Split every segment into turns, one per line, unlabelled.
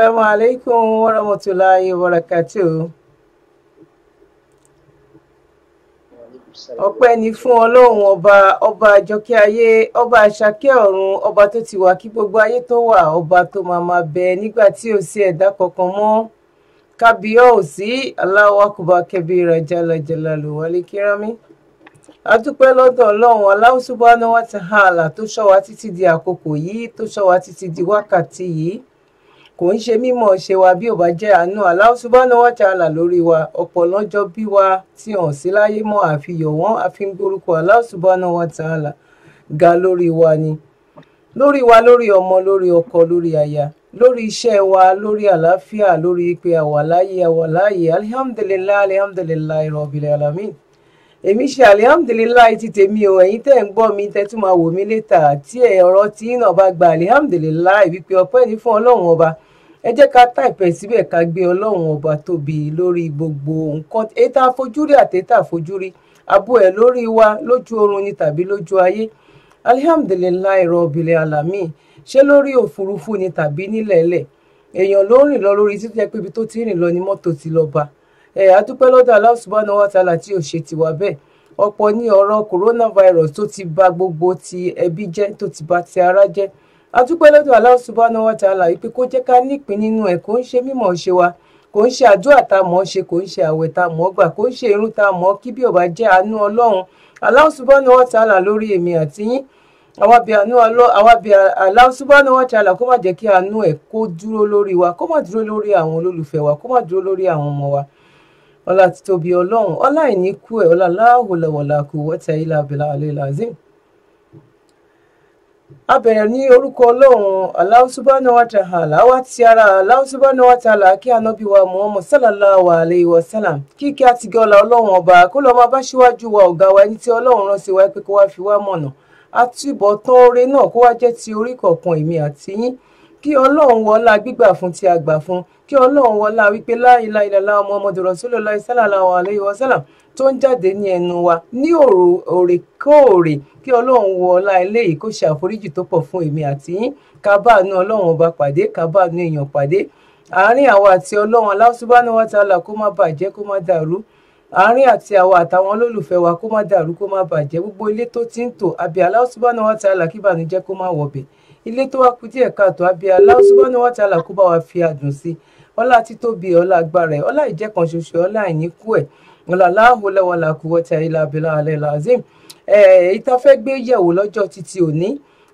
Assalamu alaikum wa rahmatullahi wa barakatuh. ọpẹ́ ni fún ọlọ́run ọba ọba àjọkẹ́ ayé ọba àṣàkẹ́ ọ̀run ọba tó ti wà kí gbogbo ayé tó wà ọba tó máa máa bẹ nígbà tí ò sí ẹ̀dá kankan mọ́ kábíyọ́ ò sí Allahu akbar kabira jalla jalaluhu wal ikrami. adúpẹ́ lọ́dọ̀ ọlọ́run Allahu subhanahu wa ta'ala tó ṣọ́ wa títí di àkókò yìí tó ṣọ́ wa títí di wákàtí yìí kò ń ṣe mímọ̀ ṣe wa bí ò bá jẹ́ àánú Allah subhanahu wa ta'ala lórí wa ọ̀pọ̀ lọ́jọ́ bí wa tí hàn sí láyé mọ́ àfihàn wọn àfi ń gbórúkọ Allah subhanahu wa ta'ala ga lórí wa ni lórí wa lórí ọmọ lórí ọkọ lórí aya lórí iṣẹ́ wa lórí àlàáfíà lórí ipe àwàláyé àwàláyé alihamudulilayi alihamudulilayi rabbil alamin èmi ṣe alihamudulilayi ti tèmi o ẹ̀yin tẹ́ ń gbọ́ mi tẹ́ tún máa wò mí létà tí ẹ̀rọ tí náà bá gba alihamudulilayi wípé ọpẹ́ ní fún ọlọ́run ọba ẹ jẹ́ ká táìpẹ́ síbẹ̀ ká gbé ọlọ́run ọba tóbi lórí gbogbo nǹkan ètà àfojúrí àtẹ́tà àfojúrí àbú ẹ̀ lórí wa lójú oorun ni tàbí lójú ayé alihamdulilayi rọbìlẹ̀ alami ṣé lórí òfurufú ni tàbí nílẹ̀ẹ́lẹ̀ èèyàn ló ń rìn lọ lórí títí pé ibi tó ti rìn lọ ni mọ́tò ti lọ bá ẹ̀ àdúpẹ́ lọ́dọ̀ Allah subhanahu wa ta'ala tí ò ṣe tiwa bẹ́ẹ̀ ọ̀pọ̀ ní ọ̀rọ̀ coronavirus tó ti ba gbogbo ti ẹbí jẹ́ tó ti ba ti ara jẹ́ àtúpẹ́ lọ́dọ̀ Allah subhanahu wa ta'ala ìpè kó jẹ́ ká nípìn nínú ẹ̀ kó ń ṣe mímọ̀ ṣe wa kò ń ṣe àdúrà tá a mọ̀ ṣe kò ń ṣe àwẹ̀ tá a mọ̀ gbà kò ń ṣe irun tá a mọ̀ kí bí ó bá jẹ́ àánú ọlọ́run Allah subhanahu wa ta'ala lórí èmi àti yín àwa bí àánú àwa bí Allah subhanahu wa ta'ala kó má jẹ́ kí àánú ẹ̀ kó dúró lórí wa kó má dúró lórí àwọn olólùfẹ́ wa kó má dúró lórí àwọn ọmọ wa ọlá títóbi ọlọ́run ọlá ìníkú ẹ̀ ọlá láhùlẹ̀wọ̀lá kù wọ́tẹ̀ ilà abẹ́là alẹ́ làzim a bẹ̀rẹ̀ ní orúkọ ọlọ́run Allahu subhanahu wa ta'ala wá ti ara Allahu subhanahu wa ta'ala kí anábì wa Muhammad sallallahu alayhi wa sallam kíkẹ́ àtìgẹ́ ọ̀la ọlọ́run ọba kó lọ́ọ́ máa bá síwájú wa ọ̀gá wa ẹni tí ọlọ́run rán sí wa pé kó wá fi wá mọ̀nà àtúbọ̀tán oore náà kó wá jẹ́ ti orí kọ̀ọ̀kan èmi àti yín kí ọlọ́run wọlá gbígbà fún tí a fún kí ọlọ́run wọlá wípé la ilaha illallah Muhammadur rasulullah sallallahu alayhi wa sallam tó ń jáde ní ẹnu wa ní òrèkóòrè kí ọlọ́run wọ ọlá eléyìí kó ṣe àforíjì tó pọ̀ fún èmi àti yín kábàánú ọlọ́run ọba pàdé kábàánú èèyàn pàdé àárín àwa àti ọlọ́run aláṣubánu wa tààlà kó má bàjẹ́ kó má dàrú àárín àti àwa àtàwọn olólùfẹ́ wa kó má dàrú kó má bàjẹ́ gbogbo ilé tó ti ń tò àbí Allah subhanahu wa ta'ala kí ìbànújẹ́ kó má wọ̀bẹ̀ ilé tó wá kù díẹ̀ káàtó àbí Allah subhanahu wa ta'ala kó bá wa fi àdùn sí ọlá títóbi ọlá agbára ẹ̀ ọlá ìjẹ́kan ọlá àìníkù ẹ̀ ńlọlá ọlọ́wọ́lá kúwọ́tà ilà abilà alẹ́ làzim ìta fẹ́ gbé yẹ̀wò lọ́jọ́ títí òní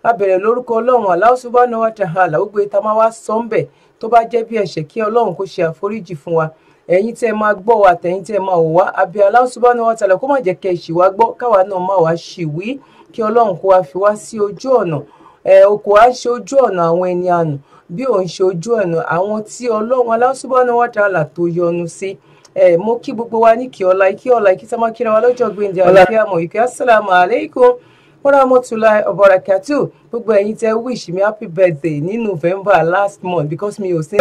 abẹ̀rẹ̀ lórúkọ ọlọ́run Allahu subhanahu wa ta'ala ó gbé ta máa wá sọ́ńbẹ̀ tó bá jẹ́ bí ẹ̀ṣẹ̀ kí ọlọ́run kó ṣe àforíjì fún wa ẹ̀yin tẹ́ máa gbọ́ wa tẹ̀yin tẹ́ máa wò wá abẹ́ Allahu subhanahu wa ta'ala kó má jẹ́ kẹ́ ẹ̀ ṣì wá gbọ́ káwa náà má wá ṣì wí kí ọlọ́run kó wá fi wá sí ojú ọ̀nà okò á ṣe ojú ọ̀nà àwọn ẹni àná bí òun ṣe ojú ọ̀nà àwọn tí ọlọ́run Allahu subhanahu wa ta'ala tó yọ́nú sí. Si ẹ mo kí gbogbo wa ní kí ọlá kí ọlá kí sẹ́mọ́ kíra wa lọ́jọ́ gbẹ̀ǹdẹ̀ àlàáfíà mọ̀ ìkẹ́ assalamu alaikum warahmatulahi obarakatu gbogbo ẹ̀yin tẹ́ wish me happy birthday ní november last month because mi ò sí.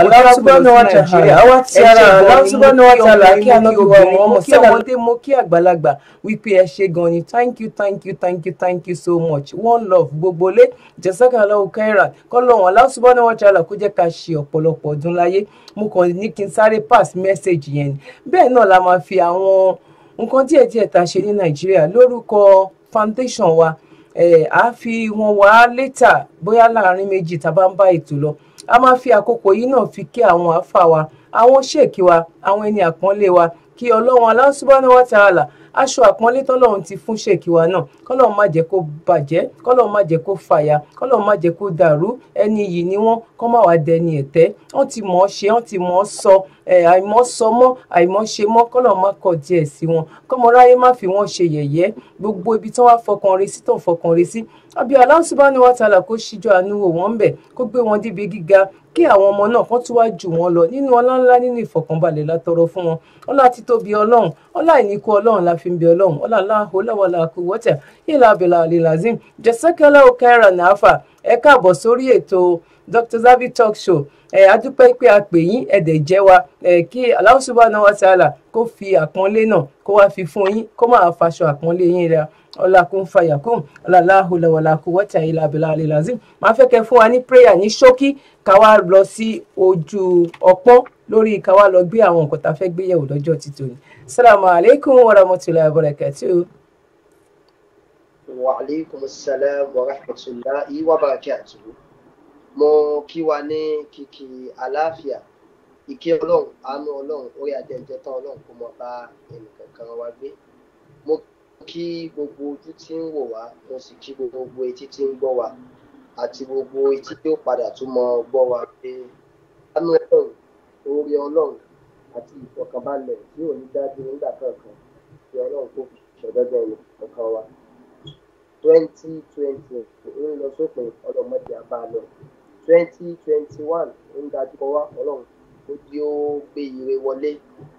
ọlọ́run subhanahu wa ta'ala àwa ti ara ọlọ́run subhanahu wa ta'ala kí anábìwọ̀ ọmọ ọmọ kí ọmọdé mo kí àgbàlagbà wípé ẹ ṣe gan ni thank you thank you thank you thank you so much one love gbogbo lé jazakallahu khairan kọ́lọ́run ọlọ́run subhanahu wa ta'ala kó jẹ́ ká ṣe ọ̀pọ̀lọpọ̀ ọdún láyé mo kàn ní kí n sáré pass message yẹn bẹ́ẹ̀ náà la máa fi àwọn nǹkan díẹ̀díẹ̀ ta ṣe ní nàìjíríà lórúkọ foundation wa a fi wọn wá létà bóyá láàrin méjì tá a bá ń bá ètò lọ a máa fi àkókò yìí náà fi kí àwọn àáfà wa àwọn ṣèkí wa àwọn ẹni àpọ́nlé wa kí ọlọ́run aláṣubánáwá tààlà aṣọ àpọ́nlé tọ́lọ́run ti fún ṣèkìwá náà kọ́lọ́run má jẹ́ kó bàjẹ́ kọ́lọ́run má jẹ́ kó fàya kọ́lọ́run má jẹ́ kó dàrú ẹni yìí ni wọ́n kọ́ má wàá dẹni ẹ̀tẹ́ wọ́n ti mọ̀ ọ́ ṣe wọ́n ti mọ̀ ọ́ sọ àìmọ̀ sọ mọ́ àìmọ̀ ṣe mọ́ kọ́lọ́run má kọ̀ díẹ̀ sí wọn kọ́mọráyé má fi wọ́n ṣe yẹ̀yẹ́ gbogbo ibi tí wọ́n á fọkàn re sí tó ń fọkàn re sí àbí Allah subhanahu wa ta'ala kó ṣíjú àánú wò wọ́n bẹ̀ kó gbé wọn débi gíga kí àwọn ọmọ náà kán tún wá jù wọn lọ nínú ọlá ńlá nínú ìfọkànbalẹ̀ látọrọ fún wọn ọlá títóbi ọlọ́run ọlá ìníkù ọlọ́run la fi ń bí ọlọ́run ọ̀làlá ọ̀làwàlà kò wọ́tẹ̀ ìlà abìlà àlìlàzim jẹ́sẹ́kẹ́lẹ́ òkèèrà nàáfà ẹ káàbọ̀ sórí ètò Dr. Zabby Talk Show ẹ adúpẹ́ pé a pè yín ẹ̀dẹ̀ jẹ́ wa ẹ kí Allahu subhanahu wa ta'ala kó fi àpọ́nlé náà kó wá fi fún yín kó máa faṣọ àpọ́nlé yín ra ọlákun fàyàkùn ọláláhùlẹ̀wọ̀lákùn wọ́tà ìlàbìlà àlèlàzim máa fẹ́ kẹ́ fún wa ní prayer ní ṣókí ká wá lórí ká wá lọ gbé àwọn nǹkan tá a fẹ́ gbé yẹ̀wò lọ́jọ́ títòní Assalamu alaikum warahmatullahi wabarakatuh.
Wa alaikum assalam warahmatullahi wabarakatuh. Mo kí wa ní kìkì àlàáfíà ìkí ọlọ́run àánú ọlọ́run orí ajẹjẹ tán ọlọ́run kò mọ bá ẹnìkankan wa gbé mo kí gbogbo ojú tí ń wò wá mo sì kí gbogbo etí tí ń gbọ́ wa àti gbogbo etí tí ó padà tún mọ gbọ́ wa pé àánú ọlọ́run orí ọlọ́run àti ìfọ̀kànbalẹ̀ tí ò ní dájú nígbà kankan tí ọlọ́run kò ṣọ̀dọ́dọ̀ ẹni kankan wa. twenty twenty ń lọ sópin ọlọ́mọdé àbálọ twenty twenty one ń dájú kọ wá ọlọ́run kó jẹ́ ó gbé ire wọlé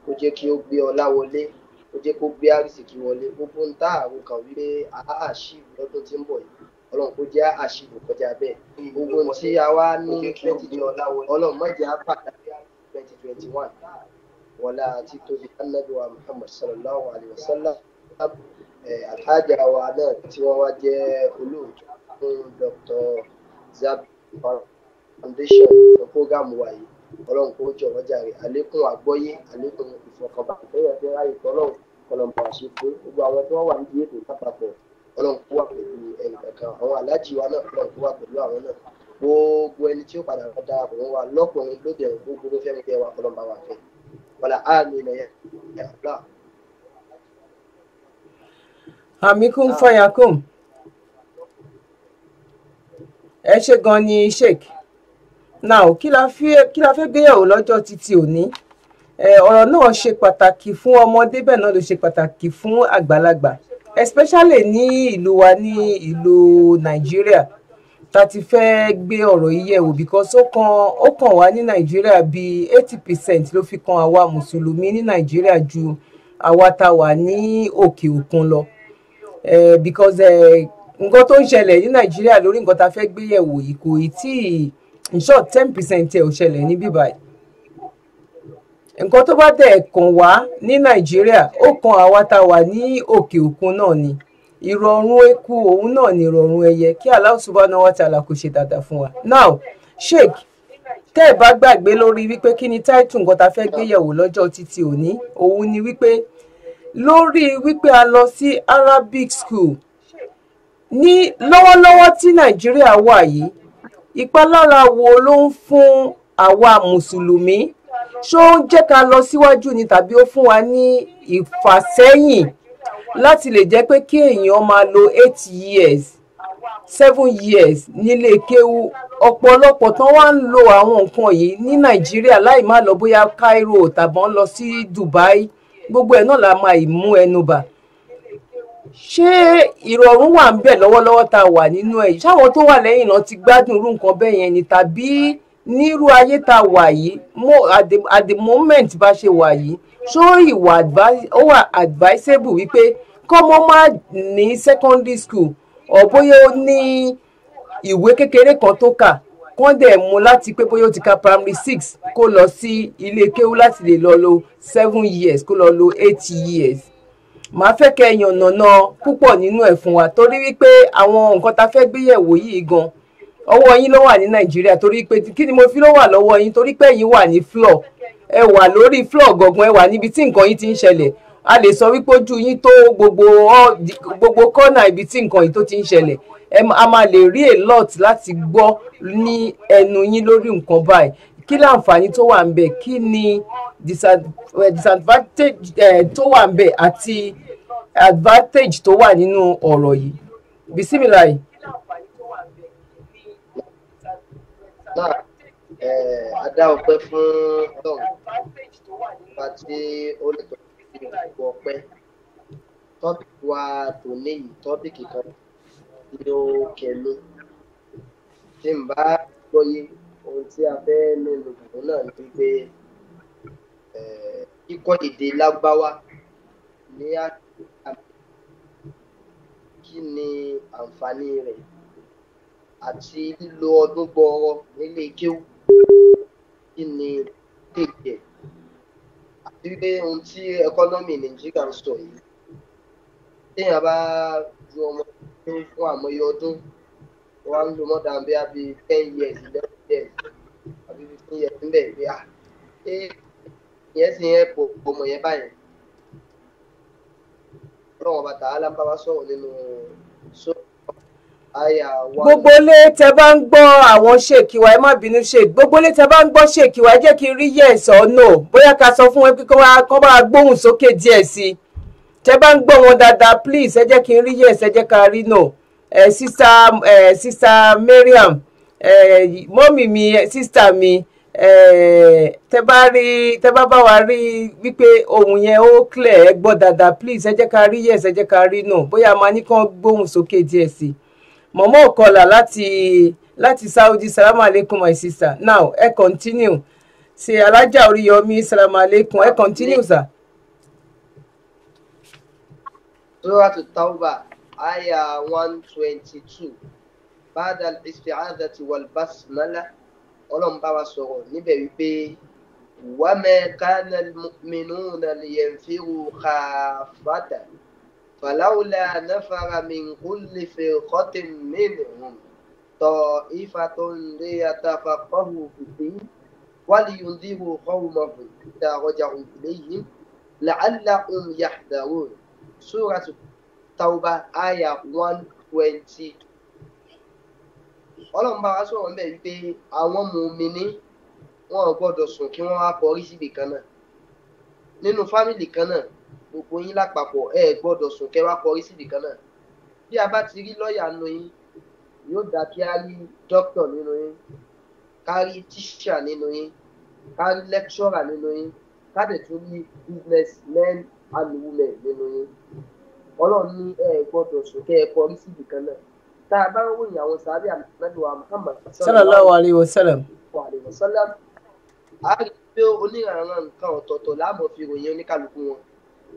kó jẹ́ kí ó gbé ọlá wọlé kó jẹ́ kó gbé àrísìkí wọlé gbogbo ń tá àwọn kan wípé lọ́dún tí gbogbo a wá ní twenty twenty twenty twenty one. ولا àti tóbi anábíwá muhammad sallallahu alayhi wa sallam alhaja wa náà tí wọ́n wá jẹ́ olóòtú fún dr zab foundation fún programu wa yìí ọlọ́run kò jọ wọ́n jàre àlékún àgbọ́yé àlékún ìfọkànbalẹ̀ fẹ́yẹ̀ fẹ́ ráyè tọ́lọ́run kọlọ́mbà ṣe pé gbogbo àwọn tí wọ́n wà nídìí ètò lápapọ̀ ọlọ́run kó wà pẹ̀lú ẹnì kankan àwọn aláàjì wa náà ọlọ́run kó wà pẹ̀lú àwọn náà gbogbo ẹni tí ó padà dára kò wọ́n wà lọ́kùnrin lóde ẹ̀rọ gbogbo fẹ́mi fẹ́ wa kọlọ́mbà wà fẹ́. والعامل يا الله
àmìkún fàyàkùn ẹ ṣe gan ni sheik now kí la fẹ́ gbéyàwó lọ́jọ́ títí òní ọ̀rọ̀ náà ṣe pàtàkì fún ọmọdé bẹ́ẹ̀ náà ló ṣe pàtàkì fún àgbàlagbà especially ní ìlú wa ní ìlú nàìjíríà ta ti fẹ́ gbé ọ̀rọ̀ yìí yẹ̀wò because ó kan ó kàn wá ní nàìjíríà bíi eighty percent ló fi kan àwa mùsùlùmí ní nàìjíríà ju àwa ta wà ní òkè òkun lọ because nǹkan tó ń ṣẹlẹ̀ ní nàìjíríà lórí nǹkan ta fẹ́ gbé yẹ̀wò yìí kò ì tí in short ten percent ẹ̀ ò ṣẹlẹ̀ ní bíbáyìí nǹkan tó bá dẹ̀ kàn wá ní nàìjíríà ó kan àwa ta wà ní òkè òkun náà ni ìrọ̀rùn eku òun náà ni ìrọ̀rùn ẹyẹ kí Allah subhanahu wa ta'ala ṣe dáadáa fún wa. now sheik tẹ́ ẹ bá gbàgbé lórí wípé kí ni táìtù nǹkan tá a fẹ́ gbé yẹ̀wò lọ́jọ́ títí òní òun ni wípé lórí wípé a lọ sí Arabic school ní lọ́wọ́lọ́wọ́ tí Nàìjíríà wà yìí ìpalára wo ló ń fún àwa mùsùlùmí ṣó ń jẹ́ ká lọ síwájú ni tàbí ó fún wa ní ìfàsẹ́yìn láti lè jẹ́ pé kí èèyàn máa lo eight years seven years nílé kéwu ọ̀pọ̀lọpọ̀ tán wá ń lo àwọn nǹkan yìí ní nàìjíríà láì má lọ bóyá Cairo tàbọ́n lọ sí Dubai gbogbo ẹ̀ náà la máa mú ẹnu bà ṣé ìrọ̀rùn wà ń bẹ̀ lọ́wọ́lọ́wọ́ tá a wà nínú ẹ̀ ṣáwọn tó wà lẹ́yìn náà ti gbádùn irú nǹkan bẹ́ẹ̀ yẹn ni tàbí nírú ayé tá a wà yìí at the moment bá ṣe wà yìí ṣó ìwà ó wà advisable wípé kọ́mọ má ní secondary school ọ̀ bóyá ó ní ìwé kékeré kan tó kà kán dẹ̀ mú láti pé bóyá ó ti ka primary six kó lọ sí ilé kéwú láti lè lọ lo seven years kó lọ lo eight years màá fẹ́ kẹ́ yànnàná púpọ̀ nínú ẹ̀ fún wa torí wípé àwọn nǹkan tá fẹ́ gbéyẹ̀wò yìí gan ọwọ́ yín ló wà ní Nàìjíríà torí pé kí ni mo fi ló wà lọ́wọ́ yín torí pé yín wà ní floor ẹ wà lórí floor gangan ẹ wà níbi tí nǹkan yìí ti ń ṣẹlẹ̀ a lè sọ wípé ojú yín tó gbogbo gbogbo kọ́nà ibi tí nǹkan yìí tó ti ń ṣẹlẹ̀ a máa lè rí a lot láti gbọ́ ní ẹnu yín lórí nǹkan báyìí kí láǹfààní tó wà ń bẹ kí ni disadvantage tó wà ń bẹ àti advantage tó wà nínú ọ̀rọ̀ yìí bisimilayi.
Yeah. Eh,
adá ọpẹ́ fún Ọlọ́run nípa tí ó lè tọ́jú sí ìlú ọpẹ́ tọ́pìkì wa tò níyì tọ́pìkì kan tí ó kẹnu tí n bá gbọ́yé ohun tí a fẹ́ mẹ́nu bùn náà ni pé eh, kíkọ́ èdè lágbáwá ní àgbà kí ni àǹfààní rẹ̀ àti lílo ọdún gbọọrọ nílé kéwù kí ni kéèké àti wípé ohun tí ẹkọ́nọ́mì nàìjíríà ń sọ yìí téèyàn bá ju ọmọ ọdún fún àmọye ọdún wọn á ń lo mọ́tà bí i abi ten years eleven years àbí fifteen years níbẹ̀ bí a ah, ṣé ìyẹn sì yẹn pò ọmọ yẹn báyẹn ọlọ́wọ́n bàtà alábàbà sọ̀rọ̀ nínú sọ́ọ̀ gbogbo
ilé tẹ bá ń gbọ́ àwọn ṣèkìwà ẹ má bínú ṣe gbogbo ilé tẹ bá ń gbọ́ ṣèkìwà ẹ jẹ́ kí n rí yes or no bóyá ká sọ fún wọn pé kọ́ bá gbóhùn sókè díẹ̀ sí i tẹ bá ń gbọ́ wọn dáadáa please ẹ jẹ́ kí n rí yes ẹ jẹ́ ká rí no ẹ sista ẹ sista Mariam ẹ mọ́mì mi sista mi ẹ tẹ bá rí tẹ bá bá wa rí wípé ohun yẹn ó clear ẹ gbọ́ dáadáa please ẹ jẹ́ ká rí yes ẹ jẹ́ ká rí no bóyá a máa ní kán gbóhùn sókè díẹ̀ sí i mọ̀mọ́ òkọlà láti láti saudi salamu alaykum my sister now ẹ continue ṣe alájà oríyọmí salamu alaykum ẹ continue sir.
suratu tauba aya one twenty two bada al-isti'adati wal basmala ọlọ́run bá wa sọ̀rọ̀ níbẹ̀ wípé wàmẹ̀ kánà mu'minuna liyanfiru khafatan fàlàwùlà náfàrà min kulli firqatin minhum ta'ifatun liyatafaqqahu fid-din wa liyundhiru qawmahum idha raja'u ilayhim la'allahum yahdharun surat tauba aya one twenty ọlọ́run bá wa sọ̀rọ̀ ń bẹ̀ wípé àwọn mùmíní wọn ò gbọ́dọ̀ sùn kí wọ́n wá kọrí síbi kan náà nínú fámìlì kan náà gbogbo yín lápapọ̀ ẹ gbọ́dọ̀ sùn kẹ́ wá kọrí sí nìkan náà bí a bá ti rí lọ́ọ̀yà nínú yín yóò dá kí a rí dókítà nínú yín ká rí tíṣà nínú yín ká rí lẹ́kṣọ́rà nínú yín ká dẹ̀ tún rí business men and women nínú yín ọlọ́run ní ẹ gbọ́dọ̀ sùn kẹ́ ẹ kọrí sí nìkan náà tá a bá ń wòyìn àwọn sàábẹ́ àmàlẹ́dọ̀wà Muhammad sallallahu
alayhi wa sallam
a rí i pé onírànràn nǹkan ọ̀tọ̀ọ̀tọ̀ láàmú fi ròyìn oníkàlùkù wọn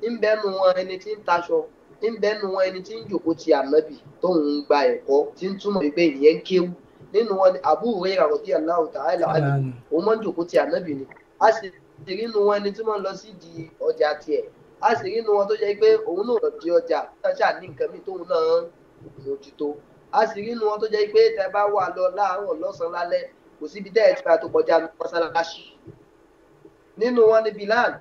ń bẹ́nu wọn ẹni tí ń taṣọ ń bẹ́nu wọn ẹni tí ń jòkó ti ànábì tóun ń gba ẹ̀kọ́ tí ń túmọ̀ wípé ìyẹn ń kéwú nínú wọn ni Abu Hurairah radiyallahu ta'ala anhu òun máa ń jòkó ti ànábì ni a sì rí inú wọn ẹni tí wọ́n lọ sí di ọjà tiẹ̀ a sì rí inú wọn tó jẹ́ pé òun náà lọ di ọjà ṣáṣà ní nǹkan mi tóun náà mójútó a sì rí inú wọn tó jẹ́ pé tẹ bá wà lọ láàárọ̀ lọ́sàn lálẹ́ kò síbi tẹ́ ẹ ti ra tó kọjá nínú wọn ni Bilal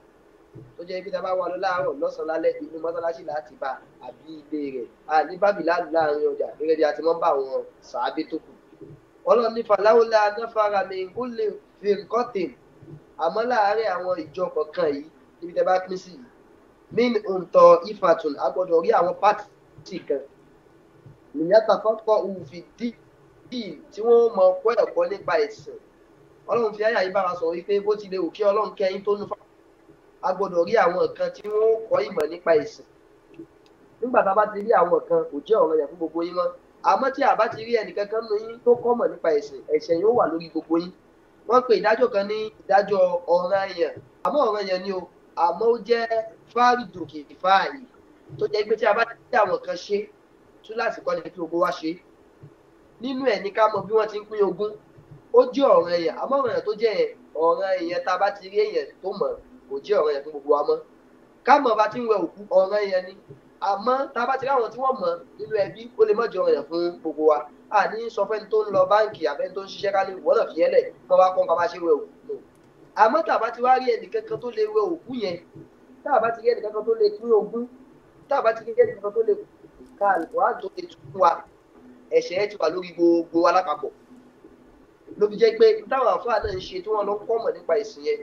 tó jẹ́ ibi tá a bá wà lọ láàárọ̀ lọ́sàn-án lálẹ́ inú mọ́sálásí láti bá àbí ilé rẹ̀ àní bábí láàrin ọjà gẹ́gẹ́ bí a ti mọ́ bá àwọn sàábé tó kù.
ọlọ́run ní fàlàwọlá
anáfàrà mi kó lè fi àmọ́ láàárín àwọn ìjọ kọ̀ọ̀kan yìí níbi tá a bá pín sí yìí min ntọ ifatun a gbọ́dọ̀ rí àwọn pati kan nìyàtọ̀ fọ́pọ̀ òfin díì tí wọ́n mọ kọ́ ẹ̀kọ́ nípa ẹ̀sìn ọlọ́run fi ayé àyíbára sọ wípé bó ti lè wù ọlọ́run kẹ́yìn tó nu fáwọn a gbọ́dọ̀ rí àwọn kan tí wọ́n kọ́ ìmọ̀ nípa ìsìn nígbà tá a bá ti rí àwọn kan kò jẹ́ ọ̀ranyàn fún gbogbo yín mọ́ àmọ́ tí a bá ti rí ẹnìkan kan nínú yín tó kọ́ mọ̀ nípa ìsìn ẹ̀ṣẹ̀ yóò wà lórí gbogbo yín wọ́n pe ìdájọ́ kan ní ìdájọ́ ọ̀ranyàn àmọ́ ọ̀ranyàn ni o àmọ́ ó jẹ́ fáàrìdòkè fáàyè tó jẹ́ pé tí a bá ti rí àwọn kan ṣe tún láti kọ́ ni kí gbogbo wa ṣe nínú ẹ̀ ní ká mọ bí wọ́n ti ń pín ogún ó jẹ́ ọ̀ranyàn àmọ́ ọ̀ranyàn tó jẹ́ ọ̀ranyàn tá a bá ti rí èèyàn tó mọ̀ kò jẹ́ ọ̀rọ̀ yẹn fún gbogbo wa mọ́ ká mọ̀ bá ti ń wẹ òkú ọ̀rọ̀ yẹn ni àmọ́ tá a bá ti ráwọn tí wọ́n mọ̀ nínú ẹbí ó lè má jẹ́ ọ̀rọ̀ yẹn fún gbogbo wa a ní sọ fẹ́ni tó ń lọ báǹkì àfẹ́ni tó ń ṣiṣẹ́ ká ní ìwọ́n náà fi yẹn lẹ̀ kọ́ wá kọ́ bá ṣe wẹ òkú lò àmọ́ tá a bá ti wá rí ẹnìkankan tó lè wẹ òkú yẹn tá a bá ti rí ẹnìkankan tó lè pín ogún tá a bá ti rí ẹnìkankan tó lè ká àlùkòrán tó lè tún wa ẹ̀ṣẹ̀ ti wà lórí gbogbo alápapọ̀ ló fi jẹ́ pé táwọn àfáà náà ń ṣe tí wọ́n lọ kọ́ mọ̀ nípa ìsìn yẹn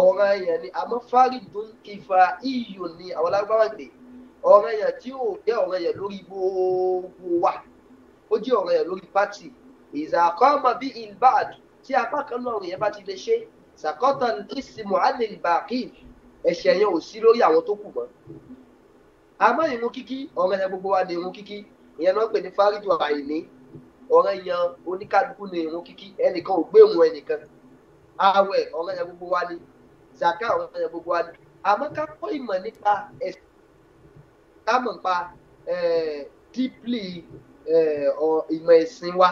ọ̀ràn ẹ̀yàn ni àmọ́ fárídùn kìfà iyò ni àwọn lágbára gbè ọ̀ràn ẹ̀yàn tí ò jẹ́ ọ̀ràn ẹ̀yàn lórí gbogbo wa ó jẹ́ ọ̀ràn ẹ̀yàn lórí pátì ìzàkọ́mọ bí ilbad tí apá kan náà ọ̀ràn yẹn bá ti lè ṣe sàkọ́tà ìsìmọ̀ alẹ́ ìbàkì ẹ̀ṣẹ̀ yẹn ò sí lórí àwọn tó kù mọ́ àmọ́ ìrun kíkí ọ̀ràn ẹ̀yàn gbogbo wa ni ìrun kíkí ìyẹn náà pè ní fárídù àìní ọ̀ràn ẹ̀yàn oníkálukú ni ìrun kíkí ẹnìkan ò gbé òun ẹnìkan ààwẹ̀ ọ̀ràn ẹ̀yàn gbogbo wa ni zaka àwọn ọmọ yẹn gbogbo wa àmọ́ ká kọ́ ìmọ̀ nípa ẹ̀sìn ká mọ̀ nípa deeply ìmọ̀ ẹ̀sìn wa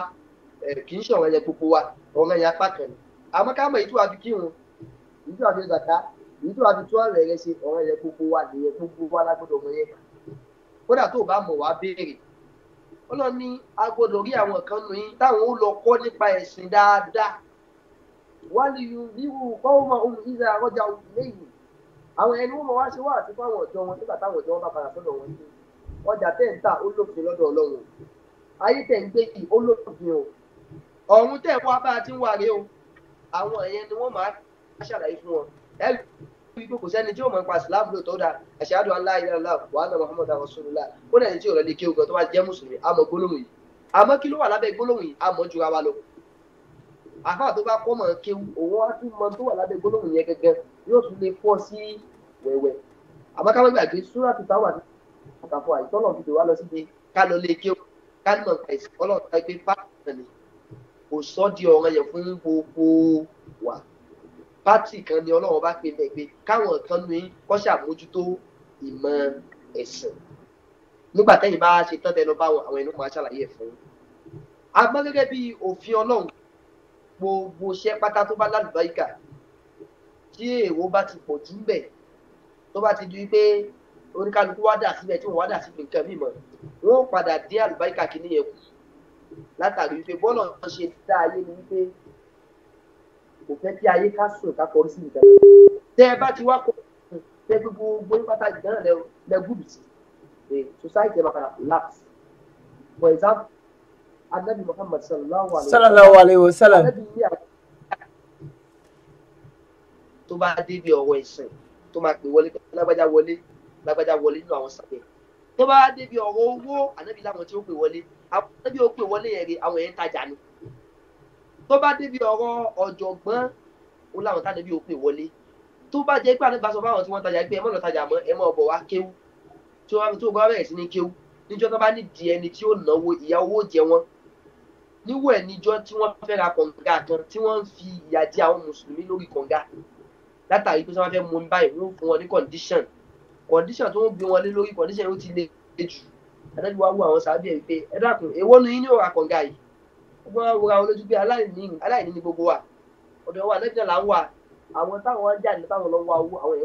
kì í ṣe ọ̀rọ̀ gbogbo wa ọ̀rọ̀ apá àmọ́ ká mọ̀ wà kírun zaka tó ọ̀rọ̀ yẹn ṣe ọ̀rọ̀ gbogbo wa gbogbo wa lágbọ́dọ̀ mọ̀ yẹn kódà tó o bá mọ̀ wálé ríru kọ́ọ̀mọ̀ ohun ìdá ọjà léyìn àwọn ẹni wọn wá ṣe wá àti fáwọn ọ̀dọ́ wọn nígbà táwọn ọ̀dọ́ wọn bá padà sọ́dọ̀ wọn ní ọjà tẹ̀ ń tà ó lófin lọ́dọ̀ ọlọ́run ayé tẹ̀ ń gbé yìí ó o ọ̀run tẹ̀ wá bá a ti ń wá rèé o àwọn ẹ̀yẹn ni wọ́n máa ṣàlàyé fún wọn ẹ rí i pé kò sẹ́ni tí ó mọ̀ nípa islam ló tọ́ da ẹ̀ṣẹ̀ muhammad rasulullah ó dẹ̀ ní tí ò lọ́ọ́ lè kí ogun tó bá jẹ́ mùsùlùmí àmọ́ gbólóhùn yìí àfa tó bá kọ́ mọ̀ kéwù òun á tún mọ tó wà lábẹ́ gbólóhùn yẹn gẹ́gẹ́ yóò tún lè fọ́ sí wẹ̀wẹ̀ àmọ́ káwọn gbàgbé sóra tó táwọn àti àtàfọ́ àìtọ́nà fi dè wá lọ síbi ká lọ lè kéwù ká lọ kẹsì ọlọ́run ká gbé pátì ni kò sọ́ di ọ̀rọ̀ yẹn fún gbogbo wa pátì kan ni ọlọ́run bá pè bẹ́ẹ̀ pé káwọn kan ní kọ́ ṣàmójútó ìmọ̀ ẹ̀sìn nígbà tẹ́yìn bá ṣe tán tẹnu bá àwọn ẹnu máa ṣàlàyé ẹ̀ fún un. àmọ́ gẹ́gẹ́ bí òfin ọlọ́run gbogbo iṣẹ́ pátá tó bá lálùbáríkà tí èrò bá ti pọ̀ jù bẹ̀ tó bá ti di pé oníkálukú wá dà síbẹ̀ tí òun wá dà síbẹ̀ nǹkan mímọ́ wọn padà dé àlùbáríkà kìíní yẹn kù látàrí wípé bọ́ọ̀lù náà ṣe dá ayé ni wípé kò fẹ́ kí ayé ká sùn ká kọrí sí nǹkan tẹ́ ẹ bá ti wá kọ́ tẹ́ gbogbo gbóyún pátá ìdáná lẹ gúdù sí society ẹ bá padà collapse for example anabi muhammad sallallahu alayhi wa sallam tó bá débi ọ̀rọ̀ ìsìn tó máa pè wọlé lágbájá wọlé lágbájá wọlé nínú àwọn sábẹ́ tó bá débi ọ̀rọ̀ owó ànábì láwọn tí ó pè wọlé ànábì ó pè wọlé yẹn rè àwọn yẹn ń tajà ni tó bá débi ọ̀rọ̀ ọ̀jọ̀gbọ́n ó láwọn tànábì ó pè wọlé tó bá jẹ́ pé ànábì bá sọ fáwọn tí wọ́n tajà pé ẹ mọ̀ lọ tajà mọ́ ẹ mọ̀ ọ̀bọ̀ wá kéwú tí wọ́n bá bẹ̀rẹ̀ sí ní kéwú níjọ́ tó bá nídìí ẹni tí ó náwó ìyá owó jẹ wọ́n níwọ̀ ẹ̀ níjọ́ tí wọ́n fẹ́ ra kọ̀ǹga kan tí wọ́n ń fi ìyà jẹ àwọn mùsùlùmí lórí kọ̀ǹga látàrí pé sọ́wọ́n fẹ́ mú un báyìí yóò fún wọn ní condition condition tó ń gbé wọn lé lórí condition yóò ti le jù adájú wa wo àwọn sábẹ́ ẹ̀ pé ẹ dákun èwo ni yín yóò ra kọ̀ǹga yìí wọ́n wá wura wọn pé aláìní ni gbogbo wa ọ̀dọ̀ wa anábìyàn là ń wà àwọn táwọn wá jáde táwọn lọ wá owó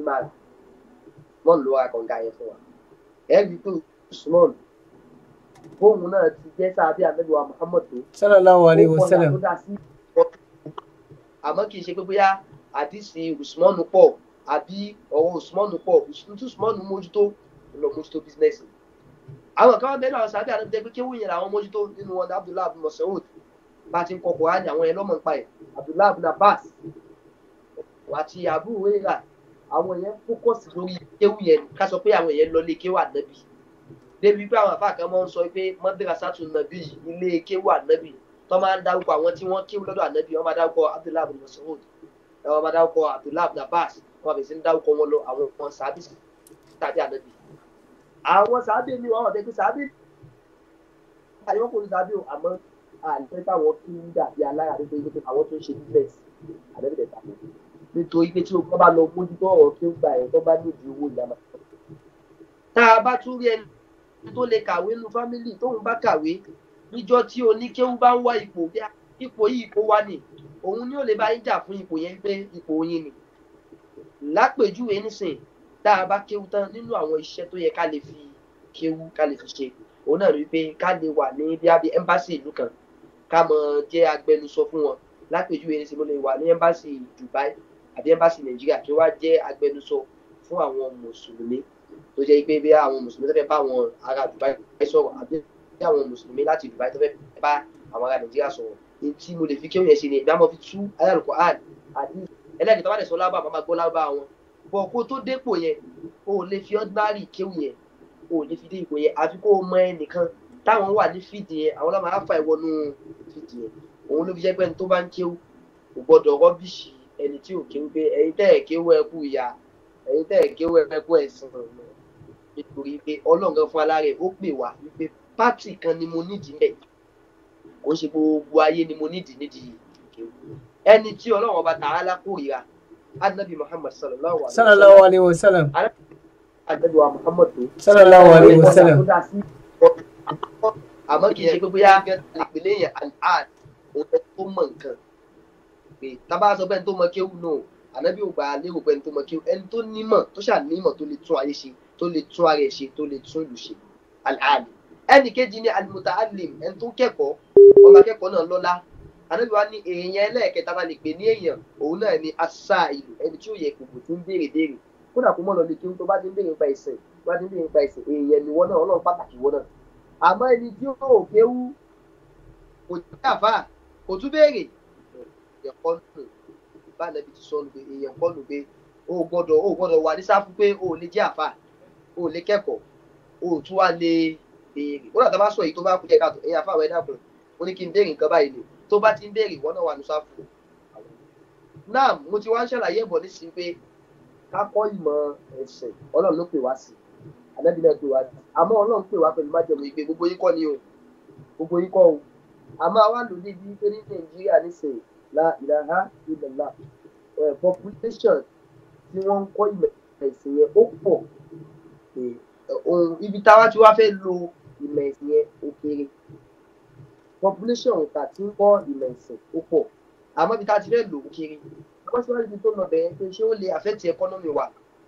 àwọn Usman ló ra kànga yẹn fún wa ẹ̀rí pé Usman bóun náà ti jẹ́ sábẹ́ àmẹ́lùwà Muhammad tó sallallahu alaihi wasallam àmọ́ kì í ṣe pé bóyá àdìsí Usman pọ̀ àbí ọ̀rọ̀ Usman pọ̀ tí Usman mójútó lọ mójútó bísínẹ́sì àwọn kan bẹ́ẹ̀ náà sábẹ́ àdìsí pé kéwù yẹn làwọn mójútó nínú wọn Abdullahi bin Masoud bá ti ń kọ Kùránì àwọn yẹn lọ́mọ̀ nípa ẹ̀ Abdullahi bin Abbas àti Abu Hurairah àwọn yẹn fókọ̀sì lórí kéwù yẹn ká sọ pé àwọn yẹn lọlé kéwù ànábì débi pé àwọn àfáà kan máa ń sọ pé madrasatu nàbí ilé kéwù ànábì tó máa ń dárúkọ àwọn tí wọ́n kéwù lọ́dọ̀ ànábì wọ́n máa dárúkọ abdullahi abdul masoud wọ́n máa dárúkọ abdullahi abdul abbas wọ́n bẹ̀rẹ̀ sí ń dárúkọ wọn lọ àwọn kan sàábì tàbí ànábì àwọn sàábì ni wọ́n ọ̀dẹ́ pé sàábì kò ní sàábì o àmọ́ àlẹ́ táwọn kí ń dàbí alára nítorí pé tí wọ́n bá lọ mójútó ọ̀rọ̀ tó ń gbà yẹn tó bá nídìí owó ìyàmà. tá a bá tún rí ẹni tó lè kàwé nu fámìlì tóun bá kàwé níjọ́ tí oníkéwú bá ń wá ipò bí ipò yìí kó wá nì òun ni ó lè bá yín jà fún ipò yẹn pé ipò yín ni. lápèjúwe nísìn tá a bá kéwú tán nínú àwọn iṣẹ́ tó yẹ ká lè fi kéwú ká lè fi ṣe òun náà rí i pé ká lè wà ní bíábí ẹ́mbáàsì ìlú kan ká mọ̀ jẹ́ agbẹnusọ fún wọn lápèjúwe nísìn mo lè wà ní ẹ́mbáàsì Dubai àbí ẹmbásì nàìjíríà kí wá jẹ́ agbẹnusọ fún àwọn mùsùlùmí tó jẹ́ pé bí àwọn mùsùlùmí tó fẹ́ bá àwọn ará Dubai sọ̀rọ̀ àbí bí àwọn mùsùlùmí láti Dubai tó fẹ́ bá àwọn ará nàìjíríà sọ̀rọ̀ ní tí mo lè fi kéwìn yẹn ṣe ni ìgbà mo fi tú ayélujára Quran àbí ẹlẹ́ni tó bá lè sọ lábàá máa gbọ́ lábàá wọn bọ̀ kó tó dépò yẹn o lè fi ordinary kéwìn yẹn o lè fi dé ipò yẹn àfi kó o mọ ẹnìkan táwọn wà ní fídì yẹn àwọn lọ́mọ afa ìwọ́nú fídì yẹn òun ló fi jẹ́ pé ẹni tó bá ń kéwù kò gbọ́dọ̀ rọ́bìṣì ẹni tí ò kéwú pé ẹ̀yin tẹ́ ẹ̀ kéwú ẹkú ìyá ẹ̀yin tẹ́ ẹ̀ kéwú ẹkú ẹ̀sìn ọ̀nà nítorí pé ọlọ́run gan fún alárẹ̀ ó pè wá wípé pátì kan ni mo nídìí mẹ́ kò ṣe gbogbo ayé ni mo nídìí nídìí kéwú ẹni tí ọlọ́run ọba tààlà kórìíra anabi muhammad sallallahu
alayhi wa sallam anabi wa muhammad tó sallallahu alayhi wa sallam
àmọ́ kì ṣe pé bóyá ìpínlẹ̀ yẹn àlùfáà òun tó mọ̀ nǹkan pé tábà sọ pé ẹni tó mọ kéwù náà ànábì ò gbà lérò pé ẹni tó mọ kéwù ẹni tó nímọ̀ tó ṣà nímọ̀ tó lè tún ayé ṣe tó lè tún ara ẹ̀ ṣe tó lè tún ìlú ṣe al-alim ẹnì kejì ni al-muta'allim ẹni tó kẹ́kọ̀ọ́ ọmọ akẹ́kọ̀ọ́ náà lọ́lá ànábì wa ní èèyàn ẹlẹ́ẹ̀kẹta bá lè pè ní èèyàn òun náà ni as-sa'ilu ẹni tí ó yẹ kòkò tí ń béèrè béèrè kódà kó mọ̀ ti ń béèrè nípa ìsìn bá ti ń béèrè nípa ìsìn èèyàn ni wọ́n náà ọlọ́run pàtàkì wọ́n náà kò tún béèrè yẹ̀kọ́nù bá nàbí ti sọnù pé èèyàn kọ́nù pé o gbọ́dọ̀ o gbọ́dọ̀ wà ní sáfù pé o lè jẹ́ àfà o lè kẹ́kọ̀ọ́ o tún wá lè béèrè ó dàtà bá sọ èyí tó bá kú jẹ́ káàtó ẹ̀yà àfà rẹ̀ dàbọ̀ ó ní kí n béèrè nǹkan báyìí lò tó bá ti ń béèrè ìwọ náà wà ní sáfù. náà mo ti wá ń ṣàlàyé ìbọ̀ nísìnyí pé ká kọ́ ìmọ̀ ẹ̀sẹ̀ ọlọ́run ló pè wá sí ànábì la ilaha illallah population tí wọ́n ń kọ́ ìmọ̀ ẹ̀sìn yẹn ó pọ̀ ibi táwa tí wàá fẹ́ lo ìmọ̀ ẹ̀sìn yẹn ó kéré population ta ti ń kọ́ ìmọ̀ ẹ̀sìn ó pọ̀ àmọ́ ibi tá a ti fẹ́ lò ó kéré wọ́n ti wá níbi tó lọ bẹ̀rẹ̀ pé ṣé ó lè affect economy wa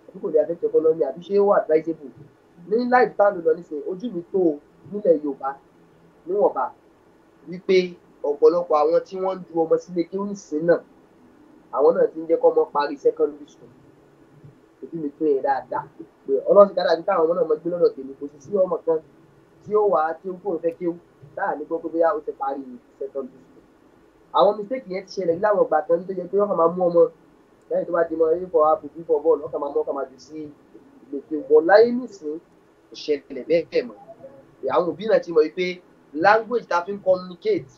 àbí kò lè affect economy àbí ṣé ó advisable ní láì tá a lò lọ nísìnyí ojú mi tó nílẹ̀ Yorùbá níwọ̀nba wípé ọ̀pọ̀lọpọ̀ àwọn tí wọ́n ń du ọmọ sílé kéwì sí náà àwọn náà ti ń jẹ́ kọ́ ọmọ parí secondary school òbí mi tó yẹ dáadáa pé ọlọ́sìn dáadáa níta àwọn ọmọ náà mọ gbé lọ́dọ̀ tèmi kò sì sí ọmọ kan tí ó wà á tí ó kóun fẹ́ kéwù táà ní gbọ́ pé bóyá ó ti parí secondary school àwọn mistake yẹn ti ṣẹlẹ̀ láwọn ọgbà kan tó yẹ pé wọ́n kàn máa mú ọmọ lẹ́yìn tó bá di mọ eré fọ apò bí fọ bọ́ọ̀lù wọ́n kàn máa mú ọkà máa jù sí ilé kéwù bọ́ láyé nìsín kò ṣẹlẹ̀ bẹ́ẹ̀ mọ́ àwọn òbí náà ti mọ̀ wípé language ta fi ń communicate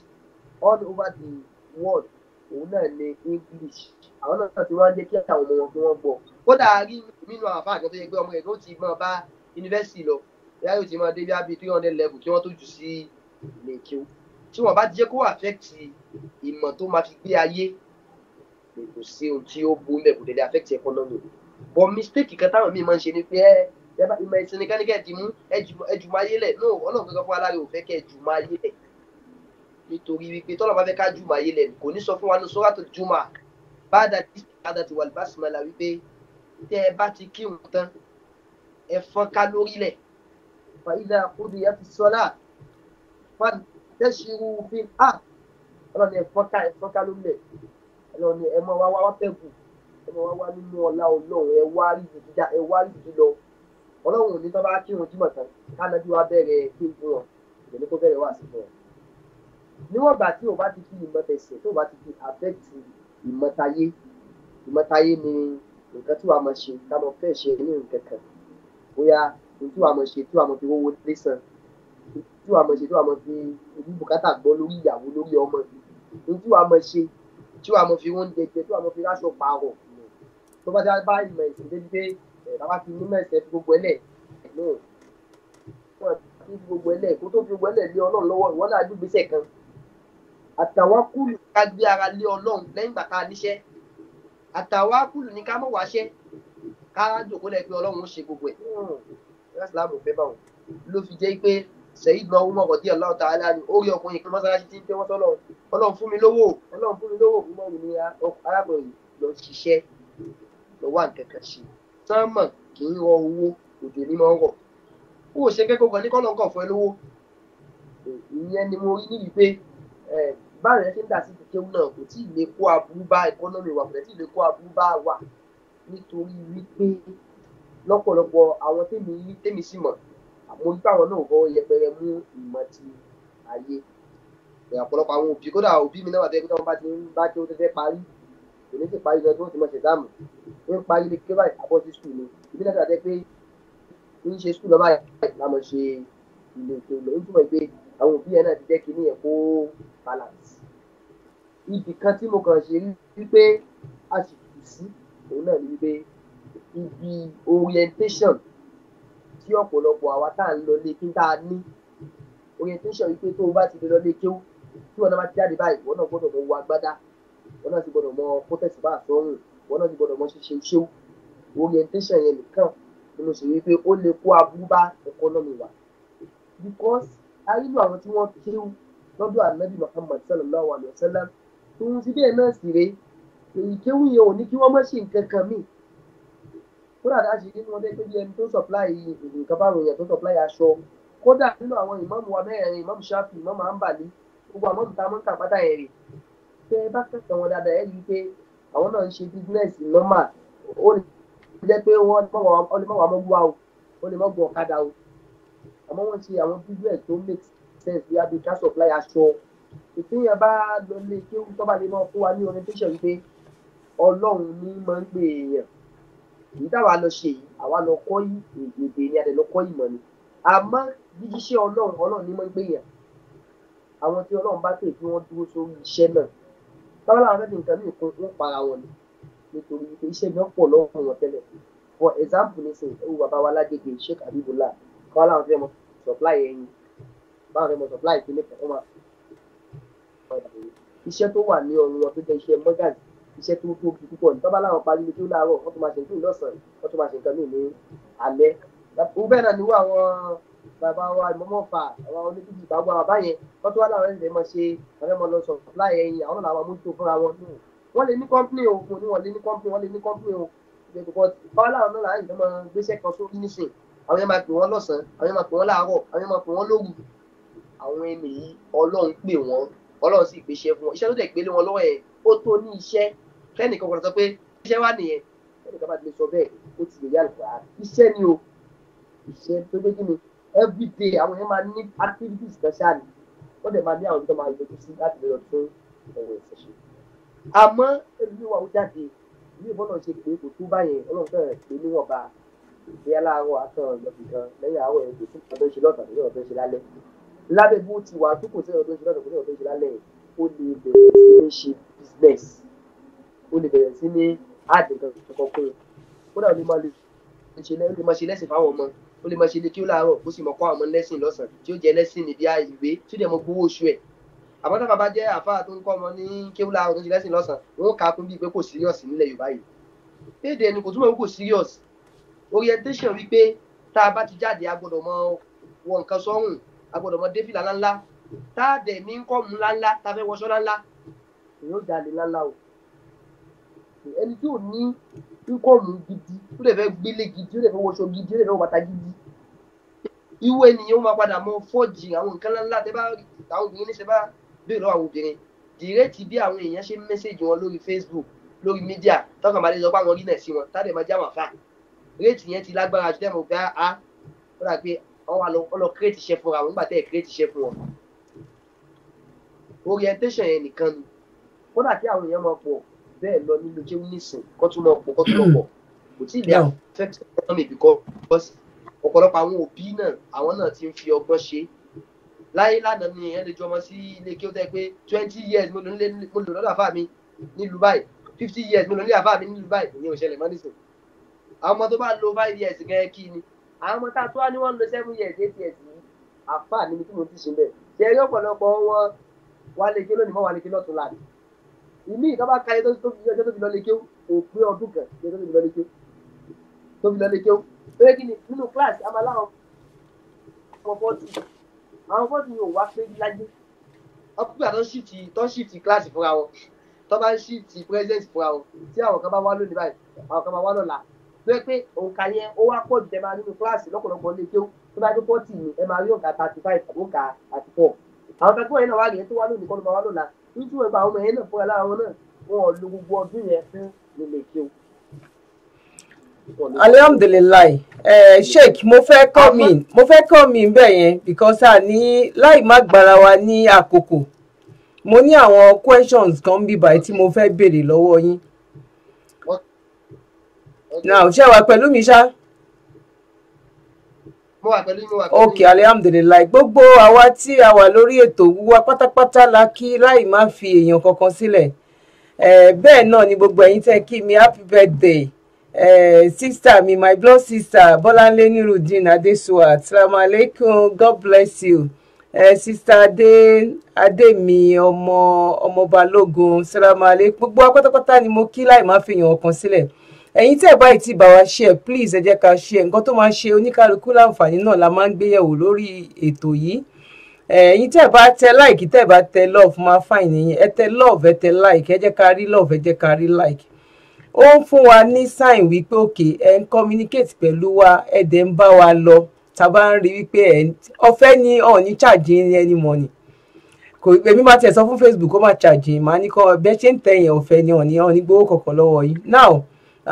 all over the world òun náà ní english àwọn náà ti wá ń jẹ́ kí àwọn ọmọ wọn kí wọ́n gbọ́ kódà rí nínú àwọn àfáà kan tó yẹ pé ọmọ ẹ̀kọ́ ti máa bá yunifásitì lọ ìyá yóò ti máa dé bíi three hundred level kí wọ́n tó jù sí ilé ìkíw tí wọ́n bá jẹ́ kó affect ìmọ̀ tó máa fi gbé ayé kò sí ohun tí ó bú mẹ́kù dédé affect economy bọ̀ mistake kan táwọn míì máa ń ṣe ni pé ìmọ̀ ìsinmi kánikẹ́ ti mú ẹjùmọ̀ ayé lẹ̀ no ọlọ́run kankan fún aláàrẹ òfẹ́ kẹ́ ẹjùmọ̀ ayé lẹ̀ nítorí wípé tọ́lá bá fẹ́ ká jùmọ̀ ayé lẹ̀ kò ní sọ fún wa ní suratul juma ba'da al-isti'adati wal basmala wípé tẹ́ ẹ bá ti kírun tán ẹ fọ́n ká lórílẹ̀ fa idha qudiyati s-salat fantashiru fil ard ọlọ́ni ẹ fọ́n ká ẹ fọ́n ká lórílẹ̀ ọlọ́ni ẹ mọ wá wá fẹ́ kù ẹ mọ wá wá nínú ọlá ọlọ́run ẹ wá rí ìdíjà ẹ ọlọ́run ò níwọ̀n ìgbà tí o bá ti fi ìmọ̀ tó o bá ti fi affect ìmọ̀ tayé ìmọ̀ tayé ni nǹkan tí wàá mọ̀ ṣe ká mọ̀ fẹ́ ṣe ní nǹkan kan bóyá ohun tí wàá mọ̀ ṣe tí wàá mọ̀ fi owó lé san tí wàá mọ̀ ṣe tí wàá mọ̀ fi ojú bùkátà gbọ́ lórí ìyàwó lórí ọmọ ohun tí wàá mọ̀ ṣe tí wàá mọ̀ fi oúnjẹ jẹ tí wàá mọ̀ fi ráṣọ pààrọ̀ tó bá bá ìmọ̀ ẹ̀sìn débi pé bàbá wọ́n ti fi gbogbo àtàwákùlù ká gbé ara lé ọlọ́run lẹ́yìn ìgbà tá a níṣẹ́ àtàwákùlù ni ká mọ̀ wáṣẹ́ ká jòkó lẹ́gbẹ́ ọlọ́run ó ṣe gbogbo ẹ̀ islam ò fẹ́ bá wọn ló fi jẹ́ pé sẹ́yìn náà ó mọ̀kọ́ díẹ̀ láwùjọ àlá ni ó rí ọkùnrin kan mọ́sálásí tí ń tẹ́ wọ́n sọ́lọ́ ọlọ́run fún mi lówó ọlọ́run fún mi lówó fún mọ́rùn ní arákùnrin lọ ṣiṣẹ́ lọ wà nǹkan ṣe sánmọ̀ kì í rọ owó òjò ní máa ó ṣe kẹ́kọ̀ọ́ gan ní kọ́lọ́ǹkọ̀ fún ẹ lówó ìyẹn ni mo rí níbi pé báwo yẹn ṣe ń dà sí ìdíkéwù náà kò tí ì lè kó aburú bá ẹkọ́nọ́mì wa kò tí ì lè kó aburú bá wa nítorí wípé lọ́pọ̀lọpọ̀ àwọn tèmi tèmi sì mọ̀ àmọ́ nípa àwọn náà fọwọ́ yẹpẹrẹ mú ìmọ̀ ti ayé ọ̀pọ̀lọpọ̀ àwọn òbí kódà òbí mi náà wà tẹ́lẹ̀ pé wọ́n bá ti ń bá tí wọ́n tẹ́tẹ́ parí kò ní sì parí lọ tí wọ́n ti mọ ṣẹ̀dáàmù ń parí ní kébà àbọ̀ sí skul ni ìbí náà tẹ́ àwọn òbí yẹn náà ti jẹ́ kí ní yẹn kó balance ibì kan tí mo kàn ṣe rí wípé a sì kù sí òun náà ni wípé ibi orientation tí ọ̀pọ̀lọpọ̀ àwa tá à ń lọ lé kí n tá a ní orientation wípé tó o bá ti lè lọ lé kéwú tí wọn náà bá ti jáde báyìí wọn náà gbọ́dọ̀ mọ owó agbádá wọn náà ti gbọ́dọ̀ mọ protest bá àtọrùn wọn náà ti gbọ́dọ̀ mọ ṣíṣe iṣẹ́ orientation yẹn nìkan ni mo sì rí pé ó lè kó aburú bá economy wa because a nílò àwọn tí wọ́n kéwú lọ́dọ̀ ànábì Muhammad sallallahu alayhi wa sallam tòun ti bẹ́ẹ̀ náà sì rèé ìkéwú yẹn ò ní kí wọ́n má ṣe nǹkan kan míì kódà dá ṣe nínú ọdẹ pébi ẹni tó supply nǹkan báwọn èèyàn tó supply aṣọ kódà nínú àwọn ìmáàmù wa mẹ́rin ìmáàmù ṣáfì ìmáàmù àǹbàlí gbogbo àwọn ìta mọ́ta pátá ẹ̀ rè tẹ bá kẹ́kọ̀ọ́ wọn dáadáa ẹ̀ rí i pé àwọn náà ń ṣe business normal ó lè jẹ́ pé wọ́n lè mọ̀ wá mọ́gbó wa o ó lè mọ̀ gbọ́ ọ̀kadà o àmọ́ wọ́n ṣe àwọn business tó make sense bí abẹ́ ká supply aṣọ ìpínyàn bá lọ lé kí ó tọ́ba lè máa fún wa ní orientation pé ọlọ́run ní máa ń pè èèyàn èyí táwa lọ ṣe yìí àwa lọ kọ́ èdè ni a dẹ̀ lọ kọ́ ìmọ̀ ni àmọ́ jíjíṣẹ́ ọlọ́run ọlọ́run ní máa ń pè èèyàn àwọn tí ọlọ́run bá pè kí wọ́n dúró sórí iṣẹ́ náà táwọn làwọn fẹ́ẹ́ fi nǹkan mìíràn kún wọn para wọn ni nítorí pé iṣẹ́ gan pọ̀ lọ́wọ́ wọn tẹ́lẹ̀ for example nísìnyí ewu bàbá wa lágbègbè Sheikh Abibullah báwọn làwọn ti fẹ́ mọ supply ẹyin báwọn fẹ́ mọ supply ìpínlẹ̀ kan wọ́n máa iṣẹ́ tó wà ní ọrùn wọn tó jẹ́ iṣẹ́ mọ́gàzì iṣẹ́ tó tóbi púpọ̀ ní tọ́ba láwọn parí lójú láàárọ̀ wọ́n tún máa ṣe nǹkan lọ́sàn-án wọ́n tún máa ṣe nǹkan míì ní alẹ́ bẹ́ẹ̀ náà níwọ̀ àwọn bàbá wa ìmọ̀mọ́ fà àwọn oníbíbí ìbáwọ̀ bàbá yẹn wọ́n tún wá láwọn ẹ̀sìn mọ̀ ṣe àwọn ẹ̀mọ́ lọ sọ̀rọ̀ láì ẹyin àwọn làwọn amúntò fúnra wọn nù wọ́n lè ní kọ́ńpìnì òkun ni wọ́n lè ní kọ́ńpìnì wọ́n lè ní kọ́ńpìnì òkun àwọn yẹn máa pè wọ́n lọ́sàn-án àwọn yẹn máa pè wọ́n láàárọ̀ àwọn yẹn máa pè wọ́n lóru àwọn ẹni yìí ọlọ́run pè wọ́n ọlọ́run sì gbéṣẹ́ fún wọn iṣẹ́ tó dẹ̀ gbélé wọn lọ́wọ́ ẹ̀ ó tó ní iṣẹ́ kẹ́nìkan kọ̀ọ̀tàn sọ pé iṣẹ́ wà nìyẹn kẹ́nìkan bá ti lè sọ bẹ́ẹ̀ ó ti lè yàrá ìgbà iṣẹ́ ni o iṣẹ́ tó gbé kí ni everyday àwọn yẹn máa ní activities kan ṣáà ni wọ́n dẹ̀ máa ní àwọn tó máa yọjú sí láti lè lọ tún ẹ̀wọ̀ ẹ̀sẹ̀ ṣe. àmọ́ ẹni wà ó jáde ní ìbọn náà ṣe pé kò tó báyẹn ọlọ́run fẹ́rẹ̀ pé níwọ̀nba bóyá láàárọ̀ akẹ́rọ̀ ìlọ́bìkan lẹ́yìn àárọ̀ ẹ̀ kò sí ọ̀dọ́ ìṣe lọ́tàn kò sí ọ̀dọ́ ìṣe lálẹ́ lábẹ́ bó ti wà tó kò sí ọ̀dọ́ ìṣe lọ́tàn kò sí ọ̀dọ́ ìṣe lálẹ́
ó lè bẹ̀rẹ̀ sí ní ṣe business
ó lè bẹ̀rẹ̀ sí ní áàdì kankan kún kódà ó lè máa ṣe lẹ́sìn fáwọn ọmọ ó lè máa ṣe lé kí ó láàárọ̀ ó sì mọ̀ kọ́ àwọn ọmọ lẹ́sìn lọ́sàn-án tí ó jẹ́ lẹ́sìn níbi ìwé tí ó dẹ̀ mọ gbowó oṣù ẹ̀ àmọ́ táwọn bá jẹ́ àfáà tó ń kọ́ ọmọ ní kéwú láàárọ̀ tó ń ṣe lẹ́sìn lọ́sàn-án wọn ó kà á kún bíi pé kò serious nílẹ̀ Yorùbá yìí éèdè kò túmọ̀ kò serious orientation wípé tá a bá ti jáde a gbọ́dọ̀ mọ wọ nǹkan sọ́rùn a gbọ́dọ̀ mọ défìlà ńláńlá tá a dẹ̀ ní kọ́ọ̀mù ńláńlá tá a fẹ́ wọṣọ ńláńlá èyí jalè ńláńlá o ẹni tí ò ní kọ́ọ̀mù gidi ó lè fẹ́ gbélé gidi ó lè fẹ́ wọṣọ gidi ó lè fẹ́ wọ bàtà gidi irú ènìyàn ó máa padà mọ fọ́ọ̀jì àwọn nǹkan ńláńlá tẹ́ bá àwọn obìnrin níṣẹ́ bá béèrè àwọn obìnrin dìrẹ́tì bí àwọn èèyàn ṣe ń mẹ́sẹ̀jì wọn lórí Facebook lórí mídíà tọkàn bá lè sọ pé àwọn orí náà sí wọn tá réètì yẹn ti lágbára ju tẹ́mọ̀ pé á ó dà pé ọlọ kírètì iṣẹ́ fúnra wọn nígbà tẹ́ ẹ̀ kírètì iṣẹ́ fún wọn. orientation yẹn nìkan ni kódà kí àwọn èèyàn máa pọ̀ bẹ́ẹ̀ lọ nínú kéwú nísìn kó tún máa pọ̀ kó tún máa pọ̀ kò tí ì lè affect economy because ọ̀pọ̀lọpọ̀ àwọn òbí náà àwọn náà ti ń fi ọgbọ́n ṣe láyé lánàá ni ẹ lè ju ọmọ sí ilé kí ó tẹ́ pé twenty years mo lò lọ́dọ̀ àfáà mi nílùú báyìí fifty years mo lò nílé àfáà mi nílùú báyìí ìyẹn ò ṣẹlẹ̀ mọ́ nísìnyí àwọn ọmọ tó bá lo five years gẹ́gẹ́ kí ni àwọn ọmọ tá a tó wá ní wọ́n lo seven years eight years yìí àfà níbi tí mo ti sùn bẹ̀ ṣe eré ọ̀pọ̀lọpọ̀ wọn wà lè ké lónìí mọ́ wà lè ké lọ́tún láàrin ìmí ìtọ́ bá ka ẹjọ́ tó fi ọjọ́ tó fi lọ lè ké òpin ọdún kan ẹjọ́ tó fi lọ lè ké tó fi lọ lè ké ó pé kí ni nínú kíláàsì amaláwọn ọmọ fọ́ọ̀tì àwọn fọ́ọ̀tì yóò wá pé lájé ọkùnrin àtọ́ ṣìtì tọ́ ṣìtì kíláàsì fúnra wọn tọ́ bá ń ṣìtì pírẹ́sẹ̀ǹsì fúnra wọn tí àwọn kan bá wá lónìí báyìí àwọn kan bá wá lọ́la tó yẹ pé òǹkà yẹn ó wá pọ̀ jù tẹ́ máa nínú kíláàsì lọ́pọ̀lọpọ̀ ilé tó tó bá dé fọ́tì ni ẹ máa rí òǹkà thirty five àbí òǹkà thirty four àwọn kan tí wọ́n náà wá rèé tó wá lónìí kọ́ni máa wá lọ́la nítorí ẹ̀ka àwọn ọmọ yẹn náà fúnra lára wọn náà wọn ò lo gbogbo ọdún yẹn
fún nílé kí o.
alhamdulilayi eh, sheik mo fẹ́ kọ́ mi mo fẹ́ kọ́ mi bẹ́ẹ̀ yẹn because a ní láì má gbára wa ní àkókò mo ní àwọn questions kan bíbáyìí tí mo fẹ́ béèrè lọ́wọ́ yín Now ṣé wà pẹ̀lú mi ṣá.
mo wà pẹ̀lú mi wà pẹ̀lú mi. ok
alihamdulilayi gbogbo àwa tí a wà lórí ètò wa pátápátá la kí láì má fi èèyàn kankan sílẹ̀ bẹ́ẹ̀ náà ni gbogbo ẹ̀yin tẹ́ kí mi happy birthday sista mi my blood sister bọ́láńlé nírùdín adéṣùwà assalamu alaikum god bless you sista adé adémi ọmọ ọmọ balógun assalamu alaikum gbogbo wa ni mo kí láì má fi èèyàn kankan sílẹ̀. ẹ̀yin tẹ́ ẹ̀ báyìí bá wa share please ẹ jẹ́ ká share nǹkan tó máa ṣe oníkálukú láǹfààní náà la máa ń gbéyẹ̀wò lórí ètò yìí ẹ̀yin tẹ́ ẹ̀ bá tẹ like tẹ́ ẹ̀ tẹ love máa fàìn nìyẹn ẹ love ẹ tẹ like ẹ jẹ́ love ẹ jẹ́ ká rí like ó ń wa ní sign wípé okay ẹ ń communicate wa ẹ dẹ̀ ń wa lọ tá a bá ń rí wípé ẹ ọ̀fẹ́ ni ọ̀ọ́ni charge ẹni mọ̀ ni kò fún Facebook charge ní kọ́ bẹ́ẹ̀ ṣe ń tẹ̀yìn ọ̀fẹ́ ni ọ̀ọ́ni gbowó kọ̀ọ̀kan lọ́wọ́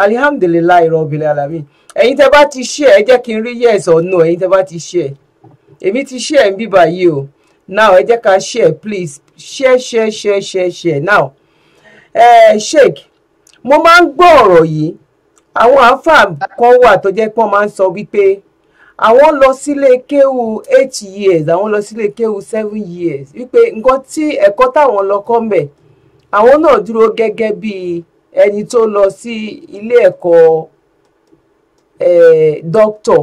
alihamdulilayi rọbìlẹ alami ẹ̀yin tẹ́ bá ti ṣe ẹ jẹ́ kí n rí yes or no tẹ́ bá ti ṣe èmi ti ṣe ẹ ń bíbà yìí o now ẹ jẹ́ ká ṣe ẹ please ṣe ṣe ṣe ṣe ṣe now ẹ sheik mo máa ń gbọ́ ọ̀rọ̀ yìí àwọn àáfàá kan wà tó jẹ́ pé wọ́n máa ń sọ wípé àwọn lọ sílé kéwu eight years àwọn lọ sílé kéwu seven years wípé nǹkan tí táwọn lọ àwọn náà dúró bíi ẹni tó lọ sí ilé ẹ̀kọ́ dókítọ̀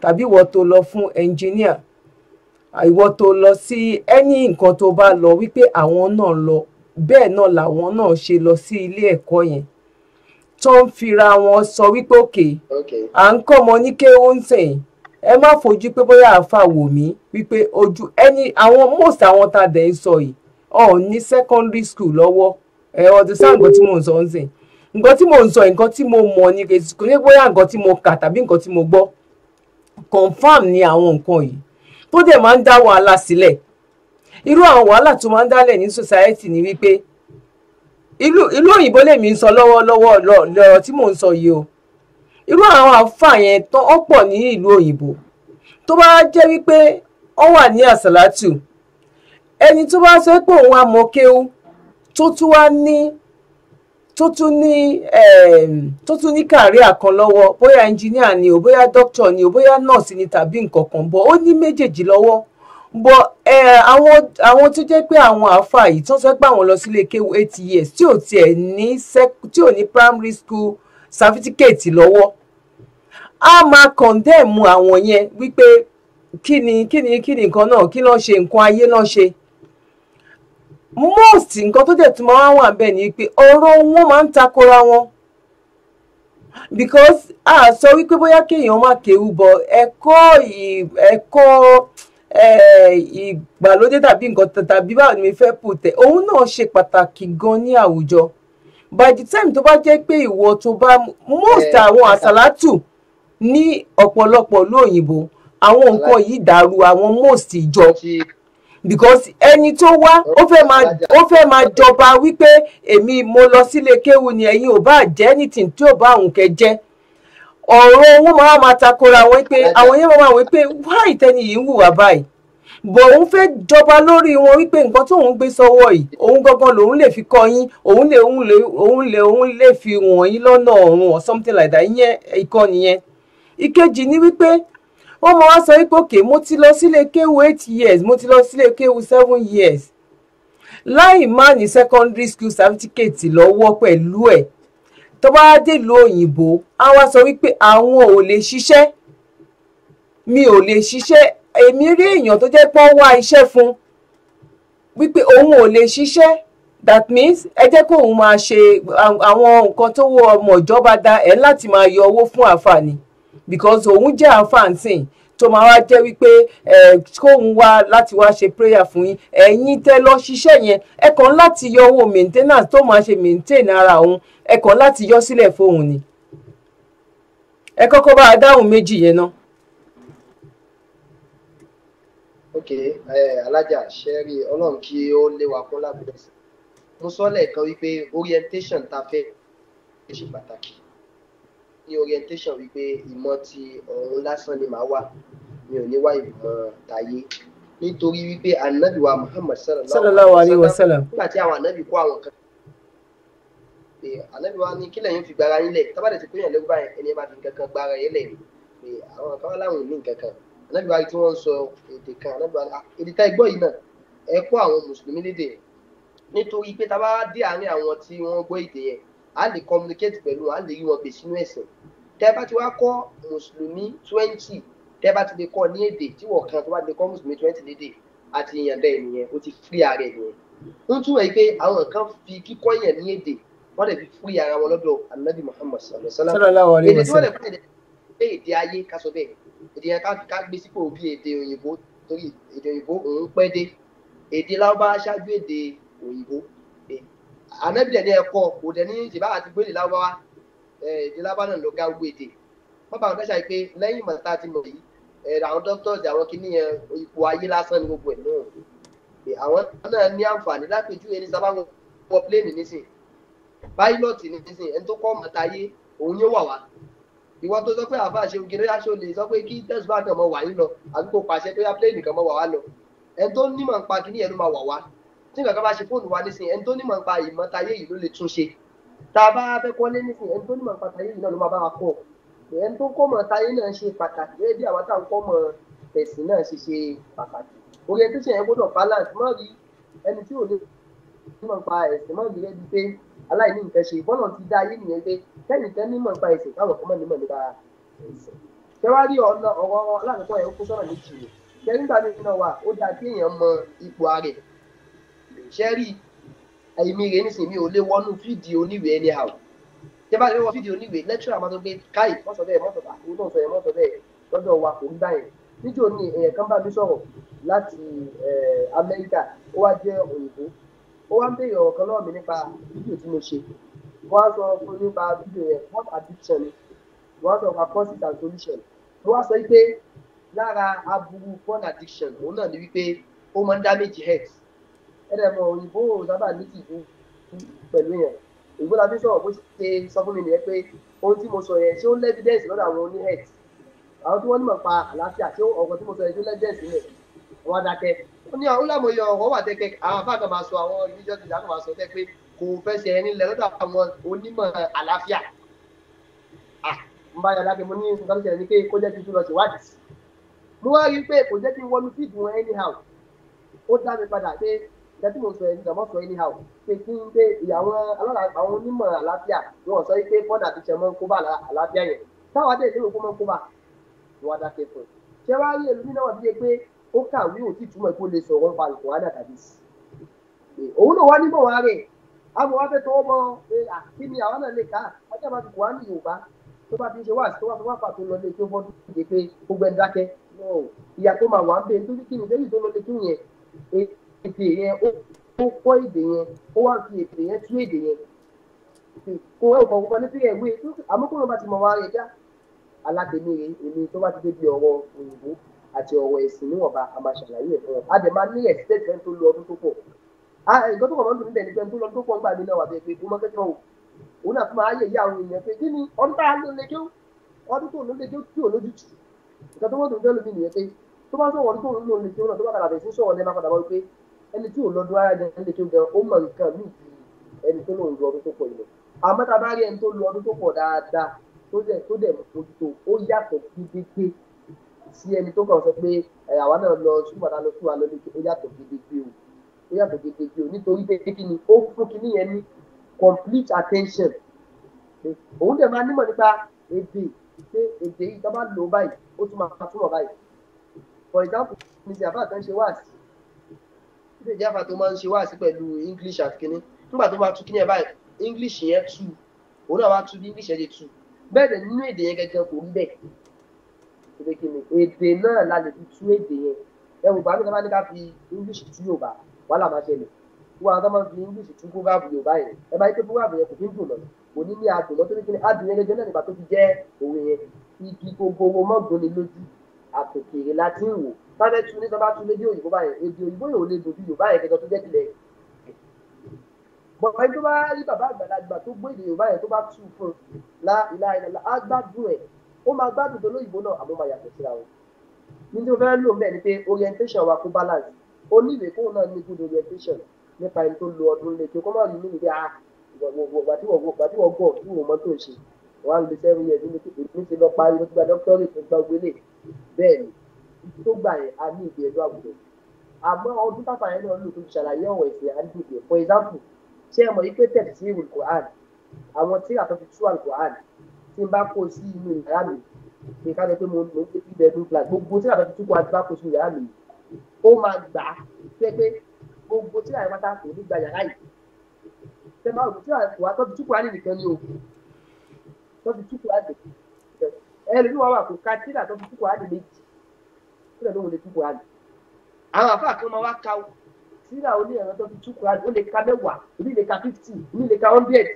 tàbí ìwọ tó lọ fún ẹnjìníà ìwọ tó lọ sí ẹni nǹkan tó bá lọ wípé àwọn náà lọ bẹ́ẹ̀ náà làwọn náà ṣe lọ sí ilé ẹ̀kọ́ yẹn tó ń fira wọn sọ wípé òkè à ń kọ́ ọmọ ní kéwọ́ ń sìn ẹ má fojú pé bóyá àáfà wò mí wípé ojú ẹni àwọn most àwọn tá a dẹ̀ ń sọ yìí ọ̀ ní secondary school lọ́wọ́ ẹ̀ ọdún sáà gbọ́ tí mò ń sọ ń sìn nǹkan tí mo ń sọ nǹkan tí mo mọ̀ ni kò ní bóyá nǹkan tí mo kà tàbí nǹkan tí mo gbọ́ confam ni àwọn nǹkan yìí tó dẹ̀ máa ń dá wàhálà sílẹ̀ irú àwọn wàhálà tó máa ń dálẹ̀ ní society ni wípé ìlú ìlú òyìnbó lèmi ń sọ lọ́wọ́lọ́wọ́ lọ́rọ̀ tí mò ń sọ yìí o irú àwọn àfà yẹn tán ó pọ̀ ní ìlú òyìnbó tó bá jẹ́ wípé ó wà ní àsàlátù ẹni tó bá sọ pé òun á mọ kéwú tó tún wá ní tó tún ní ehm, tó tún ní kàríà kan lọ́wọ́ bóyá ẹnjìníà ni o bóyá dókítà ni o bóyá nọ́ọ̀sì ni tàbí nǹkan kan bọ́ ó ní méjèèjì lọ́wọ́ bọ́ eh, àwọn àwọn tó jẹ́ pé àwọn àáfàá yìí tó ń sọ pé àwọn lọ sílé kéwu eight years tí ò tiẹ̀ ní tí ò ní primary school certificate lọ́wọ́ a máa condemn àwọn yẹn wípé kí ni kí ni kí ni nǹkan náà kí ló ṣe nǹkan ayé ló ṣe most nǹkan tó dẹ̀ tún máa wà bẹ́ẹ̀ ni pé ọ̀rọ̀ wọn máa ń takora wọn because a sọ wípé bóyá kéèyàn máa kéwú bọ ẹ̀kọ́ ẹ̀kọ́ ìgbàlódé tàbí nǹkan tàbí báwo ni mi fẹ́ pò tẹ̀ òun náà ṣe pàtàkì gan ní àwùjọ by the time tó bá jẹ́ pé ìwọ tó bá most àwọn àsálàtù ní ọ̀pọ̀lọpọ̀ lóyìnbó àwọn nǹkan yìí dàrú àwọn most ìjọ because ẹni tó wá ó fẹ́ máa ó fẹ́ máa jọba wípé èmi mo lọ sílé kéwu ni ẹ̀yin ò bá jẹ́ anything tí ò bá òun kẹ jẹ́ ọ̀rọ̀ owó máa máa takora wọn pé àwọn yẹn máa wọ pé why tẹni yìí ń hùwà báyìí bọ̀ òun fẹ́ jọba lórí wọn wípé nǹkan tó òun gbé sọ́wọ́ yìí òun gangan lòun lè fi kọ́ yín òun lè òun lè òun lè fi wọ̀n lọ́nà ọ̀run or something like that ìyẹn ìkọ́ni yẹn ìkejì ni wípé wọ́n mọ wá sọ wípé òkè mo ti lọ sílé kéwu eight years mo ti lọ sílé kéwu seven years láì má ní secondary school certificate lọ́wọ́ pẹ̀lú ẹ̀ tó bá dé ìlú òyìnbó á wá sọ wípé àwọn ò lè ṣiṣẹ́ mi ò lè ṣiṣẹ́ èmi rí èèyàn tó jẹ́ pé wọ́n wá iṣẹ́ fún wípé òun ò lè ṣiṣẹ́ that means ẹ jẹ́ kóun máa ṣe àwọn nǹkan tó wọ ọmọ ìjọba dá ẹ̀ láti máa yọ owó fún àǹfààní because òun jẹ́ àǹfààní tó máa wá jẹ́ wípé ẹ kóun wá láti wá ṣe prayer fún yín ẹ̀yin tẹ́ lọ ṣiṣẹ́ yẹn ẹ kàn láti yọ owó maintenance tó máa ṣe maintain ara òun ẹ kàn láti yọ sílẹ̀ fóun ni ẹ kọ́kọ́ bá a dáhùn méjì yẹn náà.
ok alájà ṣẹ́rí ọlọ́run kí ó lé wa kún lábẹ́ ẹ̀sìn mo sọ lẹ́ẹ̀kan wípé orientation ta fẹ́ ṣe pàtàkì ní orientation wípé ìmọ̀ ti ọ̀run lásán ni màá wà mi ò ní wá ìmọ̀ tayé nítorí wípé ànábì wa Muhammad
sallallahu alayhi wa sallam nígbà
tí àwọn ànábì kó àwọn kan ànábì wa ní kílẹ̀ yóò fi gbára yín lẹ̀ tábàdà ti kóyàn lẹ́gbàá yẹn ẹni ẹ fi nǹkan kan gbára yín lẹ̀ pé àwọn kan wá láwọn ò nǹkan kan ànábì wa tí wọ́n ń sọ èdè kan ànábì wa èdè tá ẹgbọ́ yìí náà ẹ kó àwọn mùsùlùmí lédè nítorí pé tábà dé àárín àwọn tí wọ́n gbọ́ èdè yẹn a lè communicate pẹ̀lú a lè rí wọn pè sínú ẹ̀sìn tẹ́ bá ti wá kọ́ mùsùlùmí twenty tẹ́ bá ti lè kọ́ ní èdè tí wọ́n kan tó bá lè kọ́ mùsùlùmí twenty lédè àti ìyànda ènìyàn ó ti free ara ènìyàn ń túwọ̀ yìí pé àwọn kan fi kíkọ́ yẹn ní èdè wọ́n lè fi free ara wọn lọ́dọ̀ anabi muhammad sallallahu alayhi wa sallam èdè tí wọ́n lè pè é èdè ayé ká sọ bẹ́ẹ̀ èdè yẹn ká gbé sípò bí èdè òyìnbó torí èdè òyìnbó òun pẹ́ dé èdè lábá aṣáájú èdè òyìnbó anabi dẹ̀ ní ẹ̀kọ́ kò dẹ̀ ní ìbá àti gbélé lábáwá èdè lábáwá náà ló ga gbogbo èdè wọ́n bá wọn dáṣà pé lẹ́yìn ìmọ̀ tá a ti mọ̀ yìí àwọn doctors àwọn kìíní yẹn ipò ayé lásán ní gbogbo ẹ̀ náà àwọn náà ní àǹfààní lápèjú ẹni sábà wọn wọ pléènì nísìn báyìlọ́ọ̀tì nísìn ẹni tó kọ́ ọmọ táyé òun yóò wà wá ìwọ tó sọ pé àbá àṣẹ ògiri aṣọ lè sọ pé kí tẹsíwájú náà mọ wà yín lọ àbí kò pàṣẹ pé pléènì kan mọ wà wá lọ ẹni tó nímọ̀ nípa kìíní yẹn ló máa wà wá tí nǹkan kan bá ṣe fóònù wa nísìnyí ẹni tó nímọ̀ nípa ìmọ̀tayé yìí ló lè tún ṣe tá a bá fẹ́ kọ́lé nísìnyí ẹni tó nímọ̀ nípa tayé yìí náà ló máa bá wa kọ́ ẹni tó kọ́ mọ̀ tayé náà ṣe pàtàkì bí àwọn táwọn kọ́ mọ̀ ẹ̀sìn náà ṣe ṣe pàtàkì orientation yẹn gbọ́dọ̀ balance má rí ẹni tí ò lè nímọ̀ nípa ẹ̀sìn má rí ẹni pé aláìní nǹkan ṣe bọ́lọ̀ ti dá ayé nìyẹn pé kẹ́nìkan nímọ̀ nípa ẹ̀sìn káwọn kan mọ̀ nímọ̀ nípa ẹ̀sìn tẹwárí ọ̀nà ọ̀rọ̀ alákọ̀ọ́kọ́ yẹn ó kó sọ́nà èèyàn mọ ipò ara ṣẹ́rí èmi rè nísìnyí mi ò lè wọnú fídíò oníwèé anyhow tí a bá lè wọ fídíò oníwèé lecturer máa tó gbé káì mọ́sọ̀ bẹ́ẹ̀ mọ́sọ̀ bá òun náà sọ yẹn mọ́sọ̀ bẹ́ẹ̀ lọ́dọ̀ wa kò ń gbà yẹn níjó ni èèyàn kan bá mi sọ̀rọ̀ láti Amẹ́ríkà ó wá jẹ́ òyìnbó ó wá ń béèrè ọ̀rọ̀ kan lọ́wọ́ mi nípa fídíò tí mo ṣe wọ́n á sọ fún nípa fídíò yẹn what addiction ni wọ́n á sọ solution mo wá sọ wípé lára aburú porn addiction òun náà ni wípé ó máa ń ẹ̀rẹ̀ mọ̀ òyìnbó sábà ní tìjú pẹ̀lú yẹn òyìnbó la sọ̀rọ̀ bó ṣe sọ fún mi nìyẹn pé ohun tí mo sọ yẹn ṣé ó ní evidence lọ́dọ̀ àwọn oní health àwọn tí wọ́n nímọ̀ pa àlàáfíà ṣé ọ̀rọ̀ tí mo sọ yẹn ṣé ó ní evidence nílẹ̀ wọ́n dákẹ́ ó ní àwọn ọlọ́mọ yọ ọ̀rọ̀ wà tẹ́kẹ́ àwọn afá máa sọ àwọn religious leader máa sọ tẹ́ pé kò fẹsẹ̀ ẹni lẹ̀ lọ́dọ̀ àwọn onímọ̀ àlàáfíà n bá yàrá kí mo ní nǹkan tó ṣẹlẹ̀ ní pé kó jẹ́ kí n nǹkan tí mo sọ yìí ìjọba sọ yìí ni àwọn pé kí n pé àwọn alọ́la àwọn onímọ̀ àlàáfíà wọn sọ pé fọ́dà ti ṣe mọ́ kó bá àlàáfíà yẹn táwọn adé ìdíwọ̀n kó mọ́ kó bá wọn dákẹ́ fún un. ṣé wàá rí èlú nínú àwọn bíi pé ó kàwé òtí túmọ̀ kó lè sọ̀rọ̀ nípa àlùkò wádà tàbí sí. òun ló wá nímọ̀ wá rẹ̀ àmọ́ wá fẹ́ tọwọ́ bọ kí ni àwọn náà lè ká ajá bá ti kù wá ní Yorùbá tó bá ti ṣe wá àti tó wá fún wáfà tó lọ lé tó bọ́ dé pé gbogbo ẹ̀ dákẹ́ ìyá èdè yẹn ó kọ́ èdè yẹn ó wá fi èdè yẹn tú èdè yẹn kò ẹ̀ kọ̀ kọ̀ ní pé ẹ̀wé àmọ́ kó ti mọ̀ wá rẹ̀ já alátẹ̀mí rẹ̀ èmi tó bá ti dé bí ọ̀rọ̀ òyìnbó àti ọ̀rọ̀ ẹ̀sìn níwọ̀nba a máa ṣàlàyé ẹ̀ fún ọ a máa ní ẹ̀sítẹ́tì ẹni tó lọ ọdún tó pọ̀ nǹkan tó kọ̀ lọ́dún níbẹ̀ ni tó lọ ọdún tó pọ̀ ń gbà mí náà wà bẹ́ẹ̀ pé kó mọ́ kẹ́kẹ́ òun náà fún ayé ìyá àwọn èèyàn pé kí ni ọdún tá a lò ọdún tó lò lè tí ò lójú tù nǹkan tó wọ́n tó fẹ́ lómi nìyẹn ẹni tí ò lọ́dún ara gan lè kéwù gan ó mọ nǹkan míì ju ẹni tó lòun lu ọdún tó pọ̀ yìí lọ àmọ́ tá a bá rí ẹni tó lu ọdún tó pọ̀ dáadáa tó dẹ̀ tó dẹ̀ mójútó ó yàtọ̀ gidigbe sí ẹni tó kàn sọ pé àwa náà lọ ṣùgbọ́n lọ fún wa lọ́lé ó yàtọ̀ gidigbe o ó yàtọ̀ gidigbe o nítorí pé kí ni ó fún kí nìyẹn ní complete attention òun dẹ̀ máa nímọ̀ nípa èdè pé èdè yìí tó bá lò báyìí ó tún máa túmọ̀ báyìí for example ní ti àbá àtẹ̀ńṣe wá ṣe jáfa tó máa ń ṣe wáàsí pẹ̀lú english àti kínní nígbà tó bá tú kínní ẹ̀ báyìí english yẹn tú òun náà wá tú bí english yẹn ti tú bẹ́ẹ̀ dẹ̀ nínú èdè yẹn gẹ́gẹ́ kò ń bẹ̀ èdè kìnnì èdè náà la lè fi tú èdè yẹn ẹ wò gbàgbé sábà ní ká fi english tú yorùbá wàhálà máa ṣẹlẹ̀ wọ́n àwọn sábà fi english tú proverbe yorùbá yẹn ẹ bá yí pé proverbe yẹn kò fi ń dùn lọ kò ní ní adùn lọ́tọ́ nítorí adùn yẹn gẹ́gẹ́ náà nígbà tó fi jẹ́ òwe yẹn igi gbogbo mọ́gbọ́n ni lójú bàbá tún ní sábà tún lédè òyìnbó báyẹn èdè òyìnbó yóò lè dojú yorùbá yẹn kẹjọ tó jẹ́ tilẹ̀ bọ̀dọ̀ tó bá rí bàbá àgbàlagbà tó gbé èdè yorùbá yẹn tó bá tù fún un la ìlà ìlà á gbádùn ẹ̀ ó máa gbádùn tó lóyìnbó náà àmọ́ máa yàtọ̀ síra wọn ní tí mo fẹ́ lò mẹ́ẹ̀ ni pé orientation wa kó balance oníwèé kóun náà ní good orientation nípa ẹni tó lo ọdún lè tó kọ́ máa rí nínú pé ah ìgbà tí wọ́n gbọ́ tí wọ́n mọ tó ń ṣe wọ́n á lo seven years ní ti lọ parí ló ti gba doctorate tó gba gbélé bẹ́ẹ̀ ni tó gbà yẹn a ní ìdí ẹjọ́ àgùdọ̀ àmọ́ ọdún tápà yẹn náà lò tó ṣàlàyé ọ̀rọ̀ ẹ̀sìn àdúgbò for example ṣé ẹ mọ̀ yí pé tẹ̀lé sí ìwé Quran àwọn tí àtọ́ fi tú Al-Quran tí n bá kó sí inú ìyá mi ní ká lọ pé mo mo ti bẹ ẹdun class gbogbo tí àtọ́ fi tú Quran tí bá kó sí ìyá mi ó máa gbà á pé pé gbogbo tí àyè pátá kò ní gba yàrá yìí ṣe máa rò tí àwa tọ́ fi tú Quran nìkan ni o tọ́ fi tú Quran nìkan ẹ lè ní wàá wà kó ká tí àtọ́ fi tú Quran méjì síra lóhùn lè tú kùránì
àwọn àfa kan máa wá
ka síra ó ní ẹ̀rọ tó fi tú kùránì ó lè ka mẹ́wàá èmi lè ka fifty èmi lè ka hundred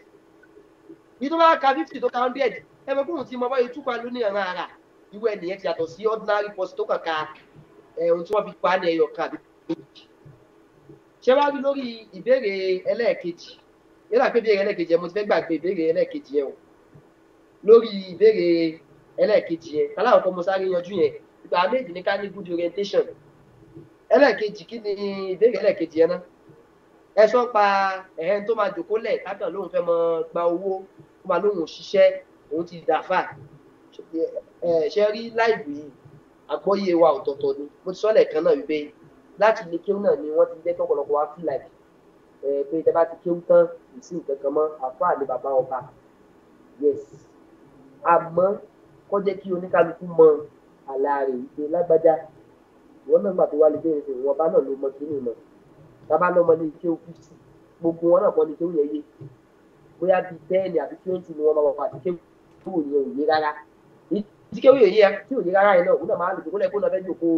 yìí tó bá ka fifty tó ka hundred ẹ bẹ kóhùn tí mo bá yẹ tú kùránì ní ẹ̀rọ ara ìwé ẹnìyẹn ti yàtọ̀ sí ordinary post tó kàn ohun tí wọ́n fi pa á ní ẹyọ kan àbí ṣé wàá rí lórí ìbéèrè ẹlẹ́ẹ̀kejì yálà pé ìbéèrè ẹlẹ́ẹ̀kejì yẹn mo ti fẹ́ gbàgbé ìbéèrè ẹlẹ́ẹ̀kejì yẹn o lórí ìbéèrè ẹlẹ́ẹ̀kejì yẹn aláwọ̀ kan mo sáré yanjú yẹn ìgbà méjì ní ká ní good orientation ẹlẹ́ẹ̀kejì kí ni ìbéèrè ẹlẹ́ẹ̀kejì yẹn náà ẹ sọ pa ẹ̀hẹ́n tó máa jòkó lẹ̀ kákan lóun fẹ́ mọ gba owó kó máa lóun ṣiṣẹ́ òun ti dàfà ṣe rí láìpẹ́ yìí àgbọ́yé wa ọ̀tọ̀ọ̀tọ̀ ni mo ti sọ lẹ́ẹ̀kan náà wípé láti ilé kéwù náà ni wọ́n ti jẹ́ tọ́pọ̀lọpọ̀ wá fìlà yìí pé tẹ bá ti kéwù tán kì nǹkan kan mọ́ àfáà ní bàbá ọba yes àmọ́ kó jẹ́ kí oníkálukú mọ àlàárẹ̀ ìgbé lágbájá ìwọ́n náà gbà tó wá lè bẹ̀rẹ̀ sí ìwọ̀nba náà ló mọ kínní mọ̀ tábà náà mọ ní iṣẹ́ fifty gbogbo wọn náà kọ́ ní kéwù yẹn yé bóyá bí ten àbí twenty ni wọ́n máa wà àti kéwù yẹn ò yé rárá tí kéwù yẹn yé tí ò yé rárá yẹn náà òun náà máa lò kólẹ̀ kó náà fẹ́ jòkó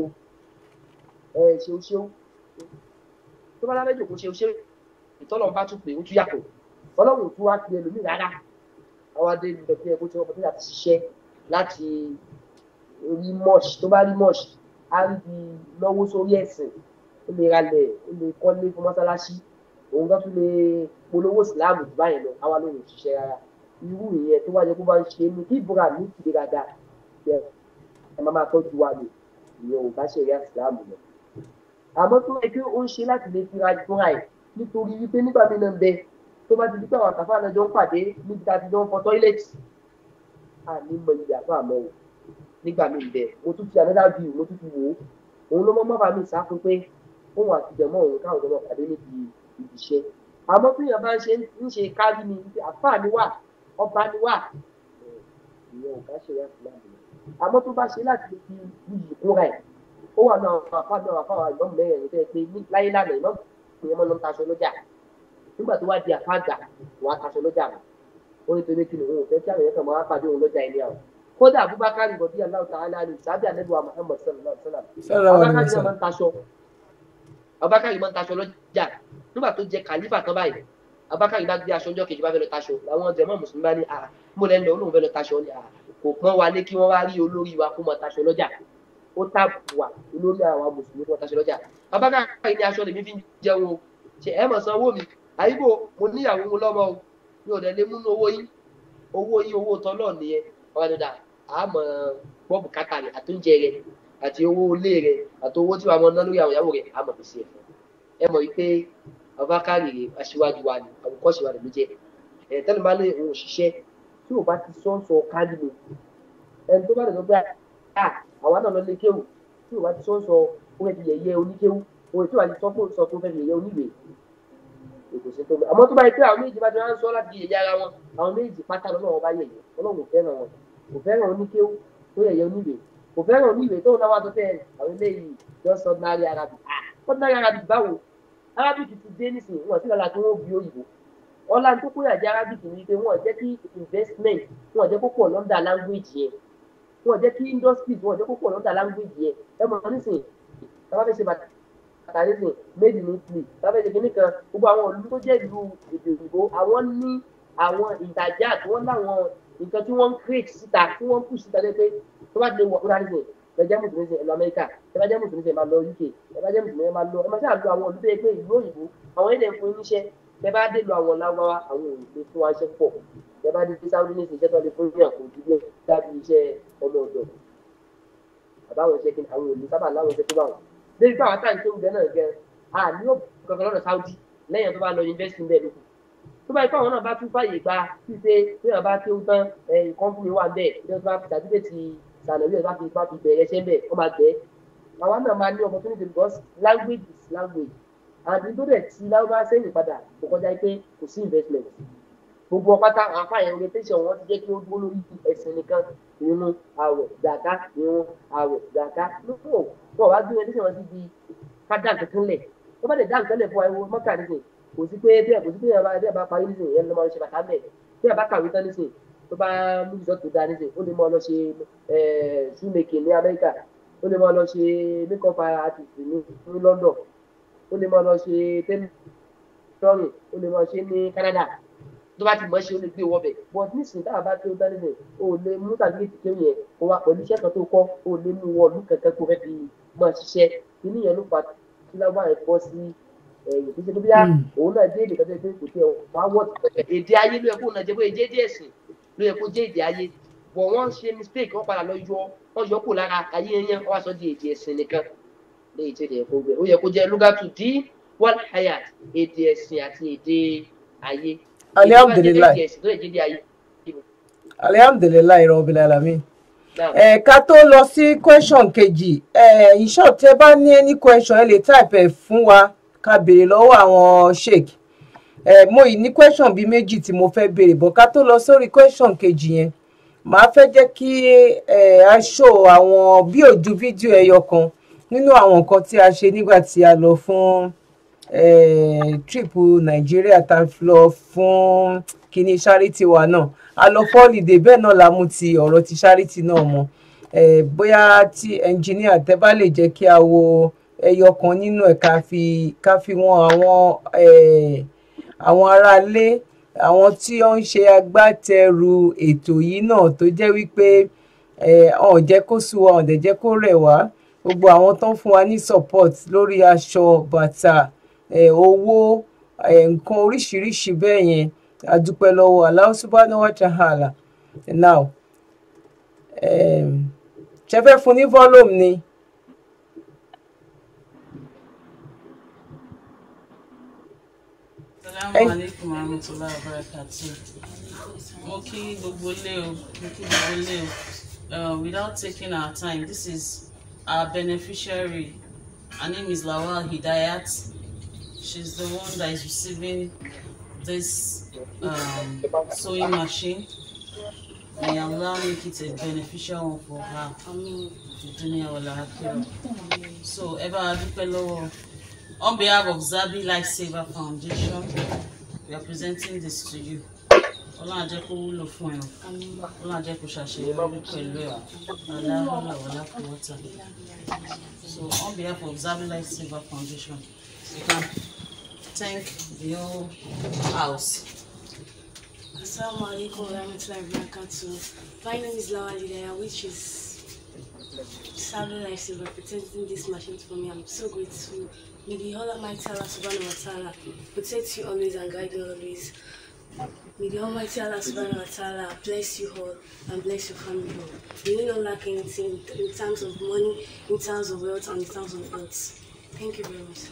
ẹ ṣeun ṣeun tó bá lábẹ́ jòkó ṣeun ṣeun ìtọ́lọ́run bá tún pè ó tún yàtọ̀ ọlọ́run tún wá pe ẹlòmíì rárá àwọn adé ìlú ìbẹ̀kú ẹ̀kọ́ tí wọ́n mọ̀ tó yàtọ̀ ṣiṣẹ́ láti rí mọ́ṣ tó bá rí mọ́ṣ á rí bi náwó sórí ẹ̀sìn ó lè ralẹ̀ ó lè kọ́lé fún mọ́sálásí òun kan tún lè polówó síláàmù jù báyìí lọ àwa ló ń ṣiṣẹ́ rárá irú ìyẹn tó wájú kó bá ń ṣe é ní kí ìbúra mi ti dé dáadáa bẹ́ẹ̀ ẹ má máa tọ́jú wa lò ìyẹn ò bá ṣẹ̀rí àsìláàmù lọ. àmọ́ tó yẹ kí ó ń ṣe láti lè fira jọra ẹ̀ nítorí wípé nígbà mí náà ń bẹ tó bá ti di pé àwọn àkàfà náà jọ ń pàdé níbi tá a ti jọ ń fọ tọ́ílẹ̀tì àní mọ ìyàgbọ́ àmọ́ wò nígbà mi bẹ̀ mo tún ti another view mo tún ti wò ó òun ló mọ́ mọ́ bá mi sáfún pé òun àtijọ́mọ́ òun káwọn ọmọ pàdé níbi ibi iṣẹ́ àmọ́ bí èèyàn ń ṣe ń ṣe kárí ni àfáà ni wà ọba ni wà ìyẹn ò bá ṣe wá sí láti lọ àmọ́ tó bá ṣe láti lè fi iyì kúnra ẹ̀ ó wà náà àfáà náà àfáà ìmọ̀mù mẹ́rin tó yẹ pé láyé lánàá ìmọ̀mù ìyẹn mọ́ ló ń taṣọ lọ́jà nígbà tó wá di àfáà gà wàá taṣọ lọ́jà rẹ̀ ó ní torí kí ni òun ò fẹ́ kí àwọn èèyàn kàn máa pàdé òun lọ́jà ilé àwọn kódà abubakar ibodi aláwọ tààlà ni sábẹ anabi wa muhammad sallallahu alaihi wa sallam abubakar yìí máa ń taṣọ abubakar yìí máa ń taṣọ lọjà nígbà tó jẹ kàlífà kan báyìí abubakar yìí bá gbé aṣọ ọjọ́ kejì bá fẹ́ lọ taṣọ làwọn jẹmọ mùsùlùmí bá ní à ah, ni à ah, kò pọn wa lé kí wọn wá rí olórí wa kó máa taṣọ lọjà ó tààbù wa olórí àwọn mùsùlùmí kó máa taṣọ lọjà abubakar yìí ní aṣọ lèmi fi ń jẹun o ṣe ẹ mọ̀ sanwó mi àyíbò mo níyàwó lọ́mọ o mi ò dẹ̀ lè múnú owó yín owó yín owó tọ́lọ̀ nìyẹn ọba tó dà á mọ gbọ́ bùkátà rẹ̀ àtúnjẹ rẹ̀ àti owó ilé rẹ̀ àti owó tí wàá mọ ná lórí àwọn ìyàwó rẹ̀ á mọ̀ fi sí ẹ̀ ẹ mọ̀ wípé ọba kárìrì aṣíwájú wa ni àwòkọ́ṣe wa ló jẹ́ ẹ̀ tẹ́lẹ̀ máa lé òun òṣìṣẹ́ tí ò bá ti sọ́ sọ kárí mi ẹni tó bá lè sọ pé à àwa náà lọ lé kéwù tí ò bá ti sọ́ sọ ó fẹ́ fi yẹ̀yẹ́ oníkéwù òun tí wàá ti sọ pé sọ pé ó fẹ́ fi yẹ̀yẹ́ oníwèé èkó sí tó bá yẹ pé àwọn méjì bá ti wá ń sọ láti yẹ̀yẹ́ ara wọn àwọn méjì pátá lọ́wọ́ bá yẹ̀yẹ́ ọlọ́run fẹ́ràn wọn kò fẹ́ràn oníkéwú tó yẹ̀yẹ́ oníwèé kò fẹ́ràn oníwèé tó náwó àtọ́tẹ́ àwọn eléyìí just ordinary arabic ordinary arabic báwo arabic ti dé nísìnyí wọn sí lọ́la tí wọ́n bí òyìnbó ọlá tó kó yàjẹ́ arabic ni pé wọ́n jẹ́ kí investment wọ́n jẹ́ kó pọ̀ lọ́ndà language yẹn wọ́n jẹ́ kí industries wọ́n jẹ́ kó pọ̀ lọ́ndà language yẹn ẹ mọ̀ nísìnyí ẹ fẹ́ ṣe bàtà àtàrí made in Italy lábẹ́ ìdíje nìkan gbogbo àwọn ìlú ìlú èdè òyìnbó àwọn ní àwọn ìtajà tí wọ́n láwọn nǹkan tí wọ́n ń create síta tí wọ́n ń push síta lẹ́pẹ́ tó bá tilẹ̀ wọ pluralism ẹ jẹ́ mùsùlùmí ṣe ẹ̀lọ́ amẹ́ríkà ẹ bá jẹ́ mùsùlùmí ṣe máa lọ uk ẹ bá jẹ́ mùsùlùmí máa lọ ẹ máa ṣáà lo àwọn olùdó ẹgbẹ́ ìlú òyìnbó àwọn ẹ̀dẹ̀ fún oníṣẹ́ ẹ bá dé lo àwọn lágbára àwọn òyìnbó fún wa ṣe pọ̀ ẹ bá dé sáwọ́dún ní ìṣiṣẹ́ tó lè fún yàn kò dúró dábì iṣẹ́ ọmọ ọ̀dọ̀ àbáwọn iṣẹ́ kìnnì àwọn òní sábà láwọn iṣẹ́ tó bá wọn. débi báwa táà ń kéwù tó báyìí fáwọn náà bá tún fàyè gba ṣíṣe bí wọn bá kéwú tán nǹkan fún mi wà bẹ́ẹ̀ bí wọn bá fi tàbí bẹ́ẹ̀ ti sàlẹ̀ bí wọn bá fi bá fi bẹ̀rẹ̀ ṣẹ́ bẹ́ẹ̀ wọ́n máa bẹ̀ ẹ́ àwa náà máa ní opportunity because language is language àti tó dẹ̀ ti láwùjọ sẹ́yìn padà kò kọjá pé kò sí investment gbogbo ọpátá àfa yẹn orientation wọn ti jẹ́ kí ó dúró lórí ẹ̀sìn nìkan ìrun àwẹ̀ gbàgá ìrun àwẹ̀ gbàgá lóko wọn wá gbé orientation wọn sí di ká dá nǹkan kan lẹ̀ wọ́n bá dẹ̀ dá lẹ̀ fún wa ẹ̀wọ̀n kò sí pé bí ẹ kò sí pé ẹ bá ẹ bá parí nísìnyí ẹ lọ máa ṣe bàtà mẹ bí ẹ bá kàwé tán nísìnyí tó bá mú ìṣọ́ tó dáa nísìnyí ó lè máa lọ ṣe shoemaking ní amẹ́ríkà ó lè máa lọ ṣe makeup artist ní london ó lè máa lọ ṣe tẹ́lifíṣọ́nù ó lè máa ṣe ní canada tó bá ti mọ̀ ṣe ó lè gbé wọ́bẹ̀ but nísìnyí táwa bá kéwọ́ dání nìyẹn o lè mú sàgbéyìí kéwọ́ yẹn o wa pẹ̀lú iṣẹ́ kan tó kọ́ o lè mú wọ́ọ̀lù kankan kó ẹ̀yìn kí ṣe bí hmm. òun náà dé èdè kẹtẹ pé kò tẹ wá wọ èdè ayé ló yẹ kó náà jẹ pé èdè ẹsìn ló yẹ kó jẹ èdè ayé bọ̀ wọ́n ṣe mistake wọ́n padà lọ yọ wọ́n yọ kó lára ayé yẹn wọ́n sọ di èdè ẹsìn nìkan léyìí tó yẹ kó gbẹ ó yẹ kó jẹ lugatu di wal hayat èdè ẹsìn àti èdè ayé alihamdulilayi
alihamdulilayi rabbil alamin ẹ ká tó lọ sí question kejì ẹ in short tẹ bá ní any question ẹ lè type ẹ fún wa ká béèrè lọ́wọ́ àwọn sheik eh, mo ì ní question bíi méjì tí mo fẹ́ béèrè bọ́ ká tó lọ sórí question kejì yẹn màá fẹ́ jẹ́ kí a ṣó àwọn bí òjú fídíò ẹyọ kan nínú àwọn nǹkan tí a ṣe nígbà tí a lọ fún trip nàìjíríà tá a lọ fún kínní charity wa náà a lọ fọ́ọ̀lìdè bẹ́ẹ̀ náà la mú ti ọ̀rọ̀ ti charity náà mọ́ bóyá tí ẹnjìníà tẹ́ bá lè jẹ́ kí a wo ẹyọ kan nínú ẹ̀ ká fi ká fi wọn àwọn eh, àwọn aráalé àwọn tí ó ń ṣe agbátẹrù ètò yìí náà tó jẹ́ wípé eh, ọ̀n jẹ́ kó sú wa ọ̀n jẹ́ kó rẹ̀ wá gbogbo àwọn tó ń fún wa ní support lórí aṣọ bàtà eh, owó nǹkan oríṣiríṣi bẹ́ẹ̀ yẹn a dúpẹ́ lọ́wọ́ Allah subhanahu wa ta'ala now ṣe fẹ́ fún ní volume ni. Uh, without taking our time this is our beneficiary her name is Lawal Hidayat she's the one that is receiving this um, sewing machine may Allah make it a beneficial one for her. So, ever bá a On behalf of Zabi Lifesaver Foundation, we are presenting this to you. So on behalf of Zabi Lifesaver Foundation, we can thank the whole house. Assalamu alaikum warahmatullahi wabarakatuh. My name is Lawa Lidaya, which is Sabi Lifesaver, presenting this machine for me. I'm so grateful. May the Almighty Allah subhanahu wa ta'ala protect you always and guide you always. May the Almighty Allah subhanahu wa ta'ala bless you all and bless your family all. May you not lack anything in terms of money,
in terms of wealth, and in terms of health. Thank you very much.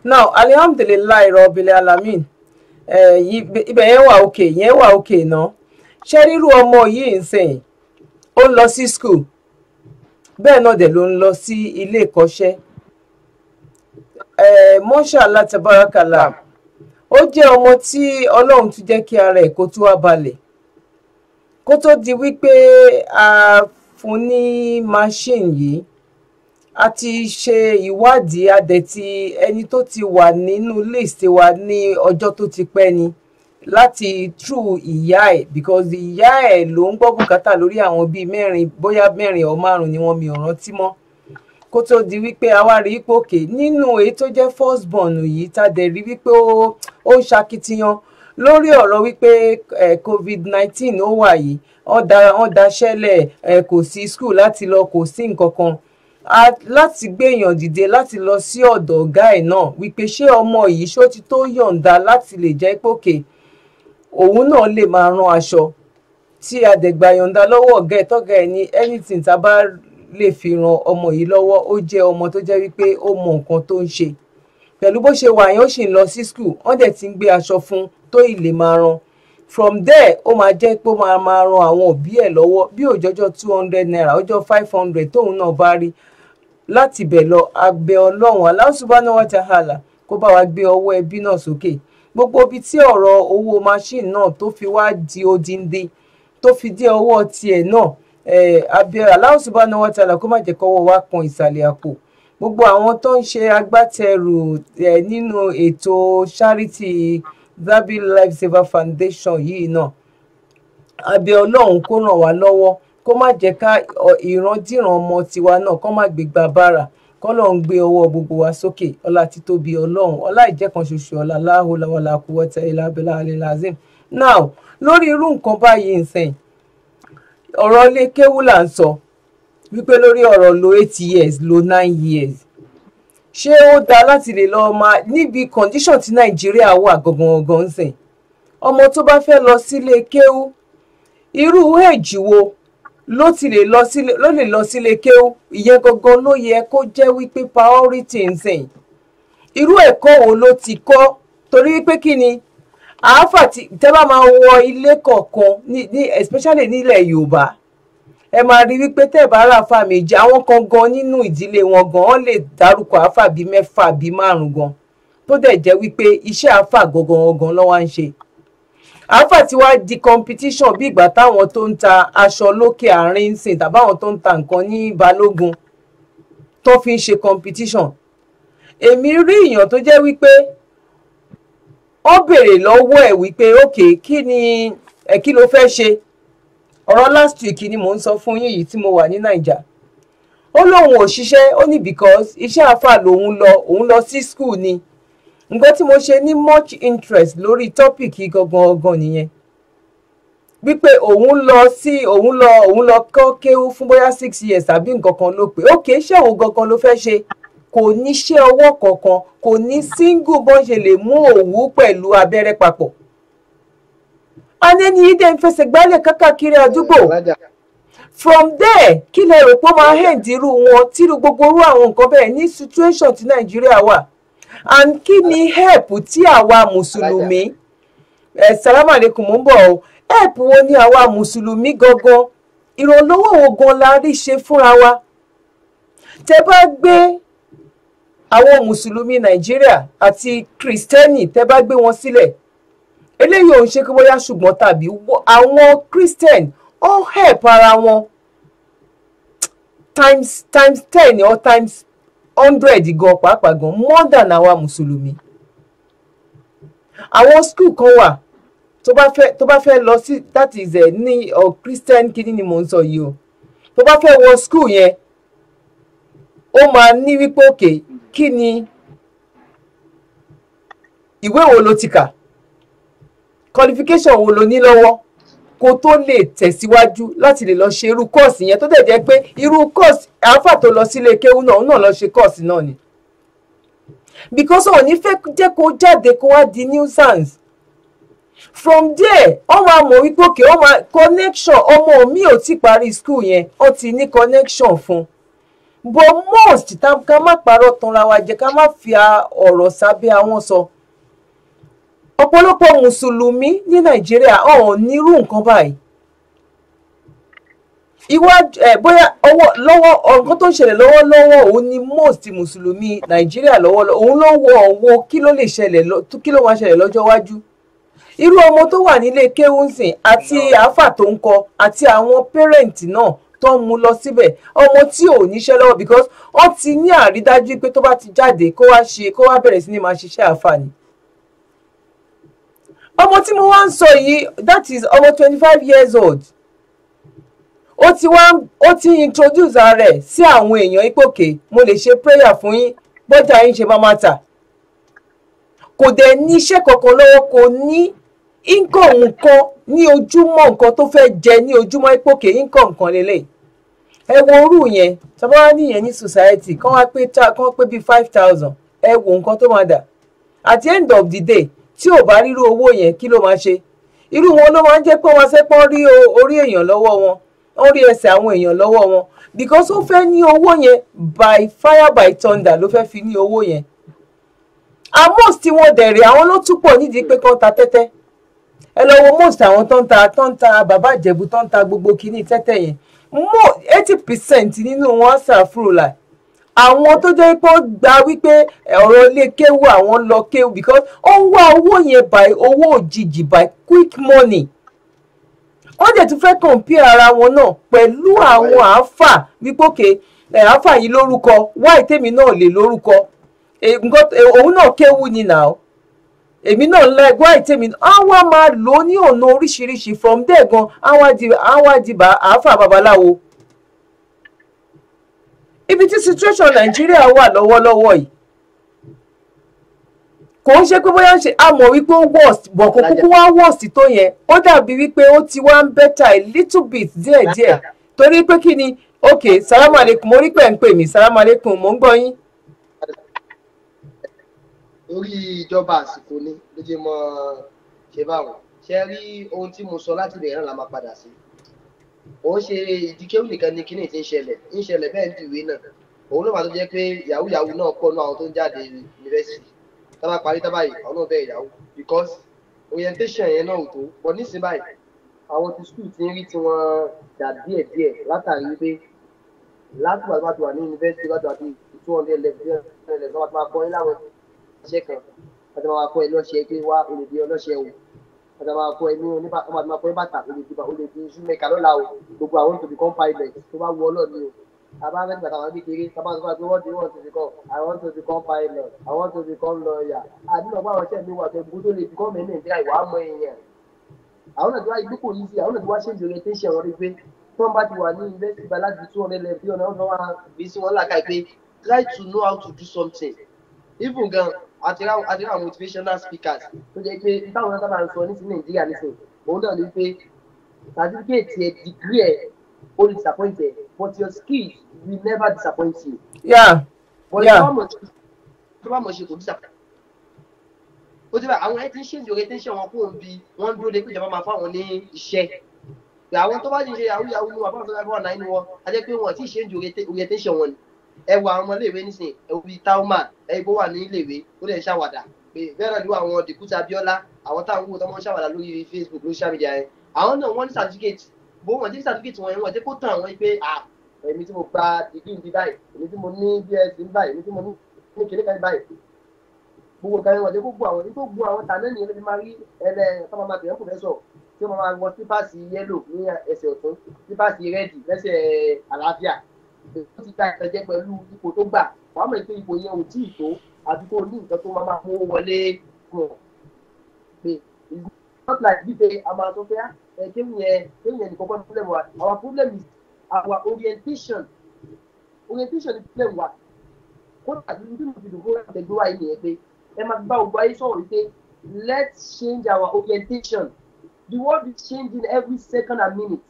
Now, Alhamdulillah, Rabbil Alamin. Eh, ibẹ̀ yẹn wà òkè yẹn wà òkè náà ṣé rírú ọmọ yìí ń sìn ó ń lọ sí school bẹ́ẹ̀ náà dẹ̀ ló ń lọ sí ilé ìkọ́ṣẹ́ mọ́ṣáláà tabarakàlà ó jẹ́ ọmọ tí ọlọ́run tún jẹ́ kí ara ẹ̀ kó tó wá balẹ̀ kó tó di wípé a fún ní machine yìí a ti ṣe ìwádìí adẹ̀ ti ẹni tó ti wà nínú list wa ní ọjọ́ tó ti pẹ́ ni láti true ìyá ẹ̀ because ìyá ẹ̀ ló ń gbọ́ bùkátà lórí àwọn bíi mẹ́rin bóyá mẹ́rin ọ̀ márùn ni wọ́n mi ò rántí mọ́ kó tó di wípé àwa rí ipò nínú èyí tó jẹ́ first born yìí tá dẹ̀ rí wípé ó ń ṣakitiyan lórí ọ̀rọ̀ wípé covid nineteen ó wà yìí wọ́n daṣẹ́lẹ̀ kò sí school láti lọ kò sí nǹkan kan láti gbèyàn dìde láti lọ sí ọ̀dọ̀ ọ̀gá ẹ̀ náà wípé ṣé ọmọ yìí ṣó ti tó yọ̀ǹda láti lè jẹ́ pòkè òun náà lè máa rán aṣọ tí a yọ̀ǹda lọ́wọ́ ọ̀gá ẹ̀ tọ́gá ẹ̀ ní anything tá a bá lè fi ran ọmọ yìí lọ́wọ́ ó jẹ́ ọmọ tó jẹ́ wípé ó mọ nǹkan tó ń ṣe pẹ̀lú bó ṣe wà yẹn ó sì ń lọ sí school wọ́n dẹ̀ ti ń gbé aṣọ fún tó ì lè máa ran from there ó máa jẹ́ pé ó máa máa ran àwọn òbí ẹ̀ lọ́wọ́ bí òjọ́jọ́ two hundred naira ọjọ́ five hundred tóun náà bá rí láti bẹ̀ lọ abẹ ọlọ́run aláṣubánáwá tàhálà kó bá wa gbé ọwọ́ ẹbí náà sókè. Okay gbogbo ibi tí ọ̀rọ̀ owó machine náà tó fi wá di odindi tó fi dé ọwọ́ tiẹ̀ náà abiola Allahu subhanahu wa ta'ala kó má jẹ́ kọ́wọ́ wá kan ìsàlẹ̀ àpò gbogbo àwọn tó ń ṣe agbátẹrù nínú ètò charity Zabby Life Saver Foundation yìí náà abẹ Ọlọ́run kó ràn wá lọ́wọ́ kó má jẹ́ ká ìrandíran ọmọ tiwa náà kó má gbégbá bára kọ́lọ́run gbé ọwọ́ gbogbo wa sókè ọlá títóbi ọlọ́run ọlá ìjẹ́kan ṣoṣo ọlá láhùláwàlá kúwọ́tà ilá abẹ́lá alẹ́lázim now lórí irú nǹkan báyìí nsìn ọ̀rọ̀ ilé kéwú là ń sọ wípé lórí ọ̀rọ̀ lo eight years lo nine years ṣé ó dáa láti lè lọ́ọ́ máa níbi condition tí nàìjíríà wà gangan gangan nsìn ọmọ tó bá fẹ́ lọ sílé kéwú irú èjì wo ló ti lè lọ sílé ló lè lọ sílé kéwú ìyẹn gangan ló yẹ kó jẹ́ wípé priority nsìn irú ẹ̀kọ́ wo ló ti kọ́ torí wípé kí ni àáfà tí tẹ́ bá máa wọ ilé kọ̀ọ̀kan ní especially nílẹ̀ Yorùbá ẹ máa rí wípé tẹ́ bá ra àáfà méjì àwọn kan gan nínú ìdílé wọn gan wọ́n lè dárúkọ àáfà bíi mẹ́fà bíi márùn gan tó dẹ̀ jẹ́ wípé iṣẹ́ àáfà gangan gangan ló wá ń ṣe àáfà tí wàá di competition bí ìgbà táwọn tó ń ta aṣọ lókè àárín ń sìn tàbáwọn tó ń ta nǹkan ní balógun tó fi ń ṣe competition èmi rí èèyàn tó jẹ́ wípé ó béèrè lọ́wọ́ ẹ̀ wípé òkè kí ni ẹ̀ kí ló fẹ́ ṣe ọ̀rọ̀ last week ni mò ń sọ fún yín yìí tí mo wà ní Naija ó lóun ò ṣiṣẹ́ ó ní because iṣẹ́ àáfà lòun lọ òun lọ sí school ni nǹkan tí mo ṣe ní much interest lórí tọ́pìkì gangan gangan nìyẹn wípé òun lọ sí òun lọ òun lọ kọ́ kéwú fún bóyá six years àbí nǹkan kan ló pé ó kì í ṣe òun gangan ló fẹ́ ṣe kò ní ṣe ọwọ́ kankan kò ní single bọ́n ṣe lè mú òwú pẹ̀lú abẹ́rẹ́ papọ̀ anẹ́ni yìí dẹ̀ ń fẹsẹ̀ gbálẹ̀ kákàkiri from there kí lè rò pé ó máa hẹ̀ǹdì irú wọn tírú gbogbo irú àwọn nǹkan bẹ́ẹ̀ ní situation tí nàìjíríà wà and kí ni help tí àwa mùsùlùmí eh, salamu aleykum mo ń bọ̀ o help wo ni àwa mùsùlùmí gangan ìrànlọ́wọ́ wo gan la rí ṣe fúnra wa tẹ bá gbé àwọn mùsùlùmí nàìjíríà àti kìrìsìtẹ́nì tẹ bá gbé wọn sílẹ̀ eléyìí òun ṣe kí wọ́n yá ṣùgbọ́n tàbí àwọn christian all help ara wọn times times ten or times hundred gan pàápàá gan more than àwa mùsùlùmí àwọn kan wà tó bá tó bá lọ sí that is uh, uh, ni mo n sọ yìí o tó bá fẹ́ yẹn ó máa ní wípé òkè kí ni ìwé wo lo ti kó tó lè tẹ̀síwájú láti lè lọ ṣe irú kọ́ọ̀sì yẹn tó dẹ̀ jẹ́ pé irú kọ́ọ̀sì àáfà tó lọ sílé kéwú náà òun náà lọ ṣe kọ́ọ̀sì náà ni. because òun ní fẹ́ jẹ́ kó jáde kó wá di nuisance from there wọ́n máa mọ̀ wípé òkè wọ́n máa connection ọmọ mi ò ti parí school yẹn ó ti ní connection fún but most ká má parọ́ tanra wa jẹ́ ká má fi ọ̀rọ̀ sábẹ́ àwọn sọ. So ọ̀pọ̀lọpọ̀ mùsùlùmí ní nàìjíríà ọ̀hún nírú nǹkan báyìí ìwà bóyá lọ́wọ́ nǹkan tó ń ṣẹlẹ̀ lọ́wọ́lọ́wọ́ òun ni most mùsùlùmí nàìjíríà lọ́wọ́lọ́wọ́ òun ló wọ ọ̀wọ́ kí ló lè ṣẹlẹ̀ kí ló wá ṣẹlẹ̀ lọ́jọ́ iwájú irú ọmọ tó wà nílé kéwùnsìn àti àáfà tó ń kọ àti àwọn pẹ́rẹ́ǹtì náà tó ń mú lọ síbẹ̀ ọmọ tí ò níṣẹ́ lọ́wọ́ because wọ́n ti ní àrídájú pé tó bá ti jáde kó wá ṣe kó wá bẹ̀rẹ̀ sí ní máa ṣiṣẹ́ àǹfààní ọmọ tí mo wá ń sọ yìí that is ọmọ twenty five years old ó ti wá ó ti introduce ara ẹ̀ sí àwọn èèyàn ipòkè mo lè ṣe prayer fún yín bọ́jà yín ṣe máa máa tà kò dẹ̀ ní iṣẹ́ kankan lọ́wọ́ kò ní income nǹkan ní ojúmọ́ nǹkan tó fẹ́ jẹ ní ojúmọ́ ipòkè income nǹkan lélẹ̀ ẹ wo orú yẹn tọ́ba wá nìyẹn ní society kán wá pé kán pé bíi five thousand ẹ wo nǹkan tó máa dà at the end of the day tí ò bá rírú owó yẹn kí ló máa ṣe irú wọn ló máa ń jẹ́ pé wọ́n ṣe pọ́n rí orí èèyàn lọ́wọ́ wọn wọ́n rí ẹsẹ̀ àwọn èèyàn lọ́wọ́ wọn because ó fẹ́ ní owó yẹn by fire by thunder ló fẹ́ fi ní owó yẹn amos tí wọ́n dẹ̀rẹ̀ àwọn ló tún pọ̀ nídìí pé kán ta tẹ́tẹ́ ẹ lọ wo most àwọn tó ń ta tó ń ta bàbá ìjẹ̀bù tó ń ta gbogbo kínní tẹ́tẹ́ yẹn mo eighty percent nínú wọn ṣàfùrùlà àwọn tó jẹ́ gba wípé ọ̀rọ̀ ilé kéwù àwọn lọ kéwù because ó ń wá owó yẹn by owó òjijì by quick money wọ́n dẹ̀ tún fẹ́ compare ara wọn náà pẹ̀lú àwọn àáfà wípé àáfà yìí lórúkọ wáì tèmi náà lè lórúkọ e, e, òun náà ni nà ó èmi náà lẹ́gbọ́n àìtẹ́mi àwa máa from there gan àwa di àáfà ibi tí situation nàìjíríà wà lọ́wọ́lọ́wọ́ yìí kò ń ṣe pé bóyá ń ṣe a wípé ó worst bọ̀ kò kúkú wá worst tó yẹn ó dàbí wípé ó ti wá ń better a little bit díẹ̀díẹ̀ torí pé kí ni ok salamu aleykum mo rí pé ń pè mí salamu aleykum mo ń gbọ́ yín.
lórí ìjọba àsìkò ni ló ṣe mọ ṣe báwọn ṣe rí ohun tí mo sọ láti bẹ̀rẹ̀ náà la máa padà sí ó ṣe ìdíkéwù nìkan ni kíní ti ń ṣẹlẹ̀ ń ṣẹlẹ̀ bẹ́ẹ̀ ń dìwé náà òun náà tó jẹ́ pé yahoo yahoo náà pọ̀ àwọn tó ń jáde yunifásitì tábà parí tábà yìí àwọn náà bẹ̀rẹ̀ yahoo because orientation yẹn náà ò tó but nísìnyí báyìí àwọn ti school ti ń rí tiwọn dà díẹ̀ díẹ̀ látàrí pé láti wà láti wà ní yunifásitì láti wà ní two hundred level two hundred level láti máa kọ́ ẹ láwọn iṣẹ́ kan láti máa kọ́ ẹ lọ́ṣẹ́ ọ̀dà máa kọ ẹni onípa ọmọ àti máa kọ bàtà ó lè di ó lè di iṣu mẹ́ka lọ́la o gbogbo àwọn tòbí kan pa ilẹ̀ kiri, bá wù ọ́ lọ́ọ̀ni o àbá fẹ́ bàtà wọn kékeré sábà sọ pé wọ́n ti wọ́n tòbí kan àwọn tòbí kan pa ilẹ̀ àwọn tòbí kan lọ ọ̀yà àdúrà bá àwọn iṣẹ́ mi wà tó gbó tó lè fi kọ́ mẹ́rin nàìjíríà ìwà àmọ́ èèyàn àwọn nàìjíríà ìlú kò yí sí àwọn nàìjíríà ṣe ìjọ orientation wọn rí pé tó ń bá ti wà ní ilé ìgbà láti two hundred level bí ọ̀nà ọ̀nà wa bí sí wọn làkà pé try to know how to do something even gan àti àwọn motivational speakers tó jẹ́ pé táwọn sábà ń sọ nísìnyí nàìjíríà nísìnyí òun náà ni pé certificate yẹ degree yẹ ó lè disappoint yẹ but your skills will never disappoint you. Yeah. yeah. tó bá mọ̀ ṣe kò disappoint ó ti bá àwọn ẹ ti ń ṣèǹdì orí tẹ́ńṣẹ̀ wọn kúrò bí wọ́n dúró de pé ìjọba máa fáwọn ní iṣẹ́ àwọn tó bá ti ṣe yahoo yahoo ní àbáwọn tó bá fọwọ́ náà ní wọn á jẹ́ pé wọn ti ṣèǹdì orí tẹ́ńṣẹ̀ wọn ni ẹ wo àwọn ọmọléèwé nísìnyí ẹ wo bíi tauma ẹ ibo wà ní iléèwé ó lè ṣàwàdà pé bẹ́ẹ̀ náà ló àwọn dèkúta abiola àwọn táwọn owó tọmọ ṣàwàdà lórí facebook lórí social media yẹn àwọn náà wọ́n ní certificate bó wọ́n ti ní certificate wọn yẹn wọ́n ti kó tán àwọn pé à èmi tí mo gba degree ní báyìí èmi tí mo ní bsc ní báyìí èmi tí mo ní ní kéde kan báyìí gbogbo kan yẹn wọ́n ti kó gbọ́ àwọn tó gbọ́ àwọn tàná nìyẹn ló fi máa rí ẹlẹ́ tọ́mọ máa bẹ̀rẹ̀ professor tí wọ́n máa wọ sípàsì yẹ́lò ní ẹsẹ̀ ọ̀tún sípàsì rẹ́dì lẹ́sẹ̀ eh, àlàáfíà ìbẹ̀rù ti dá ìtẹ́jẹ́ pẹ̀lú ipò tó gbà wàá mọ̀ pé ipò yẹn ò tíì tó àti kó ní nǹkan tó máa máa mú wọlé gùn pé not like bí pé a máa tó fẹ́ ah, ẹ kéwìn yẹn kéwìn yẹn nìkan kọ́ ní problem wa our problem is our orientation orientation is problem wa kódà bí mo ti dùn fún ẹgbẹ́ wa yìí nìyẹn pé ẹ máa bá ògbó ayé sọ̀rọ̀ wípé let's change our orientation the world is changing every second and minute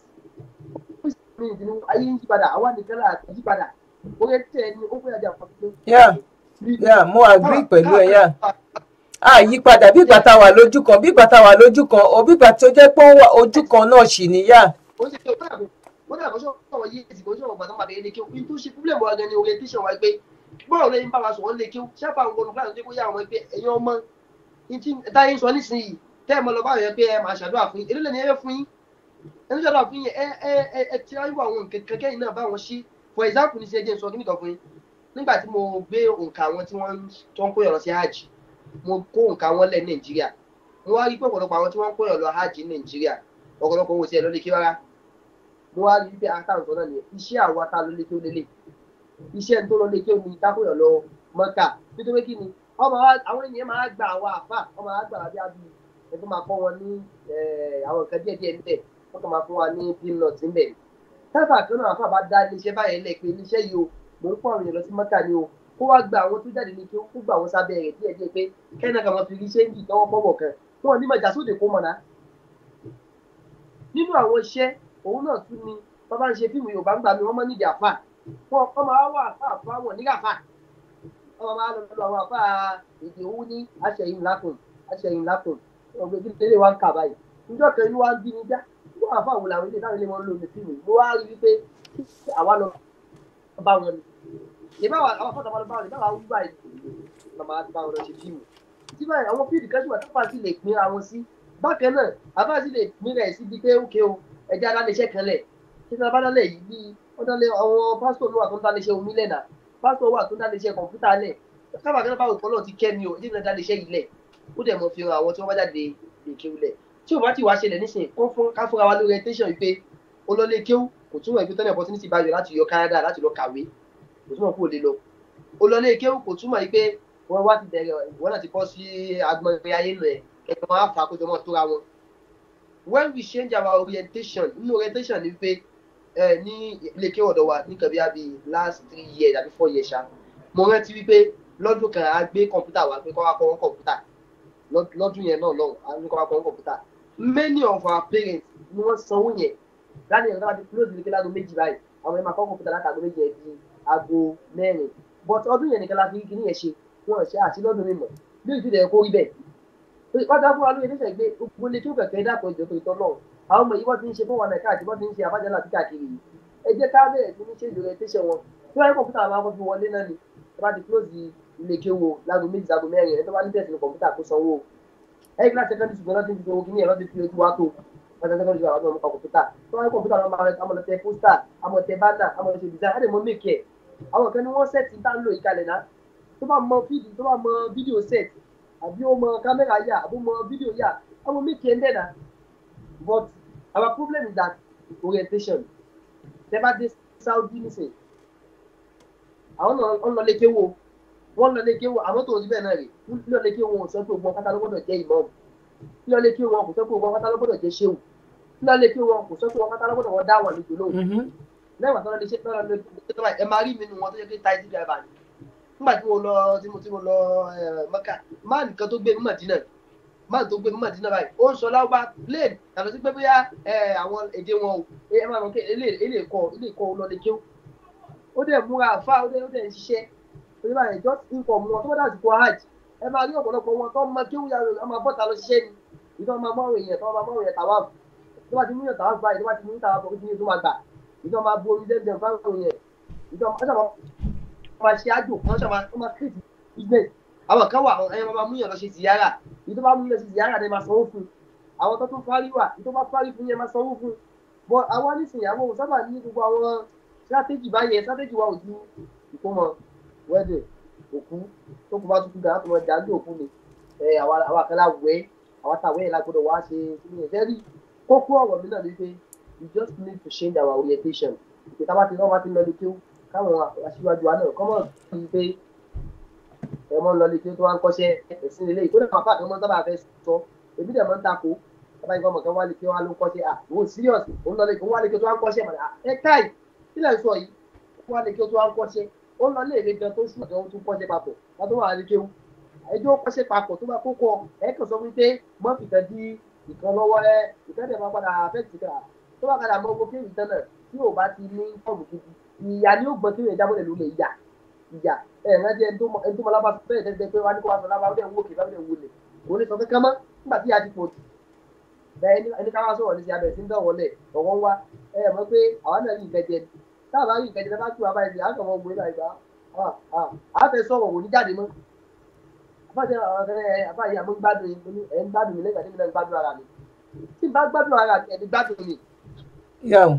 mi ìdílé ayé ń yípadà àwa nìkan là ń yípadà ó yẹ tẹ ẹni ó fẹ́ àjà fún
mi. yà mo agree pẹ̀lú ẹ̀ yà a yípadà bí ìgbà tá a wà lójú kan bí ìgbà tá a wà lójú kan òbí ìgbà tó jẹ́ pé ojú kan náà ṣì níyà.
ó ṣe tó dàbò ó dàbò sọ̀rọ̀ yé èsì kò sọ̀rọ̀ gbàdán bàbá yẹn lè kí o ní tó ṣe problem wa gan ni orientation wa pé bọ́ọ̀lù lẹ́yìn bá wa sọ̀rọ̀ lè kí o ṣáfà ń wọnú fúlàní tó kó yá àwọn ẹgbẹ́ ẹ̀yin ọmọ táyé ń sọ nísìnyí tẹ́ ẹ̀ mọ́ lọ bá instead of yín ẹ ẹ ẹ ẹ ti ráyè wọ àwọn nǹkan kẹ́kẹ́ náà bá wọn ṣí for example ní sẹ́jẹ̀ sọ kíníkan fún yín nígbà tí mo gbé òǹkà àwọn tí wọ́n tó ń kó sí hajj mo kó òǹkà wọn lẹ̀ nàìjíríà mo wá rí pé ọ̀pọ̀lọpọ̀ àwọn tí wọ́n kó hajj ní nàìjíríà ọ̀pọ̀lọpọ̀ kí gba àwọn àfà bí tó máa kọ́ wọn ní wọ́n kàn máa fún wa ní peanut ńbẹ̀ ni tábà tó náà àfa bá dá iléeṣẹ́ báyẹn lẹ̀ pé iléeṣẹ́ yìí o mò ń kó àwọn èèyàn lọ sí mọ́kà ni o kó wá gba àwọn tó jáde ní kí ó gbà wọ́n sábẹ́ rẹ̀ díẹ̀ díẹ̀ pé kẹ́nà kan máa fi rí ṣéǹjì tọwọ́ pọ̀wọ̀ kan wọn ní màjà sóde kó mọ̀nà. nínú àwọn iṣẹ́ òun náà tún ni bàbá ń ṣe fíìmù Yorùbá ń gbà mí wọ́n mọ́ nídìí àfà wọn kọ́ máa wà àfà àfà wọn nígbà fà wọn máa lọ lọ àwọn àfà èdè owó ní àṣẹyìn lákùn àṣẹyìn lákùn ọ̀gbẹ́bí lélẹ̀ wá ń kà báyìí níjọ́ kan inú wa ń bí ní dá wọn àfa àwọn làwọn ilé táwọn ilé wọn lò ní fíìmù mo wá rí wípé àwa lọ bá wọn ni ìbá wa àwọn afọ́tàmọ́ lọ bá wọn ni báwa wúgbà màmá bá wọn lọ ṣe fíìmù tí báyìí àwọn fíìmù kan ṣùgbọ́n tápá sì lè pín àwọn sí bákan náà àbá sì lè pín rẹ̀ síbi pé ókè o ẹ̀jẹ̀ adáléṣẹ́ kan lẹ̀ ṣé tí a bá dálẹ̀ yìí bí wọ́n dálé àwọn pásítọ̀ ló wà tó ń dáléṣẹ́ omi lẹ̀ náà pásítọ̀ wà tó ń dáléṣẹ́ kọ̀ǹpútà tí o bá ti wá ṣẹlẹ̀ nísìnyí kó fún ká fúnra wa lórí tẹ̀sán yìí olólè kéwù kò túmọ̀ ìpín tẹ́lẹ̀ opportunity bá yọ láti yọ Canada láti lọ kàwé kò túmọ̀ kó lè lọ olólè kéwù kò túmọ̀ yìí pé wá ti bẹ̀rẹ̀ wọ́n náà ti bọ́ sí agbọ̀n ayé nù ẹ̀ kẹ̀kẹ́ wọn á fà kó jọmọ́ tóra wọn. when we change our orientation nínú orientation ni pé ẹ ní ilé kéwù ọ̀dọ̀ wa ní kẹ̀bí àbí last three years àbí four years ṣá mo rántí wípé lọ́dún kan a gbé kọ̀ǹpútà wa pé kọ́ wa kọ́ wọn kọ̀ǹpútà lọ́dún yẹn náà lọ́hùn a ní kọ́ wa kọ́ wọn kọ̀ǹpútà many of our parents ni wọ́n sanwó yẹn láti ẹ̀rọ tábà ti close ní kí láago méjì báyìí àwọn ẹ̀ máa kọ́ kọ̀ǹpútà láti aago méjì ẹ̀ di aago mẹ́rin but ọdún yẹn nìkan la fi kíní yẹn ṣe wọn ṣe àti lọ́dún mímọ̀ bí ìdílé ẹ̀kọ́ rí bẹ́ẹ̀ pátá fún wa lóye ní sẹ́gbẹ́ gbogbo ilé tó kẹ̀kẹ́ dàpọ̀ ìjọba ìtọ́ náà àwọn ọmọ yìí wọ́n ti ń ṣe fún wa náà káàkiri wọ́n ti ń ṣe àbájáde àti káàkiri yìí ẹ jẹ́ ká bẹ̀rẹ̀ sí ní ṣe ìjọba ìtẹ́sẹ̀ wọn tí wọ́n yẹ kọ̀ǹpútà àwọn akọ́ fi wọlé náà ni tí wọ́n ti close ilé kéwò láago méjì láago mẹ́rin ẹ̀ tó bá ní tẹ̀sí ní kọ̀ǹpútà kó sanwó ẹ̀yìn láti secondary school náà ti fi owó kíní ẹ̀rọ ti fi ojú wa tó láti secondary school àwọn ọmọ kọ̀ǹpútà tó wáyé kọ̀ǹpútà àwọn ọmọ amọ̀lọ́tẹ pósítà amọ̀tẹ bánà amọ̀lọ́tẹ design àdèmọ̀ make ẹ̀ àwọn kan ní wọ́n sẹ́ẹ̀tì set àbí ó mọ kámẹ́rà yà àbó mọ fídíò yà àwọn make ẹ̀ but our problem is that orientation tẹ́ bá dé Saudi nísìnyí àwọn ọ̀nà ọ̀nà lè kéwòó wọ́n lọ lé kéwọ́ àmọ́ tó síbẹ̀ náà rè lọ lé kéwọ́ wọn sọ pé ogun ọ̀pátá ló gbọ́dọ̀ jẹ́ ìmáàmù lọ lé kéwọ́ wọn kò sọ pé ogun ọ̀pátá ló gbọ́dọ̀ jẹ́ ṣéwù lọ lé kéwọ́ wọn kò sọ pé ogun ọ̀pátá ló gbọ́dọ̀ wọ́n dá lójú lóhùn lẹ́wà tó lọ́dẹ ṣe tó lọ́dẹ tó báyìí ẹ máa rí mi nu wọn tó yẹ kí táìsì bí abàní nígbà tí mo lọ tí mo tí mo lọ máà nìkan tó gbé ní máà tó gbé ní báyìí ó ń sọ láwùbá plane yàtọ̀ sí pé bóyá àwọn èdè wọn ò ẹ máa lọ kí ilé ìkọ ilé ìkọ lọ́dẹ kéw ó dẹ̀ múra àfa ó dẹ̀ ń ṣiṣẹ́ òye báyìí just income wọn tó bá dàsìkò hajj ẹ máa rí ọ̀pọ̀lọpọ̀ wọn tó máa kéwù yàrá wọn máa bọ́ta lọ ṣiṣẹ́ ni ìtọ́ máa mọ́ òyìn ẹ̀tọ́ máa mọ́ òyìn tàwa tó bá ti mú yàn tàwa báyìí tó bá ti mú tàwa bọ̀ kí tó máa gbà ìtọ́ máa bu omi dẹ́gbẹ̀ẹ́ fáwọn òyìn ìtọ́ máa ṣe àjò kan ṣọ́ máa kéèkì business àwọn kan wà ẹ̀yàn máa mú yàn lọ ṣe ziyara ìtọ́ bá mú yàn ṣe ziyara ni máa sanwó fún àwọn tó tún fárí wà ìtọ́ bá fárí fún yẹn máa sanwó fún bọ́ àwọn nísìnyàwó sábà ní gbogbo àwọn strategy báyẹn strategy wa ò ju ìkómọ wẹ́dẹ̀ òkú tó kú bá tún kú gan láti mọ jáde òkú ni àwa kan láwùẹ́ àwa tá àwẹ́ yẹn lágbọ́dọ̀ wá ṣe sínú yẹn sẹ́rí kókó ọ̀rọ̀ mi náà ni pé we just need to change our orientation ìpè tá a bá ti lọ́wọ́ ti lọ lè kéwù káwọn aṣíwájú wa náà kọ́mọ̀ sí i pé ẹ mọ́ lọ lè kéwù tó wá ń kọ́ṣẹ́ ẹ̀sìn ilé ìkó náà fàáfẹ́ mọ́ sábà fẹ́ sọ èmi dẹ̀ mọ́ ń takò bàbá ìgbà ọmọkẹ́ wá lè kéwù wá ló ń kọ́ṣẹ́ à òun serious òun lọ lè kéwù wá lè kéwù tó wá ń kọ́ṣẹ́ mọ̀ ẹ káì sílẹ̀ sọ yìí wá lè kéwù tó wá ń kọ́ṣẹ́ ó lọ lé èdè gan tó sùn àti ohun tó kọ́ ṣe papọ̀ wọn tó wà á lè kéwù ẹjọ́ kọ́ ṣe papọ̀ tó bá kó kọ ẹ kàn sọ wípé mọ́ fìkan di ìkan lọ́wọ́ ẹ ìkan tẹ̀ máa padà fẹ́ẹ̀tì kà tó bá padà mọ ogun kéwì tẹ́lẹ̀ tí ò bá ti ní fọ́ọ̀mù gidi ìyá ni ó gbọ́n tí ìyá jábọ̀lẹ̀ ló lè yà ìyà ẹ̀ rántí ẹni tó mọ lábá bẹ́ẹ̀ tẹ́tẹ́ pé wọ́n á ní kó wá sọ lábá ó dẹ̀ wó kè bá dẹ̀ wó lè kò ní sọ kankan mọ́ nígbà tí ìyá ti pọ̀ jù bẹ́ẹ̀ ẹni ká táàbà yìí kẹ́ni bá tún abáyé bìí àkàmọ́ ògbó ìlà ìgbà àfẹ sọ̀rọ̀ wò ní jáde mọ́ àfàjẹ́ ọ̀rẹ́ àfàyè àmọ́ gbádùn yìí ẹ̀ ń gbádùn mi lẹ́gbàá nígbà gbádùn ara mi tí bá gbádùn ara mi ẹ̀mí gbádùn mi.
yàwó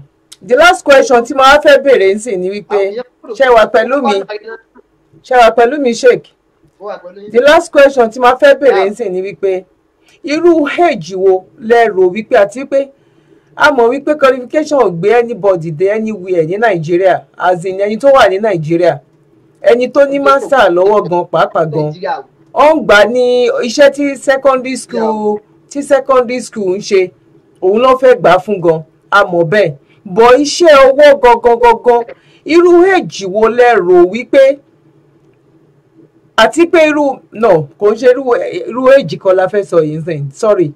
the last question tí mo wá fẹ́ béèrè ń sìn ni wípé ṣé wà pẹ̀lú mi ṣé wà pẹ̀lú mi sheik the last question tí mo wá fẹ́ béèrè ń sìn ni wípé irú èjì wo lẹ rò wípé àti wípé. Yeah a mọ̀ wípé qualification ò gbé anybody dé anywhere ní nàìjíríà as in ẹni tó wà ní nàìjíríà ẹni tó ní master lọ́wọ́ gan pàápàá gan ó ń gbà ní iṣẹ́ tí secondary school tí secondary school ń ṣe òun ló fẹ́ gbà fún gan a mọ̀ bẹ́ẹ̀ bọ̀ iṣẹ́ owó gangan gangan irú èjì wo lẹ rò wípé àti pé irú no kò ń ṣe irú èjì kan la fẹ́ sọ yìí sẹ́yìn sorry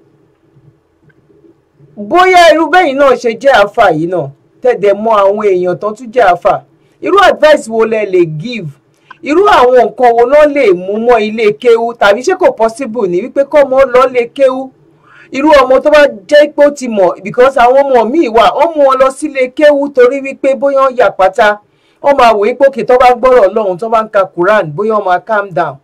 bóyá irú bẹ́yìn náà ṣe jẹ́ àáfà yìí náà tẹ̀dẹ̀ mọ àwọn èèyàn tán tún jẹ́ àáfà irú advice wo lẹ lè give irú àwọn nǹkan wo náà lè mú mọ́ ilé kéwú tàbí ṣé kò possible ní wípé kọ́mọ lọ lè kéwú irú ọmọ tó bá jẹ́ pé ó ti mọ̀ because àwọn ọmọ míì wà wọ́n mú wọn lọ sílé kéwú torí wípé bóyá ó yà pátá wọ́n máa wòye pé òkè tó bá gbọ́rọ̀ Ọlọ́run tó bá ń ka Quran bóyá wọ́n máa calm down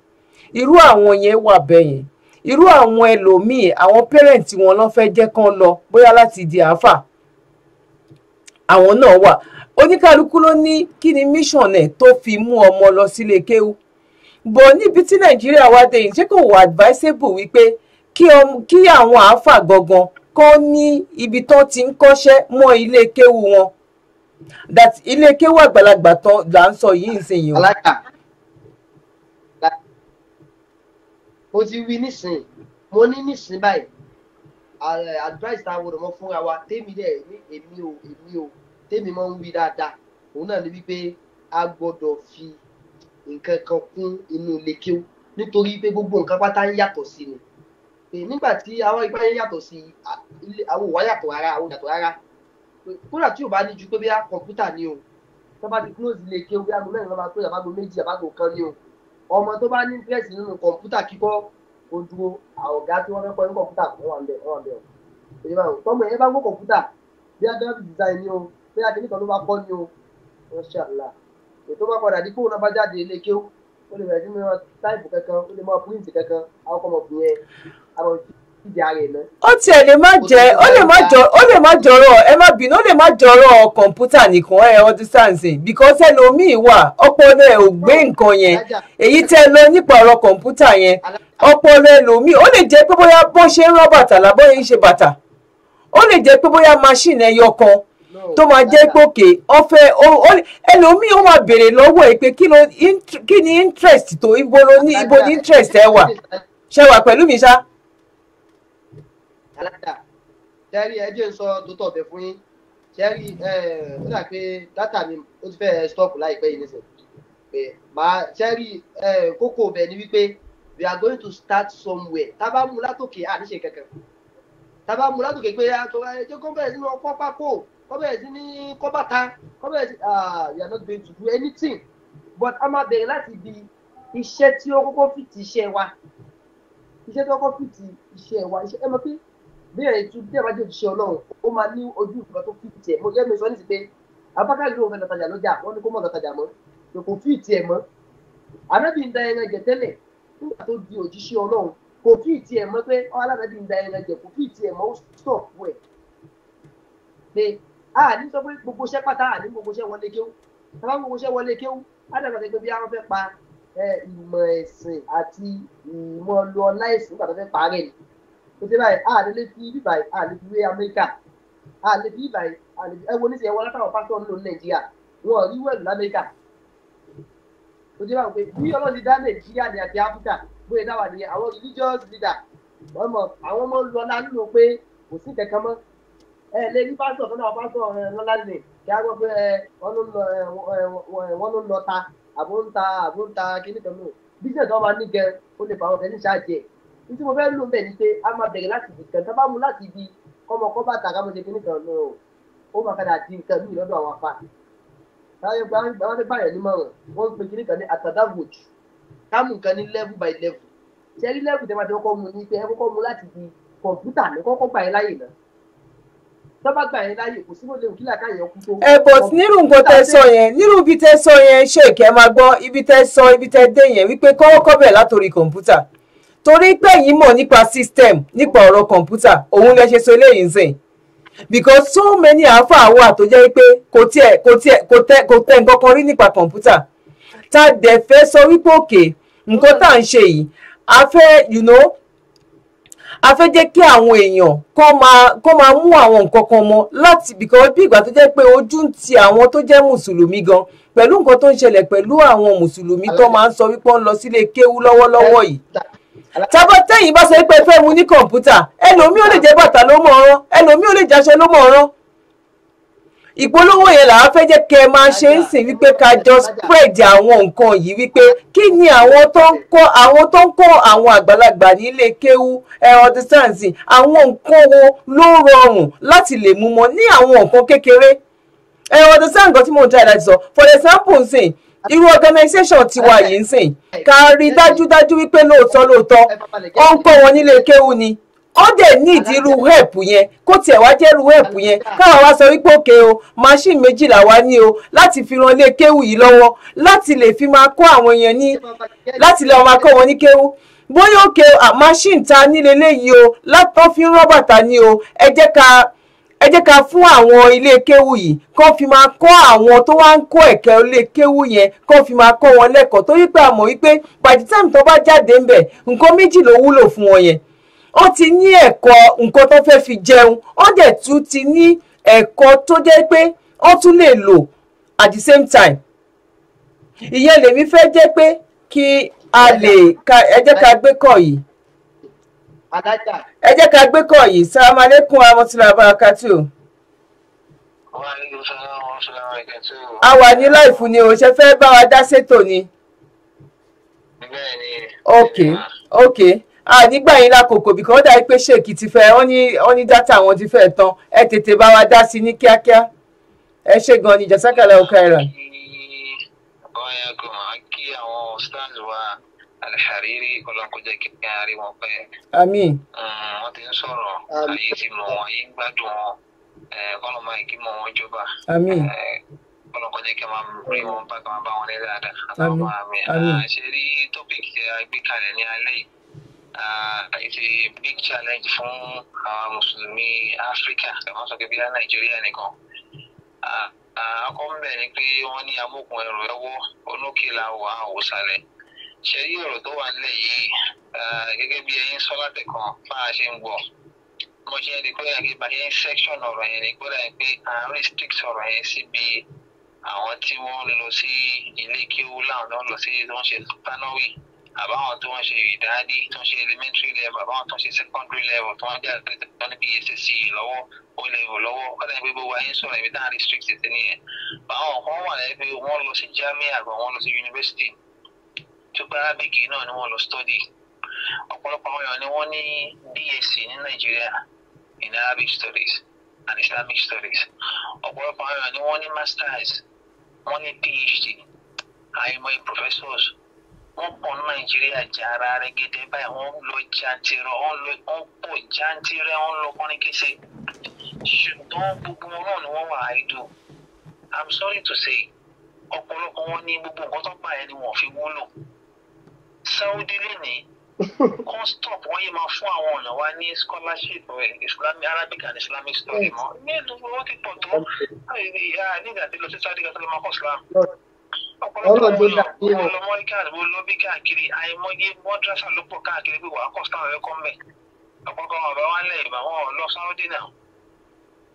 irú àwọn yẹn wà bẹ́yẹn irú àwọn ẹlòmíì àwọn pẹ́rẹ́ǹtì wọn ló fẹ́ jẹ́ kán lọ bóyá láti di àáfà àwọn náà wà oníkálukú ló ní kí ni mission ẹ̀ tó fi mú ọmọ lọ sílé kéwú bọ̀ níbi tí nàìjíríà wá dé yìí ṣé kò wà advisable wípé kí àwọn àáfà gangan kọ́ ní ibi tán ti ń kọ́ṣẹ́ mọ́ ilé kéwú wọn that ilé kéwú àgbàlagbà tán là ń sọ yìí ń sìn yìí.
mo ti wí nísìn mo ní nísìn báyìí advice tá a wọ̀rọ̀ fúnra wa tèmi dẹ̀ èmi o èmi o tèmi mọ́ ń wí dáadáa òun náà ni wípé a gbọ́dọ̀ fi nǹkan kan kún inú ilé kéwú nítorí pé gbogbo nǹkan pátá ń yàtọ̀ sí ni pé nígbà tí àwọn ipá yẹn yàtọ̀ sí àwọn òwá yàtọ̀ rárá àwọn yàtọ̀ rárá kódà tí o bá ní ju pé bí a kọ̀ǹpútà ni o tí wọ́n bá ti close ilé kéwú bí aago mẹ́rin lọ́ba pé àbágo méjì àbágo kan ni o ọmọ tó bá ní interest nínú kọ̀ǹpútà kíkọ́ kó dúró àwọ̀gá tí wọ́n fẹ́ kọ́ ní kọ̀ǹpútà wọ́n wà ń bẹ̀ wọ́n wà ń bẹ̀ o èyí máa ń tọ́mọ yẹn bá gbọ́ kọ̀ǹpútà bí a graphic design ni o bí a kìíní kan ló bá kọ́ ni o Inshallah ètò bá padà dípò náà bá jáde ilé kéw o lè bẹ̀rẹ̀ sí ní táìpù kankan ó lè máa píríǹtì kankan àwọn ọkọ̀ ọmọkùnrin yẹn
ó tiẹ̀ lè má jẹ́ ó lè má jọ ó lè má jọrọ̀ ẹ má bínú ó lè má jọrọ̀ kọ̀ǹpútà nìkan ẹ understand it because ẹlòmíì wà ọpọlọ ẹ ò gbé nǹkan yẹn èyí tẹ́ lọ nípa ọ̀rọ̀ kọ̀ǹpútà yẹn ọpọlọ ẹlòmíì ó lè jẹ́ pé bóyá bó ṣe ń rán bàtà lábọ́ yẹn ń ṣe bàtà ó lè jẹ́ pé bóyá machine ẹyọ kan tó máa jẹ́ gòkè ọ̀fẹ́ ẹlòmíì ó máa béèrè lọ́wọ́ ẹ pé kí ni interest tó ibo ni interest ẹ wà ṣe wà pẹ̀lú mi ṣáá
Canada tẹ́rí ẹ jẹ́ ń sọ dótọ̀ ọ̀bẹ fún yín tẹ́rí ẹ ó dà pé dátà mi ó ti fẹ́ stop láìpẹ́ yìí nísìnyí pé màá tẹ́rí ẹ kókó ọbẹ̀ ni wípé we are going to start somewhere tábà mú látòkè àníṣe kankan tábà mú látòkè pé àtọ̀rẹ́ kọ́ bẹ̀rẹ̀ sínú ọkọ̀ pákó kọ́ bẹ̀rẹ̀ sí ní kọ́ bàtà kọ́ bẹ̀rẹ̀ sí ah we are not going to do anything but a máa bẹ̀rẹ̀ láti di iṣẹ́ tí ó kọ́kọ́ fìtì iṣẹ́ wa iṣẹ́ tí ó kọ́kọ́ fìtì iṣẹ́ wa iṣẹ́ ẹ mọ̀ pé bí ẹ̀ tún bí ẹ̀ bá jẹ́ òṣìṣẹ́ ọlọ́run ó máa ní ojú nǹkan tó fi tiẹ̀ mo yẹ́ mi sọ nísìsiyìí pé abákàlì ló ń fẹ́ lọ́tajà lọ́jà wọ́n ní kó mọ̀ lọ́tajà mọ́ pé kò fi tiẹ̀ mọ́ anábì ń da ẹran jẹ tẹ́lẹ̀ nígbà tó di òjíṣẹ́ ọlọ́run kò fi tiẹ̀ mọ́ pé alábàbí ń da ẹran jẹ kò fi tiẹ̀ mọ́ ó stop wẹ̀ pé a ní sọ pé gbogbo iṣẹ́ pátá àní gbogbo iṣẹ́ wọlé kéwú tàbá gbogbo iṣẹ́ wọlé kéwú ádàgbà tẹ pé bí àwọn fẹ́ pa ìmọ̀ ẹ̀sìn àti ìmọ̀ lọ́ọ́ láìsí nígbà tó fẹ́ parẹ́ kò sí báyìí a lè lè fi bí báyìí a lè fi wé amẹ́ríkà a lè fi báyìí a lè fi ẹ wo ní ti ẹwọ látàwọn pásítọ̀ ńlò nàìjíríà wọn rí wẹ̀lú lamẹ́ríkà kò sí báyìí pé bí ọlọ́run ti dá nàìjíríà ní àti áfíríkà bóyá dáwà nìyẹn àwọn religious leader wọ́n mọ̀ àwọn ọmọ lọ́la nínú pé kò sí kẹ̀kẹ́ mọ́ ẹ lè rí pásítọ̀ tó náà pásítọ̀ lọ́la nìyẹn kí á gbọ́ pé wọ́n ló ń lọ ta àbó ń ta àbó ń ta kíní kan náà bísíǹsì wọn ní tí mo fẹ́ lò bẹ́ẹ̀ ni pé a máa bẹ̀rẹ̀ láti ibì kan tá bá mu láti ibi kọ́mọ kọ́ bàtà ká mo ṣe kíní kan lọ ó máa kadà di nǹkan mí lọ́dọ̀ àwọn apá táwọn bá fẹ́ báyọ̀ nímọ̀ràn wọ́n pe kíní kan ní àtàdàwòjù ká mú nǹkan ní level by level ṣe rí level tẹ́ máa ti kọ́kọ́ mu ní pé ẹ kọ́kọ́ mu láti ibi kọ̀ǹpútà ní kọ́kọ́ gbà yín láyè náà tọ́ba gbà yín láyè kò sí mo lè wù kí làkà yẹn kú tó. ẹ bọ̀
nírú nǹkan tẹ sọ yẹn nírú ibi tẹ sọ yẹn ṣèkẹ́ máa gbọ́ ibi tẹ sọ ibi tẹ dé yẹn wípé kọ́wọ́kọ́ bẹ̀ látòrí kọ̀ǹpútà torí pé yìí mọ̀ nípa system nípa ọ̀rọ̀ kọ̀ǹpútà òun lè ṣe so eléyìí nsìn because so many àáfàá wà tó jẹ́ pé kò tiẹ̀ kò tiẹ̀ kò tẹ kò tẹ nǹkan kan rí nípa kọ̀ǹpútà tá a dẹ̀ fẹ́ sọ wípé òkè nǹkan tá à ń ṣe yìí a fẹ́ you know a fẹ́ jẹ́ kí àwọn èèyàn kó máa kó máa mú àwọn nǹkan kan mọ́ láti because bí ìgbà tó jẹ́ pé ojú ń ti àwọn tó jẹ́ mùsùlùmí gan pẹ̀lú nǹkan tó ń ṣẹlẹ̀ pẹ̀lú àwọn mùsùlùmí tó máa ń sọ wípé wọ́n lọ sílé kéwú lọ́wọ́lọ́wọ́ yìí tábọ́ tẹ́yìn bá sọ pé fẹ́ mu ní kọ̀ǹpútà ẹlòmíì ò lè jẹ́ bàtà ló mọ̀ ọ̀rán ẹlòmíì ò lè jáṣọ ló mọ̀ ọ̀rán ìpolówó yẹn làwọn fẹ́ jẹ́ kẹ́ ẹ máa ṣe ń sìn wípé ká jọ spread àwọn nǹkan yìí wípé kí ni àwọn tó ń kọ́ àwọn tó ń kọ́ àwọn àgbàlagbà nílé kéwú ẹ understand àwọn nǹkan wo ló rọrùn láti lè mú mọ ní àwọn nǹkan kékeré ẹ understand nǹkan tí mo ń try láti sọ for example nsìn irú organisation tiwa yìí ń sìn ká rí dájúdájú wípé lóòótọ́ lóòótọ́ ó ń kọ́ wọn nílé kéwú ni ó dẹ̀ ní ìdírú help yẹn kó tiẹ̀ wá jẹ́ irú help yẹn káwa wá sọ wípé òkè o machine méjìlá wa ní o láti fi ran ilé kéwù yìí lọ́wọ́ láti lè fi máa kó àwọn èèyàn ní láti lè máa kó wọn ní kéwù bóyá òkè machine ta nílé léyìí o látọ́ fi ń rán bàtà ní o ẹ jẹ́ ká ẹ jẹ́ awon fún àwọn ilé kéwù yìí fi máa kọ́ àwọn tó wá ń kọ́ ẹ̀kẹ́ ilé kéwù yẹn kán fi máa kọ́ wọn lẹ́kọ̀ọ́ to pé a mọ̀ wípé by the time tó bá jáde ńbẹ̀ nǹkan méjì ló wúlò fún wọn yẹn ti ní ẹ̀kọ́ nǹkan tó fẹ́ fi jẹun o dẹ̀ tún ti ní ẹ̀kọ́ tó jẹ́ pé wọ́n tún lè lò at the same time ìyẹn lèmi fẹ́ jẹ́ pé kí a lè ẹ jẹ́ gbe gbé kọ́ yìí. ẹ jẹ́ ká gbé kọ̀ yìí sàlámù alẹ́kùn amọ̀tìlá barakati o. a wà ní láìfù ni o ṣe fẹ́ bá wa dá ṣètò ni. ok ok a nígbà yín lákòókò bí kan ó dàbí pé ṣèkì ti fẹ́ wọ́n ní wọ́n ní dátà wọn ti fẹ́ tán ẹ tètè bá wa dá sí ní kíákíá ẹ ṣe gan ni jàsákàlà ọkà ẹ̀rà. ọ̀yà kò máa kí àwọn stand wa Hariri kọ́lọ́n kó jẹ́ kí ní àárín wọn pẹ́. àmín.
wọ́n ti ń sọ̀rọ̀ ayé ti mọ̀ wọ́n ayé ń gbádùn wọn
kọ́lọ́n máa kí mọ̀ wọ́n jọba. àmín. kọ́lọ́n
kó jẹ́ kí máa rí wọn bá kí máa bá
wọn ní dáadáa. àmín àmín. ṣe rí tọ́pìkì àgbékalẹ̀ ní alẹ́
yìí it's a big challenge fún àwọn mùsùlùmí áfíríkà ẹ̀fọ́n sọ kébíyá nàìjíríà nìkan. àkọ́kọ́ ń bẹ̀ ni pé wọ́n ní amókun ẹrù ẹwọ́ onókè làwọ̀ àwòsàlẹ̀ ṣe rí ọ̀rọ̀ tó wà nílẹ̀ yìí eh, gẹ́gẹ́ bí ẹyin sọ látẹ̀kàn bá a ṣe ń gbọ́ mo ṣe ń rí kódà bá a section ọ̀rọ̀ yẹn ni kódà pé à ń restrict ọ̀rọ̀ yẹn síbi àwọn tí wọ́n lọ sí ilé kéwú láwọn tó ń lọ sí tó ń ṣe tánọ́wì àbáwọn tó ń ṣe ìdádí tó ń ṣe elementary level àbáwọn tó ń ṣe secondary level tó ń jẹ́ àgbẹ̀tẹ̀ tó ń bí e ssc lọ́wọ́ ó level lọ́wọ́ ọ̀dà ìgbé gbogbo ayé ń sọ̀rọ̀ ibi táwọn restrict ti nìyẹn àwọn kan wà lẹ́yìn pé wọ́n lọ sí jamia àgbà wọ́n lọ sí university tuba arabic náà ni wọ́n lọ study ọ̀pọ̀lọpọ̀ àwọn èèyàn ni wọ́n ní BSc ní Nàìjíríà in Arabic studies and Islamic studies ọ̀pọ̀lọpọ̀ àwọn èèyàn ni wọ́n ní masters wọ́n ní PhD àìmọye professors wọ́n pọ̀ ní Nàìjíríà jàrá rẹ́gẹ́dẹ́ báyìí wọ́n lọ jantirẹ wọ́n lọ wọ́n pọ̀ jantirẹ wọ́n lọ kọrin kése ṣùgbọ́n gbogbo wọn náà ni wọ́n wà áìdù I'm sorry to say ọ̀pọ̀lọpọ̀ wọn ní gbogbo nǹkan tó ń pààyàn ni wọ́n fi wúlò. Saudi lónìí kan stop wọ́n yìí máa fún àwọn ọ̀nà wa ní scholarship islamic arabic and islamic study mọ́ mélòó wọ́n ti pọ̀ tó nígbà tí lọ sí Saudi gàtọ́ ló máa kọ́ Islam ọ̀pọ̀lọpọ̀ àwọn ọlọ́mọ́ríkà àdúgbò lọ́bí káàkiri àìmọye mọ́dúrásà ló pọ̀ káàkiri pé wàá kọ́ Islam ẹ̀kọ́ mẹ́ ọ̀pọ̀lọpọ̀ àwọn ọ̀bá wa lẹ̀ ìbá wọn lọ Saudi náà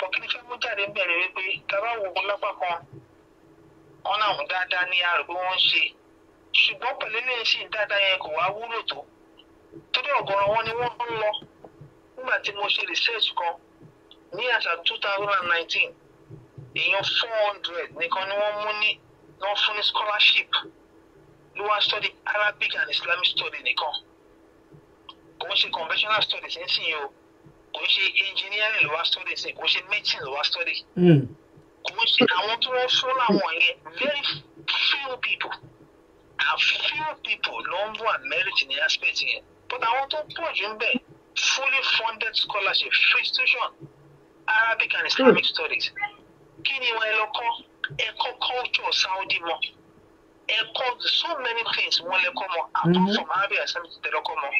tọkí ní fẹ́ mú jáde bẹ̀rẹ̀ wípé tábà wò ó lápá kan ọ̀nà àwọn dáadáa ní arò pé wọ́n ń ṣe ṣùgbọ́n pẹ̀lú ilé iṣẹ́ dáadáa yẹn kò wá wúlò tó torí ọ̀gọ̀rọ̀ wọn ni wọ́n ń lọ nígbà tí mo ṣe research kan ní àṣà two thousand and nineteen èèyàn four hundred nìkan ni wọ́n mú ní wọ́n fún ní scholarship ló wá study Arabic and Islamic study nìkan kò ń ṣe conventional studies nísìnyí o kò ń ṣe engineering ló wá study sí kò ń ṣe medicine ló wá study hmm. kò ń ṣe àwọn tí wọ́n fún láwọn yẹn very few people a few people ló ń wà merit ní aspect yẹn but àwọn tó pọ̀ jù ń bẹ̀ fully funded scholarship free tuition Arabic and Islamic mm. studies kí ni wọn ẹ lọ kọ́ ẹ culture Saudi mọ́ ẹ so many things wọn lẹ kọ́ mọ́ hmm. from Arabic and Islamic studies lọ́kọ́ mọ́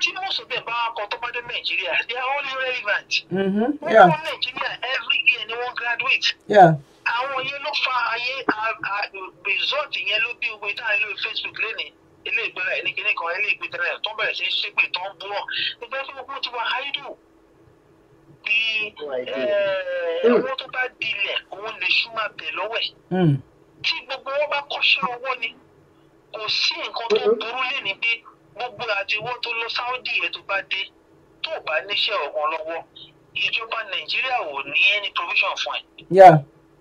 tí mo sọ bẹ́ẹ̀ bá wa kọ tó bá dé nàìjíríà they are all irrelevant. Hmm. wọ́n kọ́ nàìjíríà every year ni wọ́n graduate. Yeah àwọn yẹn ló fa ayé result yẹn ló bí gbogbo ìdáhùn lórí facebook lónìí ilé ìgbéra ẹni kíní kan ilé ìgbéra ẹ̀ tó bẹ̀rẹ̀ sí í ṣépè tó ń búrọ̀ ìgbẹ́ fún gbogbo ti wà áìdù bí owó tó bá dilẹ̀ òun lè ṣúmà bẹ̀ lọ́wẹ̀ hmm. tí gbogbo wọn bá kọ́ṣẹ́ owó ni kò sí nǹkan tó hmm. burú lẹ́ni pé gbogbo àtiwọ́ tó lọ sáúdì yẹn tó bá dé tó bá níṣẹ́ ọ̀gbọ́n lọ́wọ́ ìjọba nàìjíríà ò ní any provision fún ẹ.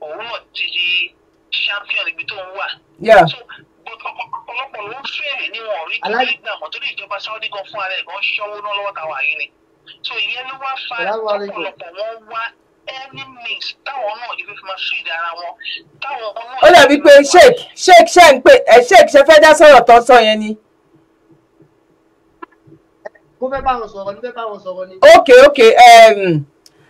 òun náà ti di champion ibi tó ń wà. so ọ̀pọ̀lọpọ̀ ló ń fẹ́rẹ̀ níwọ̀n orí kí wọ́n gbà mọ́ torí ìjọba sáwọ́dí gan fún ara ẹ̀ gan ṣọ́wó náà lọ́wọ́ táwa
yìí ni. so ìyẹn ló wá fa ọ̀pọ̀lọpọ̀ wọn wá any means táwọn náà ibi fi máa feed ara wọn táwọn náà. ó dàbí pé sheik sheik ṣe ń pè ẹ sheik ṣe fẹ́ dá sọ̀rọ̀ tó sọ yẹn ni.
mo fẹ́ bá wọn sọ̀rọ̀ ni fẹ́ bá wọn sọ̀rọ̀ ni.
okay okay um,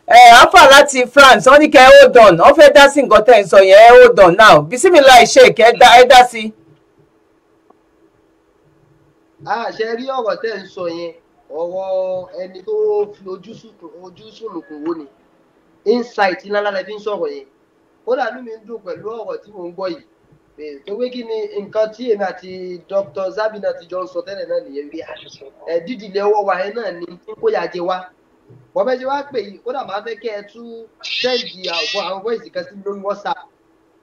afa láti France wọ́n ní kẹ́ hold on wọ́n fẹ́ dá sí nǹkan tẹ́ ń sọ yẹn hold on now Bismillah Sheikh ẹ dá sí.
àṣẹ rí ọ̀rọ̀ tẹ́ ń sọ yẹn ọ̀rọ̀ ẹni tó fi ojú sùnùkùn wò ni insight ńláńlá la fi ń sọ̀rọ̀ yẹn kódà dàánú mi ń dùn pẹ̀lú ọ̀rọ̀ tí mò ń gbọ́ yìí torí kí ni nǹkan tí èmi àti Dr. Zabina ti jọ ń sọ tẹ́lẹ̀ náà nìyẹn bí dídìlẹ̀ ọwọ́ wa yẹn náà ni kó yà jẹ wá. wọ́n bẹ́ẹ̀ ṣe wá pè yìí kódà máa fẹ́ kẹ́ ẹ tún sẹ́ẹ̀dì àwọn àwọn voice kan sí lórí WhatsApp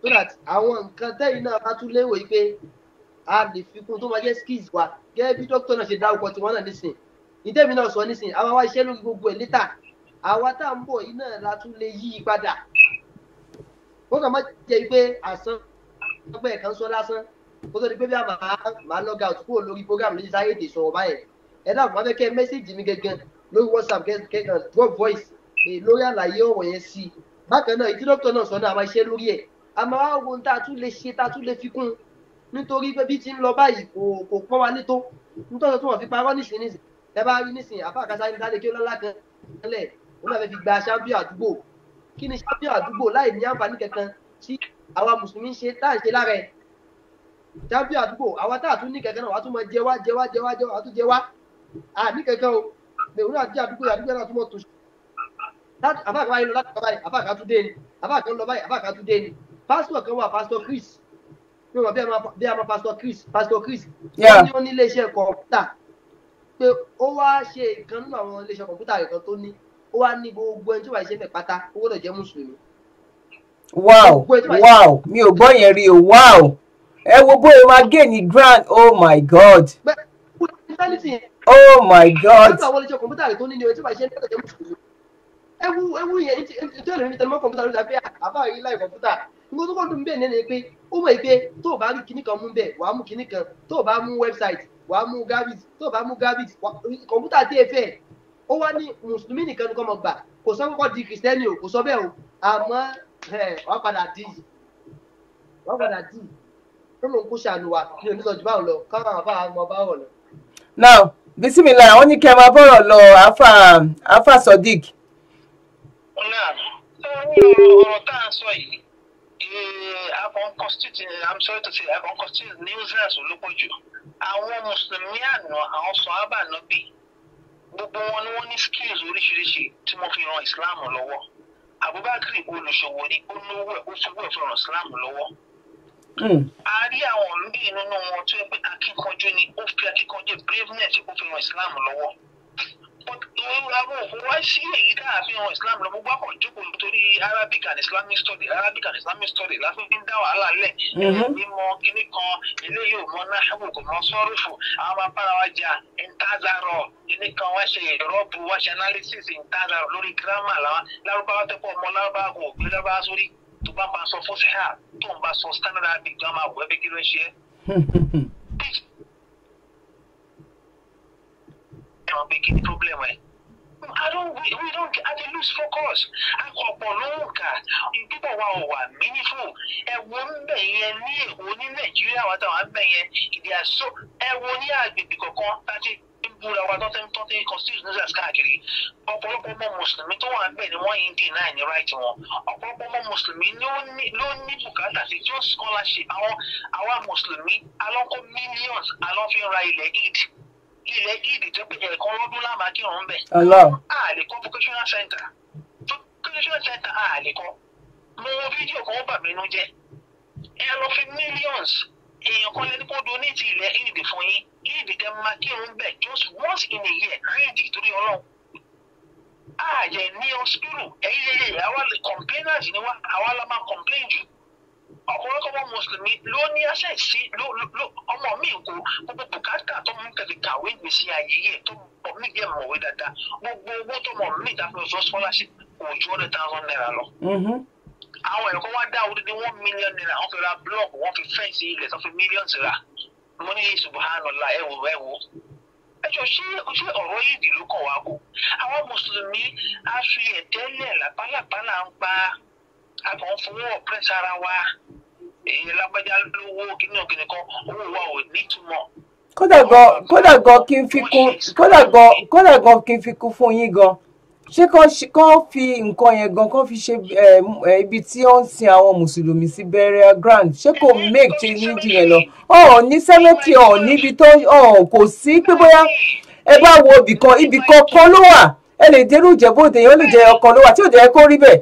so that àwọn nǹkan tẹ́yìn náà bá tún léwò yìí pé a lè fi kún tó máa jẹ́ skills wa gẹ́gẹ́ bí dókítà náà ṣe dárúkọ tiwọn náà nísìn ìtẹ́mi náà sọ nísìn àwọn àwa iṣẹ́ lórí gbogbo ẹ̀ lítà àwa tá à ń bọ̀ yìí náà la tún lè yí i padà ó kàn má jẹ́ pé àsán ọgbẹ́ ẹ̀ kan sọ lásán kó tó di pé bí a máa log out kúrò lórí program lójú sáyé ètè sọ̀rọ̀ báyẹn ẹ dáàbò má fẹ́ kẹ́ mẹ́sẹ̀gì mi gẹ́gẹ́ lórí whatsapp kẹ́kẹ́ drop voice lórí àlàyé ọ̀rọ̀ yẹn sí i bákan náà ìtí dókítà náà sọ náà a máa ṣiṣẹ́ lórí ẹ̀ a máa wá ohun tá a tún lè ṣe tá a tún lè fi kún un nítorí pé bí ti ń lọ báyìí kò kò pọ́n wa létó nítorí tí wọ́n fi parọ́ nísìn nísìn ẹ bá rí nísìn àfàkàṣà ní dáadé kí ó lọ́lá kan lẹ̀ ó náà fẹ́ fi gba champion àdúgbò kí ni champion àdúgbò láì ní àǹfààní kankan tí àwa mùsùlùmí ṣe tá à ń ṣe lára ẹ̀ champion àdúgbò àwa tá à tún ní kankan náà wàá tún máa jẹ wá jẹ wá jẹ wá jẹ wá àtúnjẹ wá à ní kankan o bẹ̀rù àti àdúgbò àdúgbò náà túnmọ̀ tó ṣe àbáàkà báyìí lọ láti kọ báyìí àbáàkà tún dé ni àbáàkà ń lọ báyìí àbáàkà tún dé ni pásítọ̀ kan wà pásítọ̀ Chris mi ò mọ̀ bí a mọ̀ pásítọ̀ Chris pásítọ̀ Chris ó ní ó ní iléeṣẹ́ kọ̀ǹpútà pé ó wá ṣe ìkan nínú àwọn iléeṣẹ́ kọ̀ǹpútà rẹ̀ kan tó ní ó wá ní gbogbo ẹni tó wà iṣẹ́ fẹ̀ pátá ó mùsùlùmí.
wow wow mi ò gbọ́ yẹn rí o wow ẹ wo bóyá máa gé ní grand oh my god. bẹ́ẹ̀
kúlẹ̀ oh my god. ẹ wú ẹ wú yẹn tó lè ní tẹnumọ́ kọ̀ǹpútà lórí abẹ́ àbá yìí láì kọ̀ǹpútà. nǹkan tó kọ́ dùn bẹ́ẹ̀ nẹ́ni pé ó mọ̀ pé tó o bá rí kinní kan mú bẹ́ẹ̀ wàá mú kinní kan tó o bá mú wẹ́bsáìtì wàá mú garbage tó o bá mú garbage kọ̀ǹpútà tí e fẹ́ ó wá ní mùsùlùmí nìkan ni kọ́ mọ̀ gbà kò sọ kọ́kọ́ di kìrìsìtẹ́nì o kò sọ bẹ́ẹ̀ o àmọ́ wọ́n padà dì í wọ́n padà dì í ló ló ń kó ṣàánú ní onílọ́jú báwọn lọ káwọn àbá àwọn ọmọ báwọn lọ.
now bisimilá wọn ní kí a máa bọ̀rọ̀ lọ afa afa sodiq. náà ọ̀rọ̀
tá a sọ yìí àwọn eh, constitute i'm sorry to say àwọn constitute nuisance olókojú àwọn mùsùlùmí àná àwọn sọ̀hábà náà bì gbogbo wọn ni wọ́n ní skills oríṣiríṣi tí wọ́n fi ran islam lọ́wọ́ abubakar olùṣòwò ni ó lówó ẹ̀ ó fowó ẹ̀ fi ran islam lọ́wọ́. Mm. a rí àwọn olùdíje nínú wọn tó yẹ pé akíkanjú ni ó fi akíkanjú braveness ó fi hàn Islam lọ́wọ́ ìwúrawó wá sí èyí tá a fi hàn Islam lọ gbogbo àkọ́ jókòó nítorí Arabic and Islamic study Arabic and Islamic study láti fi ń dá wàhálà lẹ̀ èmi mm-hmm. mọ kíní kan eléyìí ò mọ náhàbù kò mọ sọ́rùfù àwọn máa bára wa jà ntazarọ̀ kíní kan wá ṣe ìrọ́bù wá ṣe analysis ntazarọ̀ lórí grammar lárúbáwá tẹ́pọ̀ ọmọ lárúbáwá kò gbé lárúbáwá sórí tó bá bá sọ fún ṣíà tó ń bá sọ standard arabic gan máa wọ ẹbí kí ló ń ṣe é. Hmm, hmm, hmm. ẹ mọ̀ pé kí ni problem ẹ̀. I don't, we, we don't, I dey lose focus. I ló ń kà. Púpọ̀ wa ò wà meaningful. Ẹ̀wọ̀ ń bẹ̀ yẹn ní Èkó ní Nàìjíríà wa táwọn a bẹ̀ yẹn. Ìdí àṣọ ẹ̀wọ̀ ní agbègbè kọ̀ọ̀kan láti búra wa tó ti ń tọ́tí constitution nígbà káàkiri ọ̀pọ̀lọpọ̀ ọmọ mùsùlùmí tó wà ń bẹ̀ ni wọ́n yìí ń dì náà ní right wọn ọ̀pọ̀lọpọ̀ ọmọ mùsùlùmí ló ní bùkátà sí just scholarship àwọn àwa mùsùlùmí alọ́kọ́ millions alọ́fin ra ilẹ̀ Eid ilẹ̀ ìdì tó pé ẹ̀ẹ̀kan lọ́dún láàmà kí òun bẹ̀. àlè kọ́ vocational center vocational center àlè kọ́ mo wo fídíò kan ó bà mí nú jẹ́ ẹ lọ fi millions èèyàn kan lẹ́ni kó donate ilẹ̀ ìdì fún yín ìdì tẹ́ máa kí òun bẹ̀ just once in a year ìdì torí ọlọ́run àyẹ̀ ní hospital ẹ̀yìn yẹ̀yẹ̀ àwa complainers ni wá àwa la máa complain jù ọ̀pọ̀lọpọ̀ mùsùlùmí ló ní access sí ló ló ọmọ mi kò gbogbo bùkátà tó mú kẹ̀kẹ́ kàwé ìgbésí ayé yẹ tó mọ̀ mí jẹ́ mọ̀wé dáadáa gbogbo owó tó mọ̀ mí ìdáfẹ́ ọ̀sán scholarship kò ju ọ̀dẹ̀ thousand naira lọ. Mm-hmm. àwọn ẹ̀kọ́ wa dá odidi one million naira wọ́n fi ra block wọ́n fi fẹ́ǹsì ilẹ̀ tó fi millions ra mo ní subhanallah ẹ wò ẹ wò ẹjọ ṣé ṣé ọ̀rọ̀ yìí dì ló kàn wá kó àwọn mùsùlùmí á fi ẹ̀tẹ́lẹ̀ làpálàpálà a kàn fowó ọ̀pẹ́sì ara wa èyí lágbájá lówó kíníọ̀kíní kan owó wa ò nítumọ̀.
kódà gan kódà gan kí n fi kún kódà gan kódà gan kí n fi kún fún yín gan ṣé kán fi nǹkan yẹn gan kán fi ṣe ibi tí ó ń sin àwọn mùsùlùmí sí burial ground ṣé kò make ṣe nídìí yẹn lọ ọ ní sẹ́mẹ́tì ọ níbi tó ọ kò sí pé bóyá ẹ bá wo ibìkan ibìkan kan ló wà ẹ lè dérú Ìjẹ̀bú Òde yẹn ó lè jẹ ọkàn ló wà tí ò dẹ̀ kó rí bẹ́ẹ̀.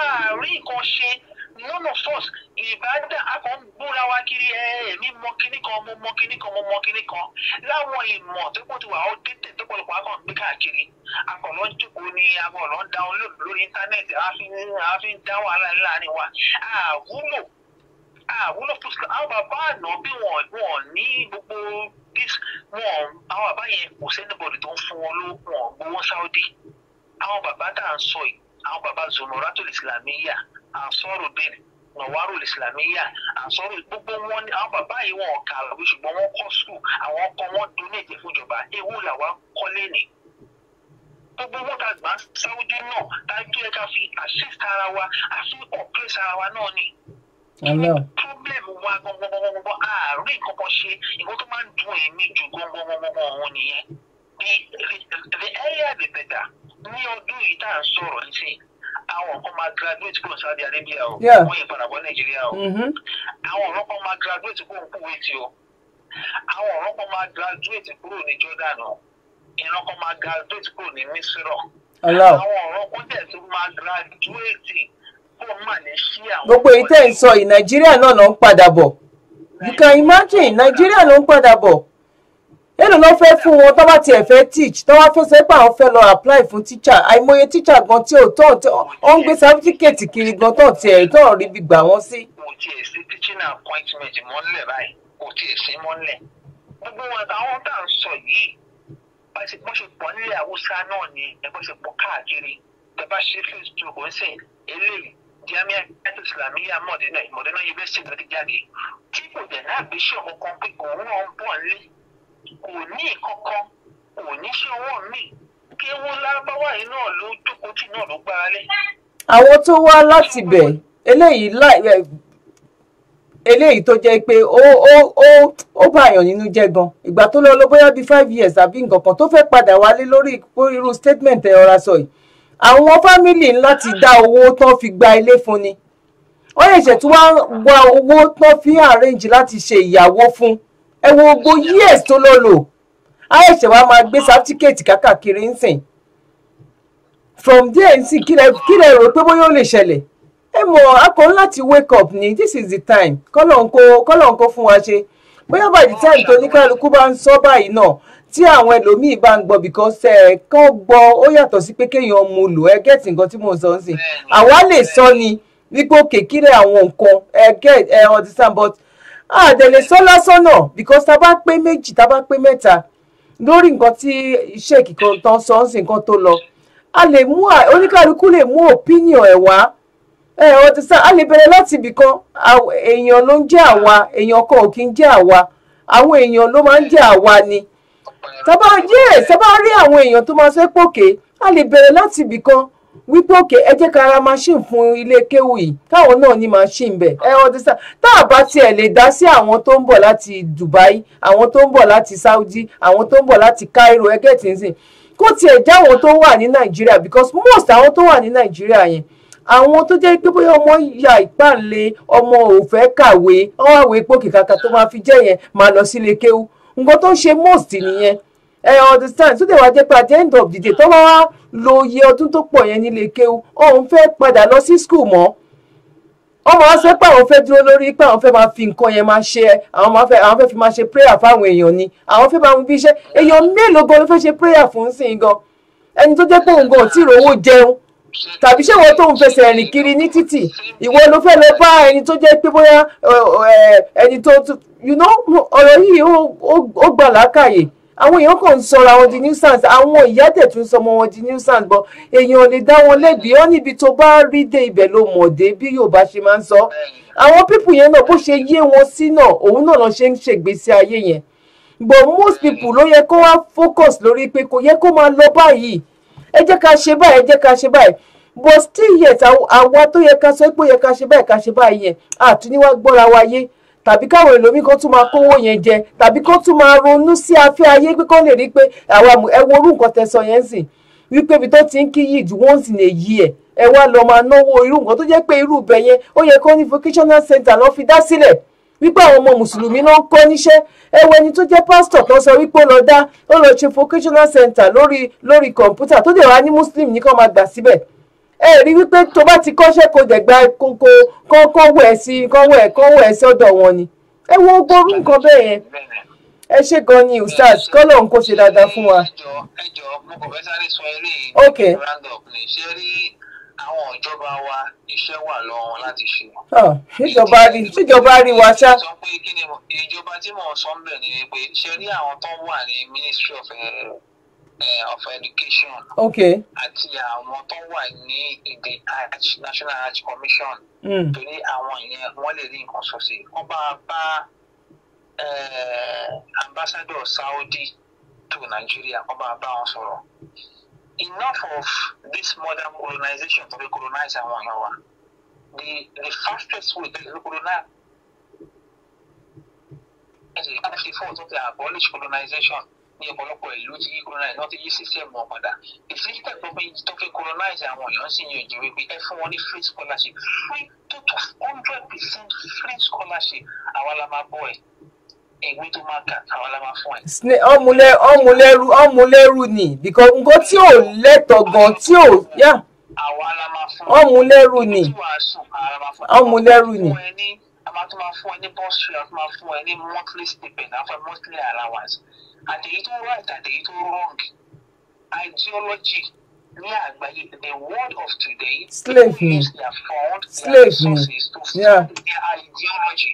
àárín nǹkan ṣe none of us ìbádà akọ̀ ń gbúra wá kiri ẹ èmi mọ kíní kan mo mọ kíní kan mo mọ kíní kan láwọn ìmọ̀ tó kó ti wà ó dẹ́tẹ̀ tó pọ̀lọpọ̀ akọ̀ ń gbé káàkiri akọ̀ ló ń jókòó ní akọ̀ ló ń dáwọn lóòdù lórí íńtánẹ́ẹ̀tì àfi ń dá wàhálà ńlá ni wa àwúlò àwúlò fúsùkà àwọn bàbá àná bí wọn wọn ní gbogbo wọn àwọn bàbá yẹn kò sẹ́nìbọ̀dì tó ń fún wọn ló wọn gbowó sáódì àwọn bàbá tá à ń sọ yìí àwọn baba zumuratul islamiyya ansorudin nawarul islamiyya ansori gbogbo wọn ni àwọn baba yìí wọn kà lọ ṣùgbọ́n wọn kọ́ skul àwọn ọkọ wọn donate fúnjọba ewu làwọn kọ́lé ni gbogbo wọn ta gbà sáwùjú náà
tájú ẹ ká fi assist ara wa àfi ọ̀pẹ́sẹ̀ ara wa náà ni problem wa gbọngbọngbọngbọ àárín kankan ṣe
nǹkan tó máa ń dùn èmi jù gbọngbọngbọngbọ òun nìyẹn the the the area the better ní ọdún yìí tá à ń sọ̀rọ̀ nísìn àwọn kan máa graduate kúrò Saudi Arabia o wọ́n yìí padà bọ́ Nàìjíríà o mm-hmm. àwọn ọ̀rọ̀ kan máa graduate kúrò Kuwait o àwọn ọ̀rọ̀ kan máa graduate kúrò ní Jordan o ìran kan máa graduate kúrò ní Misiro àwọn ọ̀rọ̀ kan tẹ̀ tó máa graduate kúrò máa ní sí
àwọn. gbogbo èyí tẹ̀ ń sọ yìí náà ló ń padà bọ̀ you can imagine Nàìjíríà ló ń padà bọ̀ èlò ló fẹ́ fún wọn tó bá tiẹ̀ fẹ́ teach tó wá fẹ́ sẹ́ pé àwọn fẹ́ lọ apply fún teacher àìmọye teacher gan tí ò tán ọ ń gbé certificate kiri gan tán tiẹ̀ tán rí bí gbà wọ́n sí. kò tiẹ̀ sí teaching appointment mọ́lẹ̀ báyìí kò tiẹ̀ sí
mọ́lẹ̀ gbogbo wọn táwọn tá à ń sọ yìí bá ṣe bó ṣe pọ̀ nílẹ̀ haúsá náà ni ẹ ṣe pọ̀ káàkiri tẹ́bá ṣe facebook ń sìn eléyìí jamiu ẹ̀tọ́ islamiyah mọ̀dínà ìmọ̀dínà yìí bẹ́ẹ̀ ṣètò ti jáde tí kò dẹ̀ náà bí ṣe ọkọ̀ pé òun náà ń bọ̀ nílé kò ní ìkankan kò ní ṣe owó mi kí ewu lárúbáwá
yìí náà ló jókòó tì náà ló gbára lé. àwọn tó wá láti bẹ̀ eléyìí eléyìí tó jẹ́ pé ó ó ó ó bàyàn nínú jẹ́ gan ìgbà tó lọ lọ bóyá bíi five years àbí nǹkan kan tó fẹ́ padà wálé lórí irú statement ẹ̀ ọ̀ra sọ yìí àwọn fámìlì ńlá ti dá owó tán fi gba ilé fún ni wọ́n lè ṣètò wá owó tán fi arrange láti ṣe ìyàwó fún un ẹ wo ogbo years tó lọ lò àìṣẹ̀ wa máa gbé certificate kákàkiri ń sìn from there ń sìn kí lẹ rò pé bóyá ó lè ṣẹlẹ̀ ẹ mọ̀ akọ láti wake up ni this is the time kọ́lọ̀ǹkó kọ́lọ̀ǹkó fún wa ṣe bóyá by the time tó ní kálukú bá ń sọ báyìí náà tí àwọn ẹlòmíín bá ń gbọ́ because ẹ kàn gbọ́ ó yàtọ̀ sí pé kéèyàn mu lò ẹ gẹ́ẹ̀tì nǹkan tí mò ń sọ ń sìn àwa lè sọ ni wípé òkè kílẹ̀ àwọn nǹkan ẹ gẹ́ẹ̀tì ẹ understand but àdẹ̀lẹ̀ sọ́lásọ́nà because tá a bá pé méjì tá a bá pé mẹ́ta lórí nǹkan tí iṣẹ́ ìkìkan tán sọ ń sìn nǹkan tó lọ a lè mú oníkàlùkù lè mú opinion ẹ̀ wá ẹ ọ ti sá a lè bẹ̀rẹ̀ láti ibì kan èèyàn ló ń jẹ́ àwa èèyàn kan ò kí ń jẹ́ àwa àwọn èèyàn ló máa ń jẹ́ àwa ni tá a bá yẹ tá a bá rí àwọn èèyàn tó máa ṣe pòkè a lè bẹ̀rẹ̀ láti ibì wípé òkè ẹ jẹ́ ká ra machine fún ilé kéwù yìí káwọn náà ní machine bẹ̀ ẹ understand tá a bá tiẹ̀ lè dá sí àwọn tó ń bọ̀ láti Dubai àwọn tó ń bọ̀ láti Saudi àwọn tó ń bọ̀ láti Cairo ẹgẹ́ tí ń sìn kó tiẹ̀ já àwọn tó wà ní Nàìjíríà because most àwọn tó wà ní Nàìjíríà yẹn àwọn tó jẹ́ pé bóyá ọmọ ya ìpàlẹ̀ ọmọ ò fẹ́ kàwé ọwọ́ àwẹ̀ pòkì kàkà tó máa fi jẹ́ yẹn máa lọ sílé kéwù nǹkan tó ń ṣe most nìyẹn ẹ understand so they wá jẹ́ pé at the end of the day tó bá wá lo iye ọdún tó pọ̀ yẹn nílé kéwú òun fẹ́ padà lọ sí school mọ́ ọmọ wa sọ pé àwọn fẹ́ dúró lórí pé àwọn fẹ́ máa fi nǹkan yẹn máa ṣe àwọn máa fẹ́ àwọn fẹ́ fi máa ṣe prayer fáwọn èèyàn ni àwọn fẹ́ máa mú bí iṣẹ́ èèyàn mélòó gan ló fẹ́ ṣe prayer fún sí gan ẹni tó jẹ́ pé òun gan ò tí ì rówó jẹun tàbí ṣé ìwọ tó ń fẹsẹ̀ rìn kiri ní títì ìwọ ló fẹ́ lọ bá ẹni tó jẹ́ pé bóyá ẹni tó you know ọ̀rọ̀ yìí ó gbà lákàyè àwọn èèyàn kàn ń sọra wọn di nuisance àwọn ìyá dẹ̀ tún sọmọ wọn di nuisance bọ̀ èèyàn lè dá wọn lẹ́bi ọ́ níbi tó bá rí dé ibẹ̀ ló mọ̀ dé bí Yorùbá ṣe máa ń sọ àwọn pípù yẹn náà bó ṣe yé wọn sí náà òun náà lọ ṣe ń ṣègbésí ayé yẹn but most people ló yẹ kó wá focus lórí pé kò yẹ kó máa lọ báyìí ẹ jẹ́ ká ṣe báyìí ẹ jẹ́ ká ṣe báyìí but still yet àwa tó yẹ ká sọ pé ó yẹ ká ṣe báyìí ká ṣe báyìí yẹn àtúníwá gbọ́ra wa yé tàbí káwọn èlòmí kan tún máa kówó yẹn jẹ tàbí kó tún máa ronú sí afẹ́ ayé pé kó lè rí pé àwa ẹ wo orú nǹkan tẹ sọ yẹn sìn wípé ibi tó ti ń kí yìí ju once in a year ẹ wá lọ máa náwó irú nǹkan tó jẹ́ pé irú ibẹ̀ yẹn ó yẹ kó ní vocational center lọ́ fi dá sílẹ̀ wípé àwọn ọmọ mùsùlùmí náà ń kọ́ níṣẹ́ ẹwọ ẹni tó jẹ́ pásítọ̀ kan sọ wípé ó lọ dá ó lọ ṣe vocational center lórí lórí kọ̀ǹpútà tó dẹ̀ wá ní muslim ní kó máa gbà síbẹ̀ ẹ rí wípé tó bá ti kọ́ṣẹ́ kó dẹ̀gbà kókó kọ́wọ́ ẹ̀ sí kọ́wọ́ ẹ̀ kọ́wọ́ ẹ̀ sọ́dọ̀ wọn ni ẹ wo gbórú nǹkan bẹ́ẹ̀ yẹn ẹ ṣe gan ni ustaz kọ́lọ̀ ń kó ṣe dáadáa fún wa. ẹjọ mo
àwọn ìjọba wa iṣẹ́ wà lọ́wọ́ láti ṣe.
ìjọba rí wa ṣá. ìjọba tí mò ń sọ ń bẹ̀ ni pé ṣe rí àwọn tó wà ní ministry of eh, uh, of education. okay. àti àwọn tó
wà ní ìdè arch national
arch commission. Mm. torí àwọn yẹn wọ́n lè rí nǹkan sọ sí i wọ́n bá bá
ambassador saudi to nigeria wọ́n bá bá wọn sọ̀rọ̀ enough of this modern colonization to recolonize àwọn èèyàn wa the the fastest way to recolonize is to abolish colonization ní ọ̀pọ̀lọpọ̀ ìlú ti yí colonize wọ́n ti yí system wọn padà ìsèyí tẹ̀gbọ́n pé tó fẹ́ colonize àwọn èèyàn sì yàn jù wípé ẹ fún wọn ní free scholarship free total hundred percent free scholarship àwa la máa bọ́ ẹ̀ ìwé tó máa kà àwa la máa fún ẹ.
ọmúlẹ ọmúlẹrú ọmúlẹrú ni because nǹkan tí ò lẹ́tọ̀ gan tí ò yá ọmúlẹrú ni ọmúlẹrú ni
a máa tún máa fún ẹ ní bus fare a tún máa fún ẹ ní monthly stipend a fún ẹ monthly allowance àtẹ̀yí tó right àtẹ̀yí tó wrong ideology ní àgbáyé the world of today slave ni yeah. ideology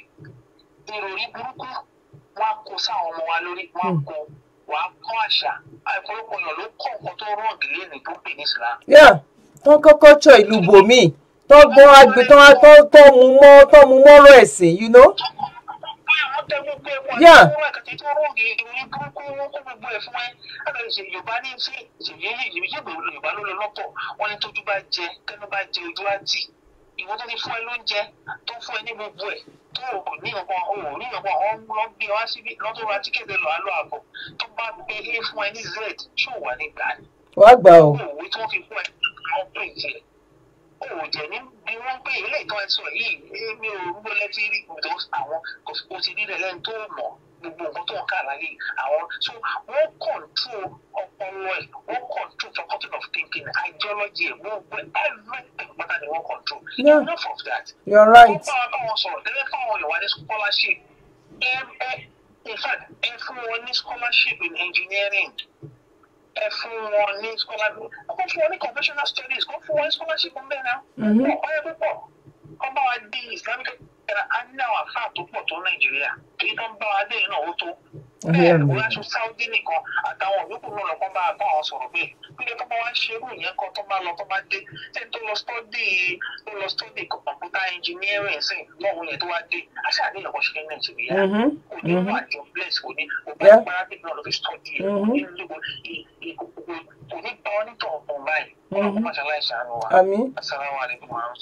ìròrí burúkú
wọn kó sáwọn ọmọ wa lórí wọn hmm. kó wàá
kọ́ àṣà àìpọ̀lọpọ̀ èèyàn ló kọ́ nǹkan tó rọ̀gì lẹ́nu tó pè ní Islam.
tán kọ́kọ́ tọ ìlú bòmíì tó gbọ́n agbè tó tó mu mọ́ tó mu mọ́rọ̀ ẹ̀sìn you know. Yeah. ìwọ tó ti fún
ẹ lóúnjẹ tó fún ẹ ní gbogbo ẹ tó o ní ọkàn o ní ọkàn ọ lọ gbé wá síbi lọ́tọ́ ra tíkẹ́tì lọ àlọ́ àbọ̀ tó bá gbé e fún ẹ ní z ṣó wà ní gbà ni. wàá gbà o. òwe tí wọ́n fi fún ẹ lọ́pọ̀ ìjẹ́ kò jẹ́ bí wọ́n pé ilé ìtàn ẹ̀sùn yìí èmi ò rúgbó lẹ́tí rí ìdó àwọn kò ti rí rẹ̀ lẹ́nu tó mọ̀ gbogbo nǹkan tó ń kà láyé àwọn so wọ́n control ọpọlọ ẹ̀ wọ́n control the pattern of thinking ideology ẹ̀ gbogbo everything pátá ni wọ́n control. enough of that. you're right. wọ́n bá wọn sọ̀rọ̀ tẹ́lẹ̀ fáwọn ìwà ní scholarship in fact ẹ fún wọn ní scholarship in engineering ẹ fún wọn ní scholarship kó fún wọn ní conventional studies kó fún wọn ní scholarship ń bẹ̀ náà mhm. ọ̀pọ̀ ọ̀yẹ́ púpọ̀ kọ́ bá wa di islamic kẹra á ní àwọn àfáà tó pọ̀ tó nàìjíríà èyí tó ń bá wa dé iná ó tó bẹ́ẹ̀ wíwáṣọ sáúdí nìkan àtàwọn yòókù náà lọ́kọ́ bá bá àwọn sọ̀rọ̀ bẹ́ẹ̀ nígbà tó bá wá ṣerú ìyẹn kan tó bá lọ tó bá dé ṣé tó lọ stọ́dì tó lọ stọ́dì kọ̀m̀pútà ẹnjìnírìn sí lọ́wọ́ yẹn tó wá dé àṣà àdéhùn ọkọ̀ ṣe nàìjíríà mhm. kò ní mhm. wà jọ bless kò ní gbogbo agbára bí náà ló fi stọ́dì ẹ̀ kò mhm. ní gbogbo
kò ní bá wọn nítọ̀ ọ̀pọ̀ báyìí. Àmín.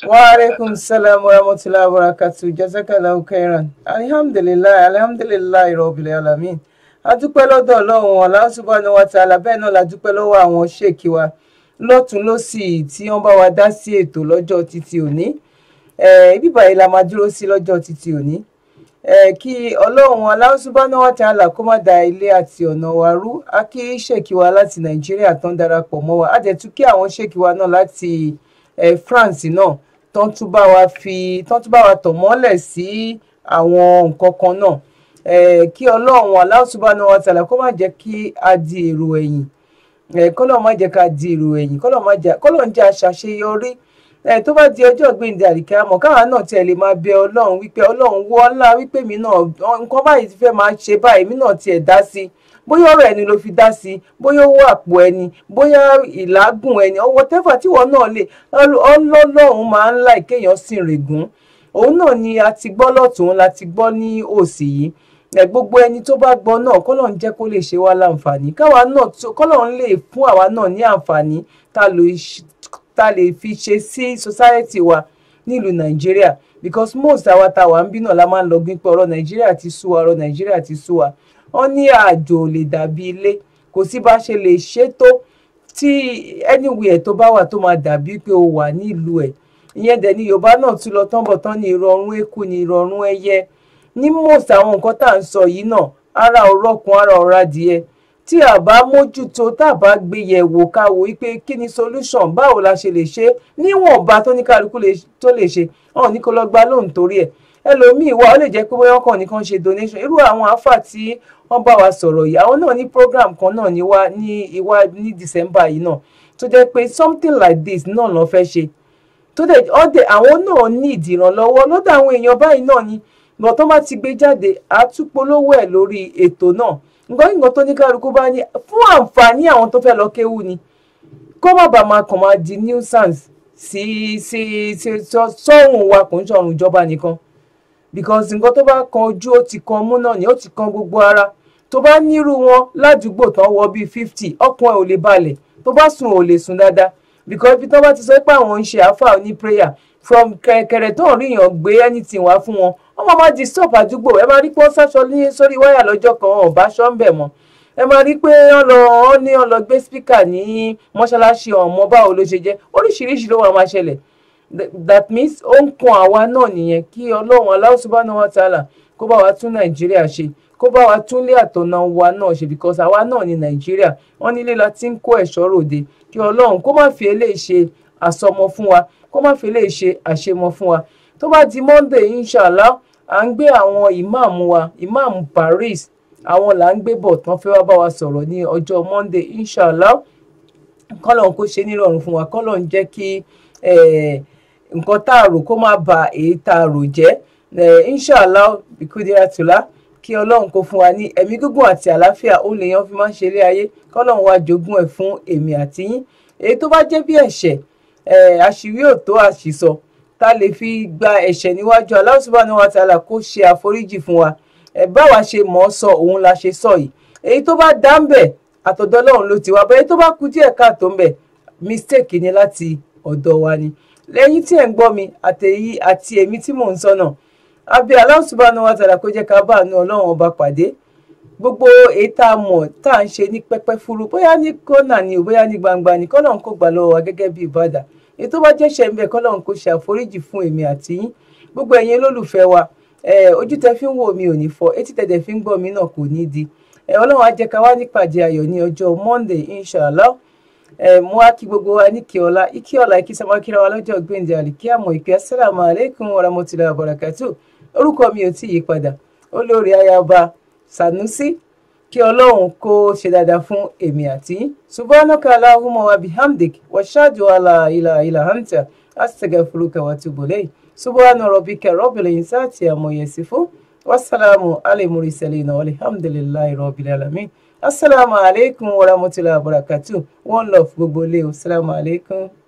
Wa alaikum salaam wa rahmatullahi wa barakatuh jazakallahu khairan alihamdulilayi alihamdulilayi rabbil alamin adúpẹ́ lọ́dọ̀ ọlọ́run Allah subhanahu wa ta'ala bẹ́ẹ̀ náà la dúpẹ́ lọ́wọ́ àwọn ṣèkí wa lọ́tún lọ́sì tí wọ́n bá wa dá sí ètò lọ́jọ́ títí òní ibi báyìí la máa dúró sí lọ́jọ́ títí òní kí ọlọ́run Allah subhanahu wa ta'ala kó má da ilé àti ọ̀nà wa rú a kí ṣèkí wa láti nàìjíríà tán darapọ̀ mọ́ wa a dẹ̀ tún kí àwọn ṣèkí wa náà láti France náà. No tán tún bá wa fi tán tún bá wa tọ̀ mọ́lẹ̀ sí àwọn nǹkan kan náà kí ọlọ́run Allah subhanahu wa ta'ala kó má jẹ́ kí a di èrò ẹ̀yìn kọ́lọ̀ má jẹ́ ká di èrò ẹ̀yìn kọ́lọ̀ má jẹ́ kọ́lọ̀ ń jẹ́ aṣàṣeyọrí tó bá di ọjọ́ gbẹ̀ǹdẹ̀ àríkẹ́ àmọ́ káwa náà tiẹ̀ lè máa bẹ ọlọ́run wípé ọlọ́run wọ́ọ́lá wípé mi náà nǹkan báyìí ti fẹ́ máa ṣe báyìí mi náà tiẹ̀ dá sí i bóyá ọ̀rọ̀ ẹni ló fi dá sí bóyá owó àpò ẹni bóyá ìlágùn ẹni ọwọ́ tẹ́fà tíwọ́ náà lè ọlọ́lọ́run máa ń láì kéèyàn sìn règùn òun náà ni a ti gbọ́ lọ́tún la ti gbọ́ ní òsì yìí ẹ gbogbo ẹni tó bá gbọ́ náà kọ́lọ́n jẹ́ kó lè ṣe wá láǹfààní káwa náà kọ́lọ́n lè fún àwa náà ní àǹfààní ta lè fi ṣe sí society wa nílùú nàìjíríà because most àwa tá wà ń bí náà la máa ń lọ gbín pé ọ̀rọ̀ nàìjíríà ti sú wa ọ̀rọ̀ nàìjíríà ti sú wa ó ní àjò ò lè dàbí ilé kò sí bá ṣe lè ṣètò tí anywhere tó bá wà tó máa dàbí pé o wà nílùú ẹ̀ ìyẹn dẹ̀ ni yorùbá náà tún lọ tán ní ìrọ̀rùn eku ní ìrọ̀rùn ẹyẹ ní mọ̀ọ́sì àwọn nǹkan tá à ń sọ yìí náà ara ọ̀rọ̀kùn ara ọ̀rá díẹ̀ tí a bá mójútó tá a bá gbé yẹ̀wò ká wò wípé kí ni solution báwo la ṣe lè ṣe níwọ̀nba tó ní kálukú tó lè ṣe ọ̀hún ní kó lọ gba lóhùn torí ẹ̀ ẹlòmíì wà ó lè jẹ́ pé bóyá ọkàn nìkan ṣe donation irú àwọn afa tí wọ́n bá wa sọ̀rọ̀ yìí àwọn náà ní program kan náà ní wá ní ìwá ní December yìí náà tó jẹ́ pé something like this náà lọ́ fẹ́ ṣe tó dẹ̀ ọ̀dẹ̀ àwọn náà ní ìdìrànlọ́wọ́ lọ́dọ̀ àwọn èèyàn báyìí náà ni ìgbọ̀n tó bá ti gbé jáde àtúpolówó ẹ̀ lórí ètò náà nǹkan nǹkan tó ní kálukú bá ní fún àǹfààní àwọn tó fẹ́ lọ kéwú ni kó má bàa máa kàn máa di nuisance sí sí sí sọ́run wa kò ń sọ̀rùn ìjọba nìkan because nǹkan tó bá kan ojú ó ti kan mú náà ni ó ti kan gbogbo ara tó bá nírú wọn ládùúgbò tán wọ bíi fifty ọkàn ẹ ò lè balẹ̀ tó bá sùn ò lè sùn dáadáa because ibi tán bá ti sọ pé àwọn ń ṣe àáfàá ní prayer from kẹ̀kẹ̀rẹ̀ tó ń rí yàn gbé anything wá fún wọn wọ́n máa máa disturb àdúgbò ẹ máa rí pé wọ́n sáṣọ ní sórí wáyà lọ́jọ́ kan ọ̀bá ṣọ́ńbẹ̀ mọ́ ẹ máa rí pé wọ́n lọ wọ́n ní wọ́n lọ gbé speaker ní mọ́ṣáláṣí ọ̀mọ́ báwo ló ṣe jẹ́ oríṣiríṣi ló wà máa ṣẹlẹ̀ that means ó ń kun àwa náà nìyẹn kí ọlọ́run Allah subhanahu wa ta'ala kó bá wa tún nàìjíríà ṣe kó bá wa tún lé àtọ̀nà wa náà ṣe because àwa náà ní nàìjíríà wọ́n nílé la ti ń kó ẹ̀ṣọ́ ròde kí ọlọ́run kó má fi eléyìí ṣe àsọmọ fún wa kó má fi eléyìí ṣe àṣemọ fún wa tó bá di monday inshallah à ń gbé àwọn ìmáàmù wa ìmáàmù paris àwọn là ń gbé bọ̀ tán fẹ́ wá bá wa sọ̀rọ̀ ní ọjọ́ monday inshallah kọ́lọ̀ kó ṣe nírọ̀rùn fún wa kọ́lọ̀ ń jẹ́ kí ẹ̀ẹ́ eh, nǹkan tá a rò kó má ba èyí tá a rò jẹ́ eh, inshallah bikudiratula kí ọlọ́run kó fún wa ní ẹ̀mí gígùn àti àlàáfíà ó lè yan fi máa ń ṣe ilé ayé kọ́lọ́run wá jogún ẹ̀ fún èmi àti yín èyí tó bá jẹ́ bí ẹ̀ṣẹ̀ eh, àṣìwí òtó àṣìsọ tá lè fi gba ẹ̀ṣẹ̀ níwájú Allah wa ta'ala kó ṣe àforíjì fún wa ẹ̀ eh, báwa ṣe mọ̀ ọ́ sọ òun la ṣe sọ yìí èyí tó bá dá ń bẹ̀ àtọ̀dọ̀ ọlọ́run ló ti wá bẹ́ẹ̀ tó bá kù díẹ̀ káàtó ń bẹ̀ mistake ni láti ọ̀dọ̀ wa ni. lẹ́yìn tí ẹ̀ ń gbọ́ mi àtẹ̀yí àti èmi tí mò ń sọnà abẹ́ Allah subhanahu wa ta'ala kó jẹ́ ká bá àánú ọlọ́run ọba pàdé gbogbo èyí tá a mọ̀ tá à ń ṣe ní pẹ́pẹ́ fúru bóyá ní kọ́nà ni ò bóyá ní gbangba ni kọ́lọ́run kó gbà lọ́wọ́ wa gẹ́gẹ́ bí ìbàdà èyí tó bá jẹ́ṣẹ̀ ń bẹ kọ́lọ́run kó ṣe àforíjì fún èmi àti yín gbogbo ẹ̀yin olólùfẹ́ wa ojú tẹ fi ń wò mí ò ní fọ́ etí tẹ̀tẹ̀ fi ń gbọ́ mí náà kò ní di ọlọ́run á jẹ́ ká wá nípàdé ayọ̀ ní ọjọ́ Monday inshallah Eh, mo wá kí gbogbo wa ní kíọ́lá ikíọ́lá ikísẹ́mọ́ kíra wa lọ́jọ́ gbẹ̀ǹdẹ̀ àlìkíyàmọ̀ ìkẹ́ sálàmù aleykum warahmatullahi wabarakatuh orúkọ mi ò tí ì padà olórí ayaba sanusi kí ọlọ́run kó ṣe dáadáa fún èmi àti subhanaka allahumma wa bihamdik wa shadu ala ila ila anta astaghfiruka wa atubu ilayk subhana rabbika rabbil izzati amma yasifun wasalaamu ala mursalin walhamdulillahi rabbil alamin asalaamualeykum warahmatulahi wabarakatuh one love gbogbo ilé o asalaamualeykum.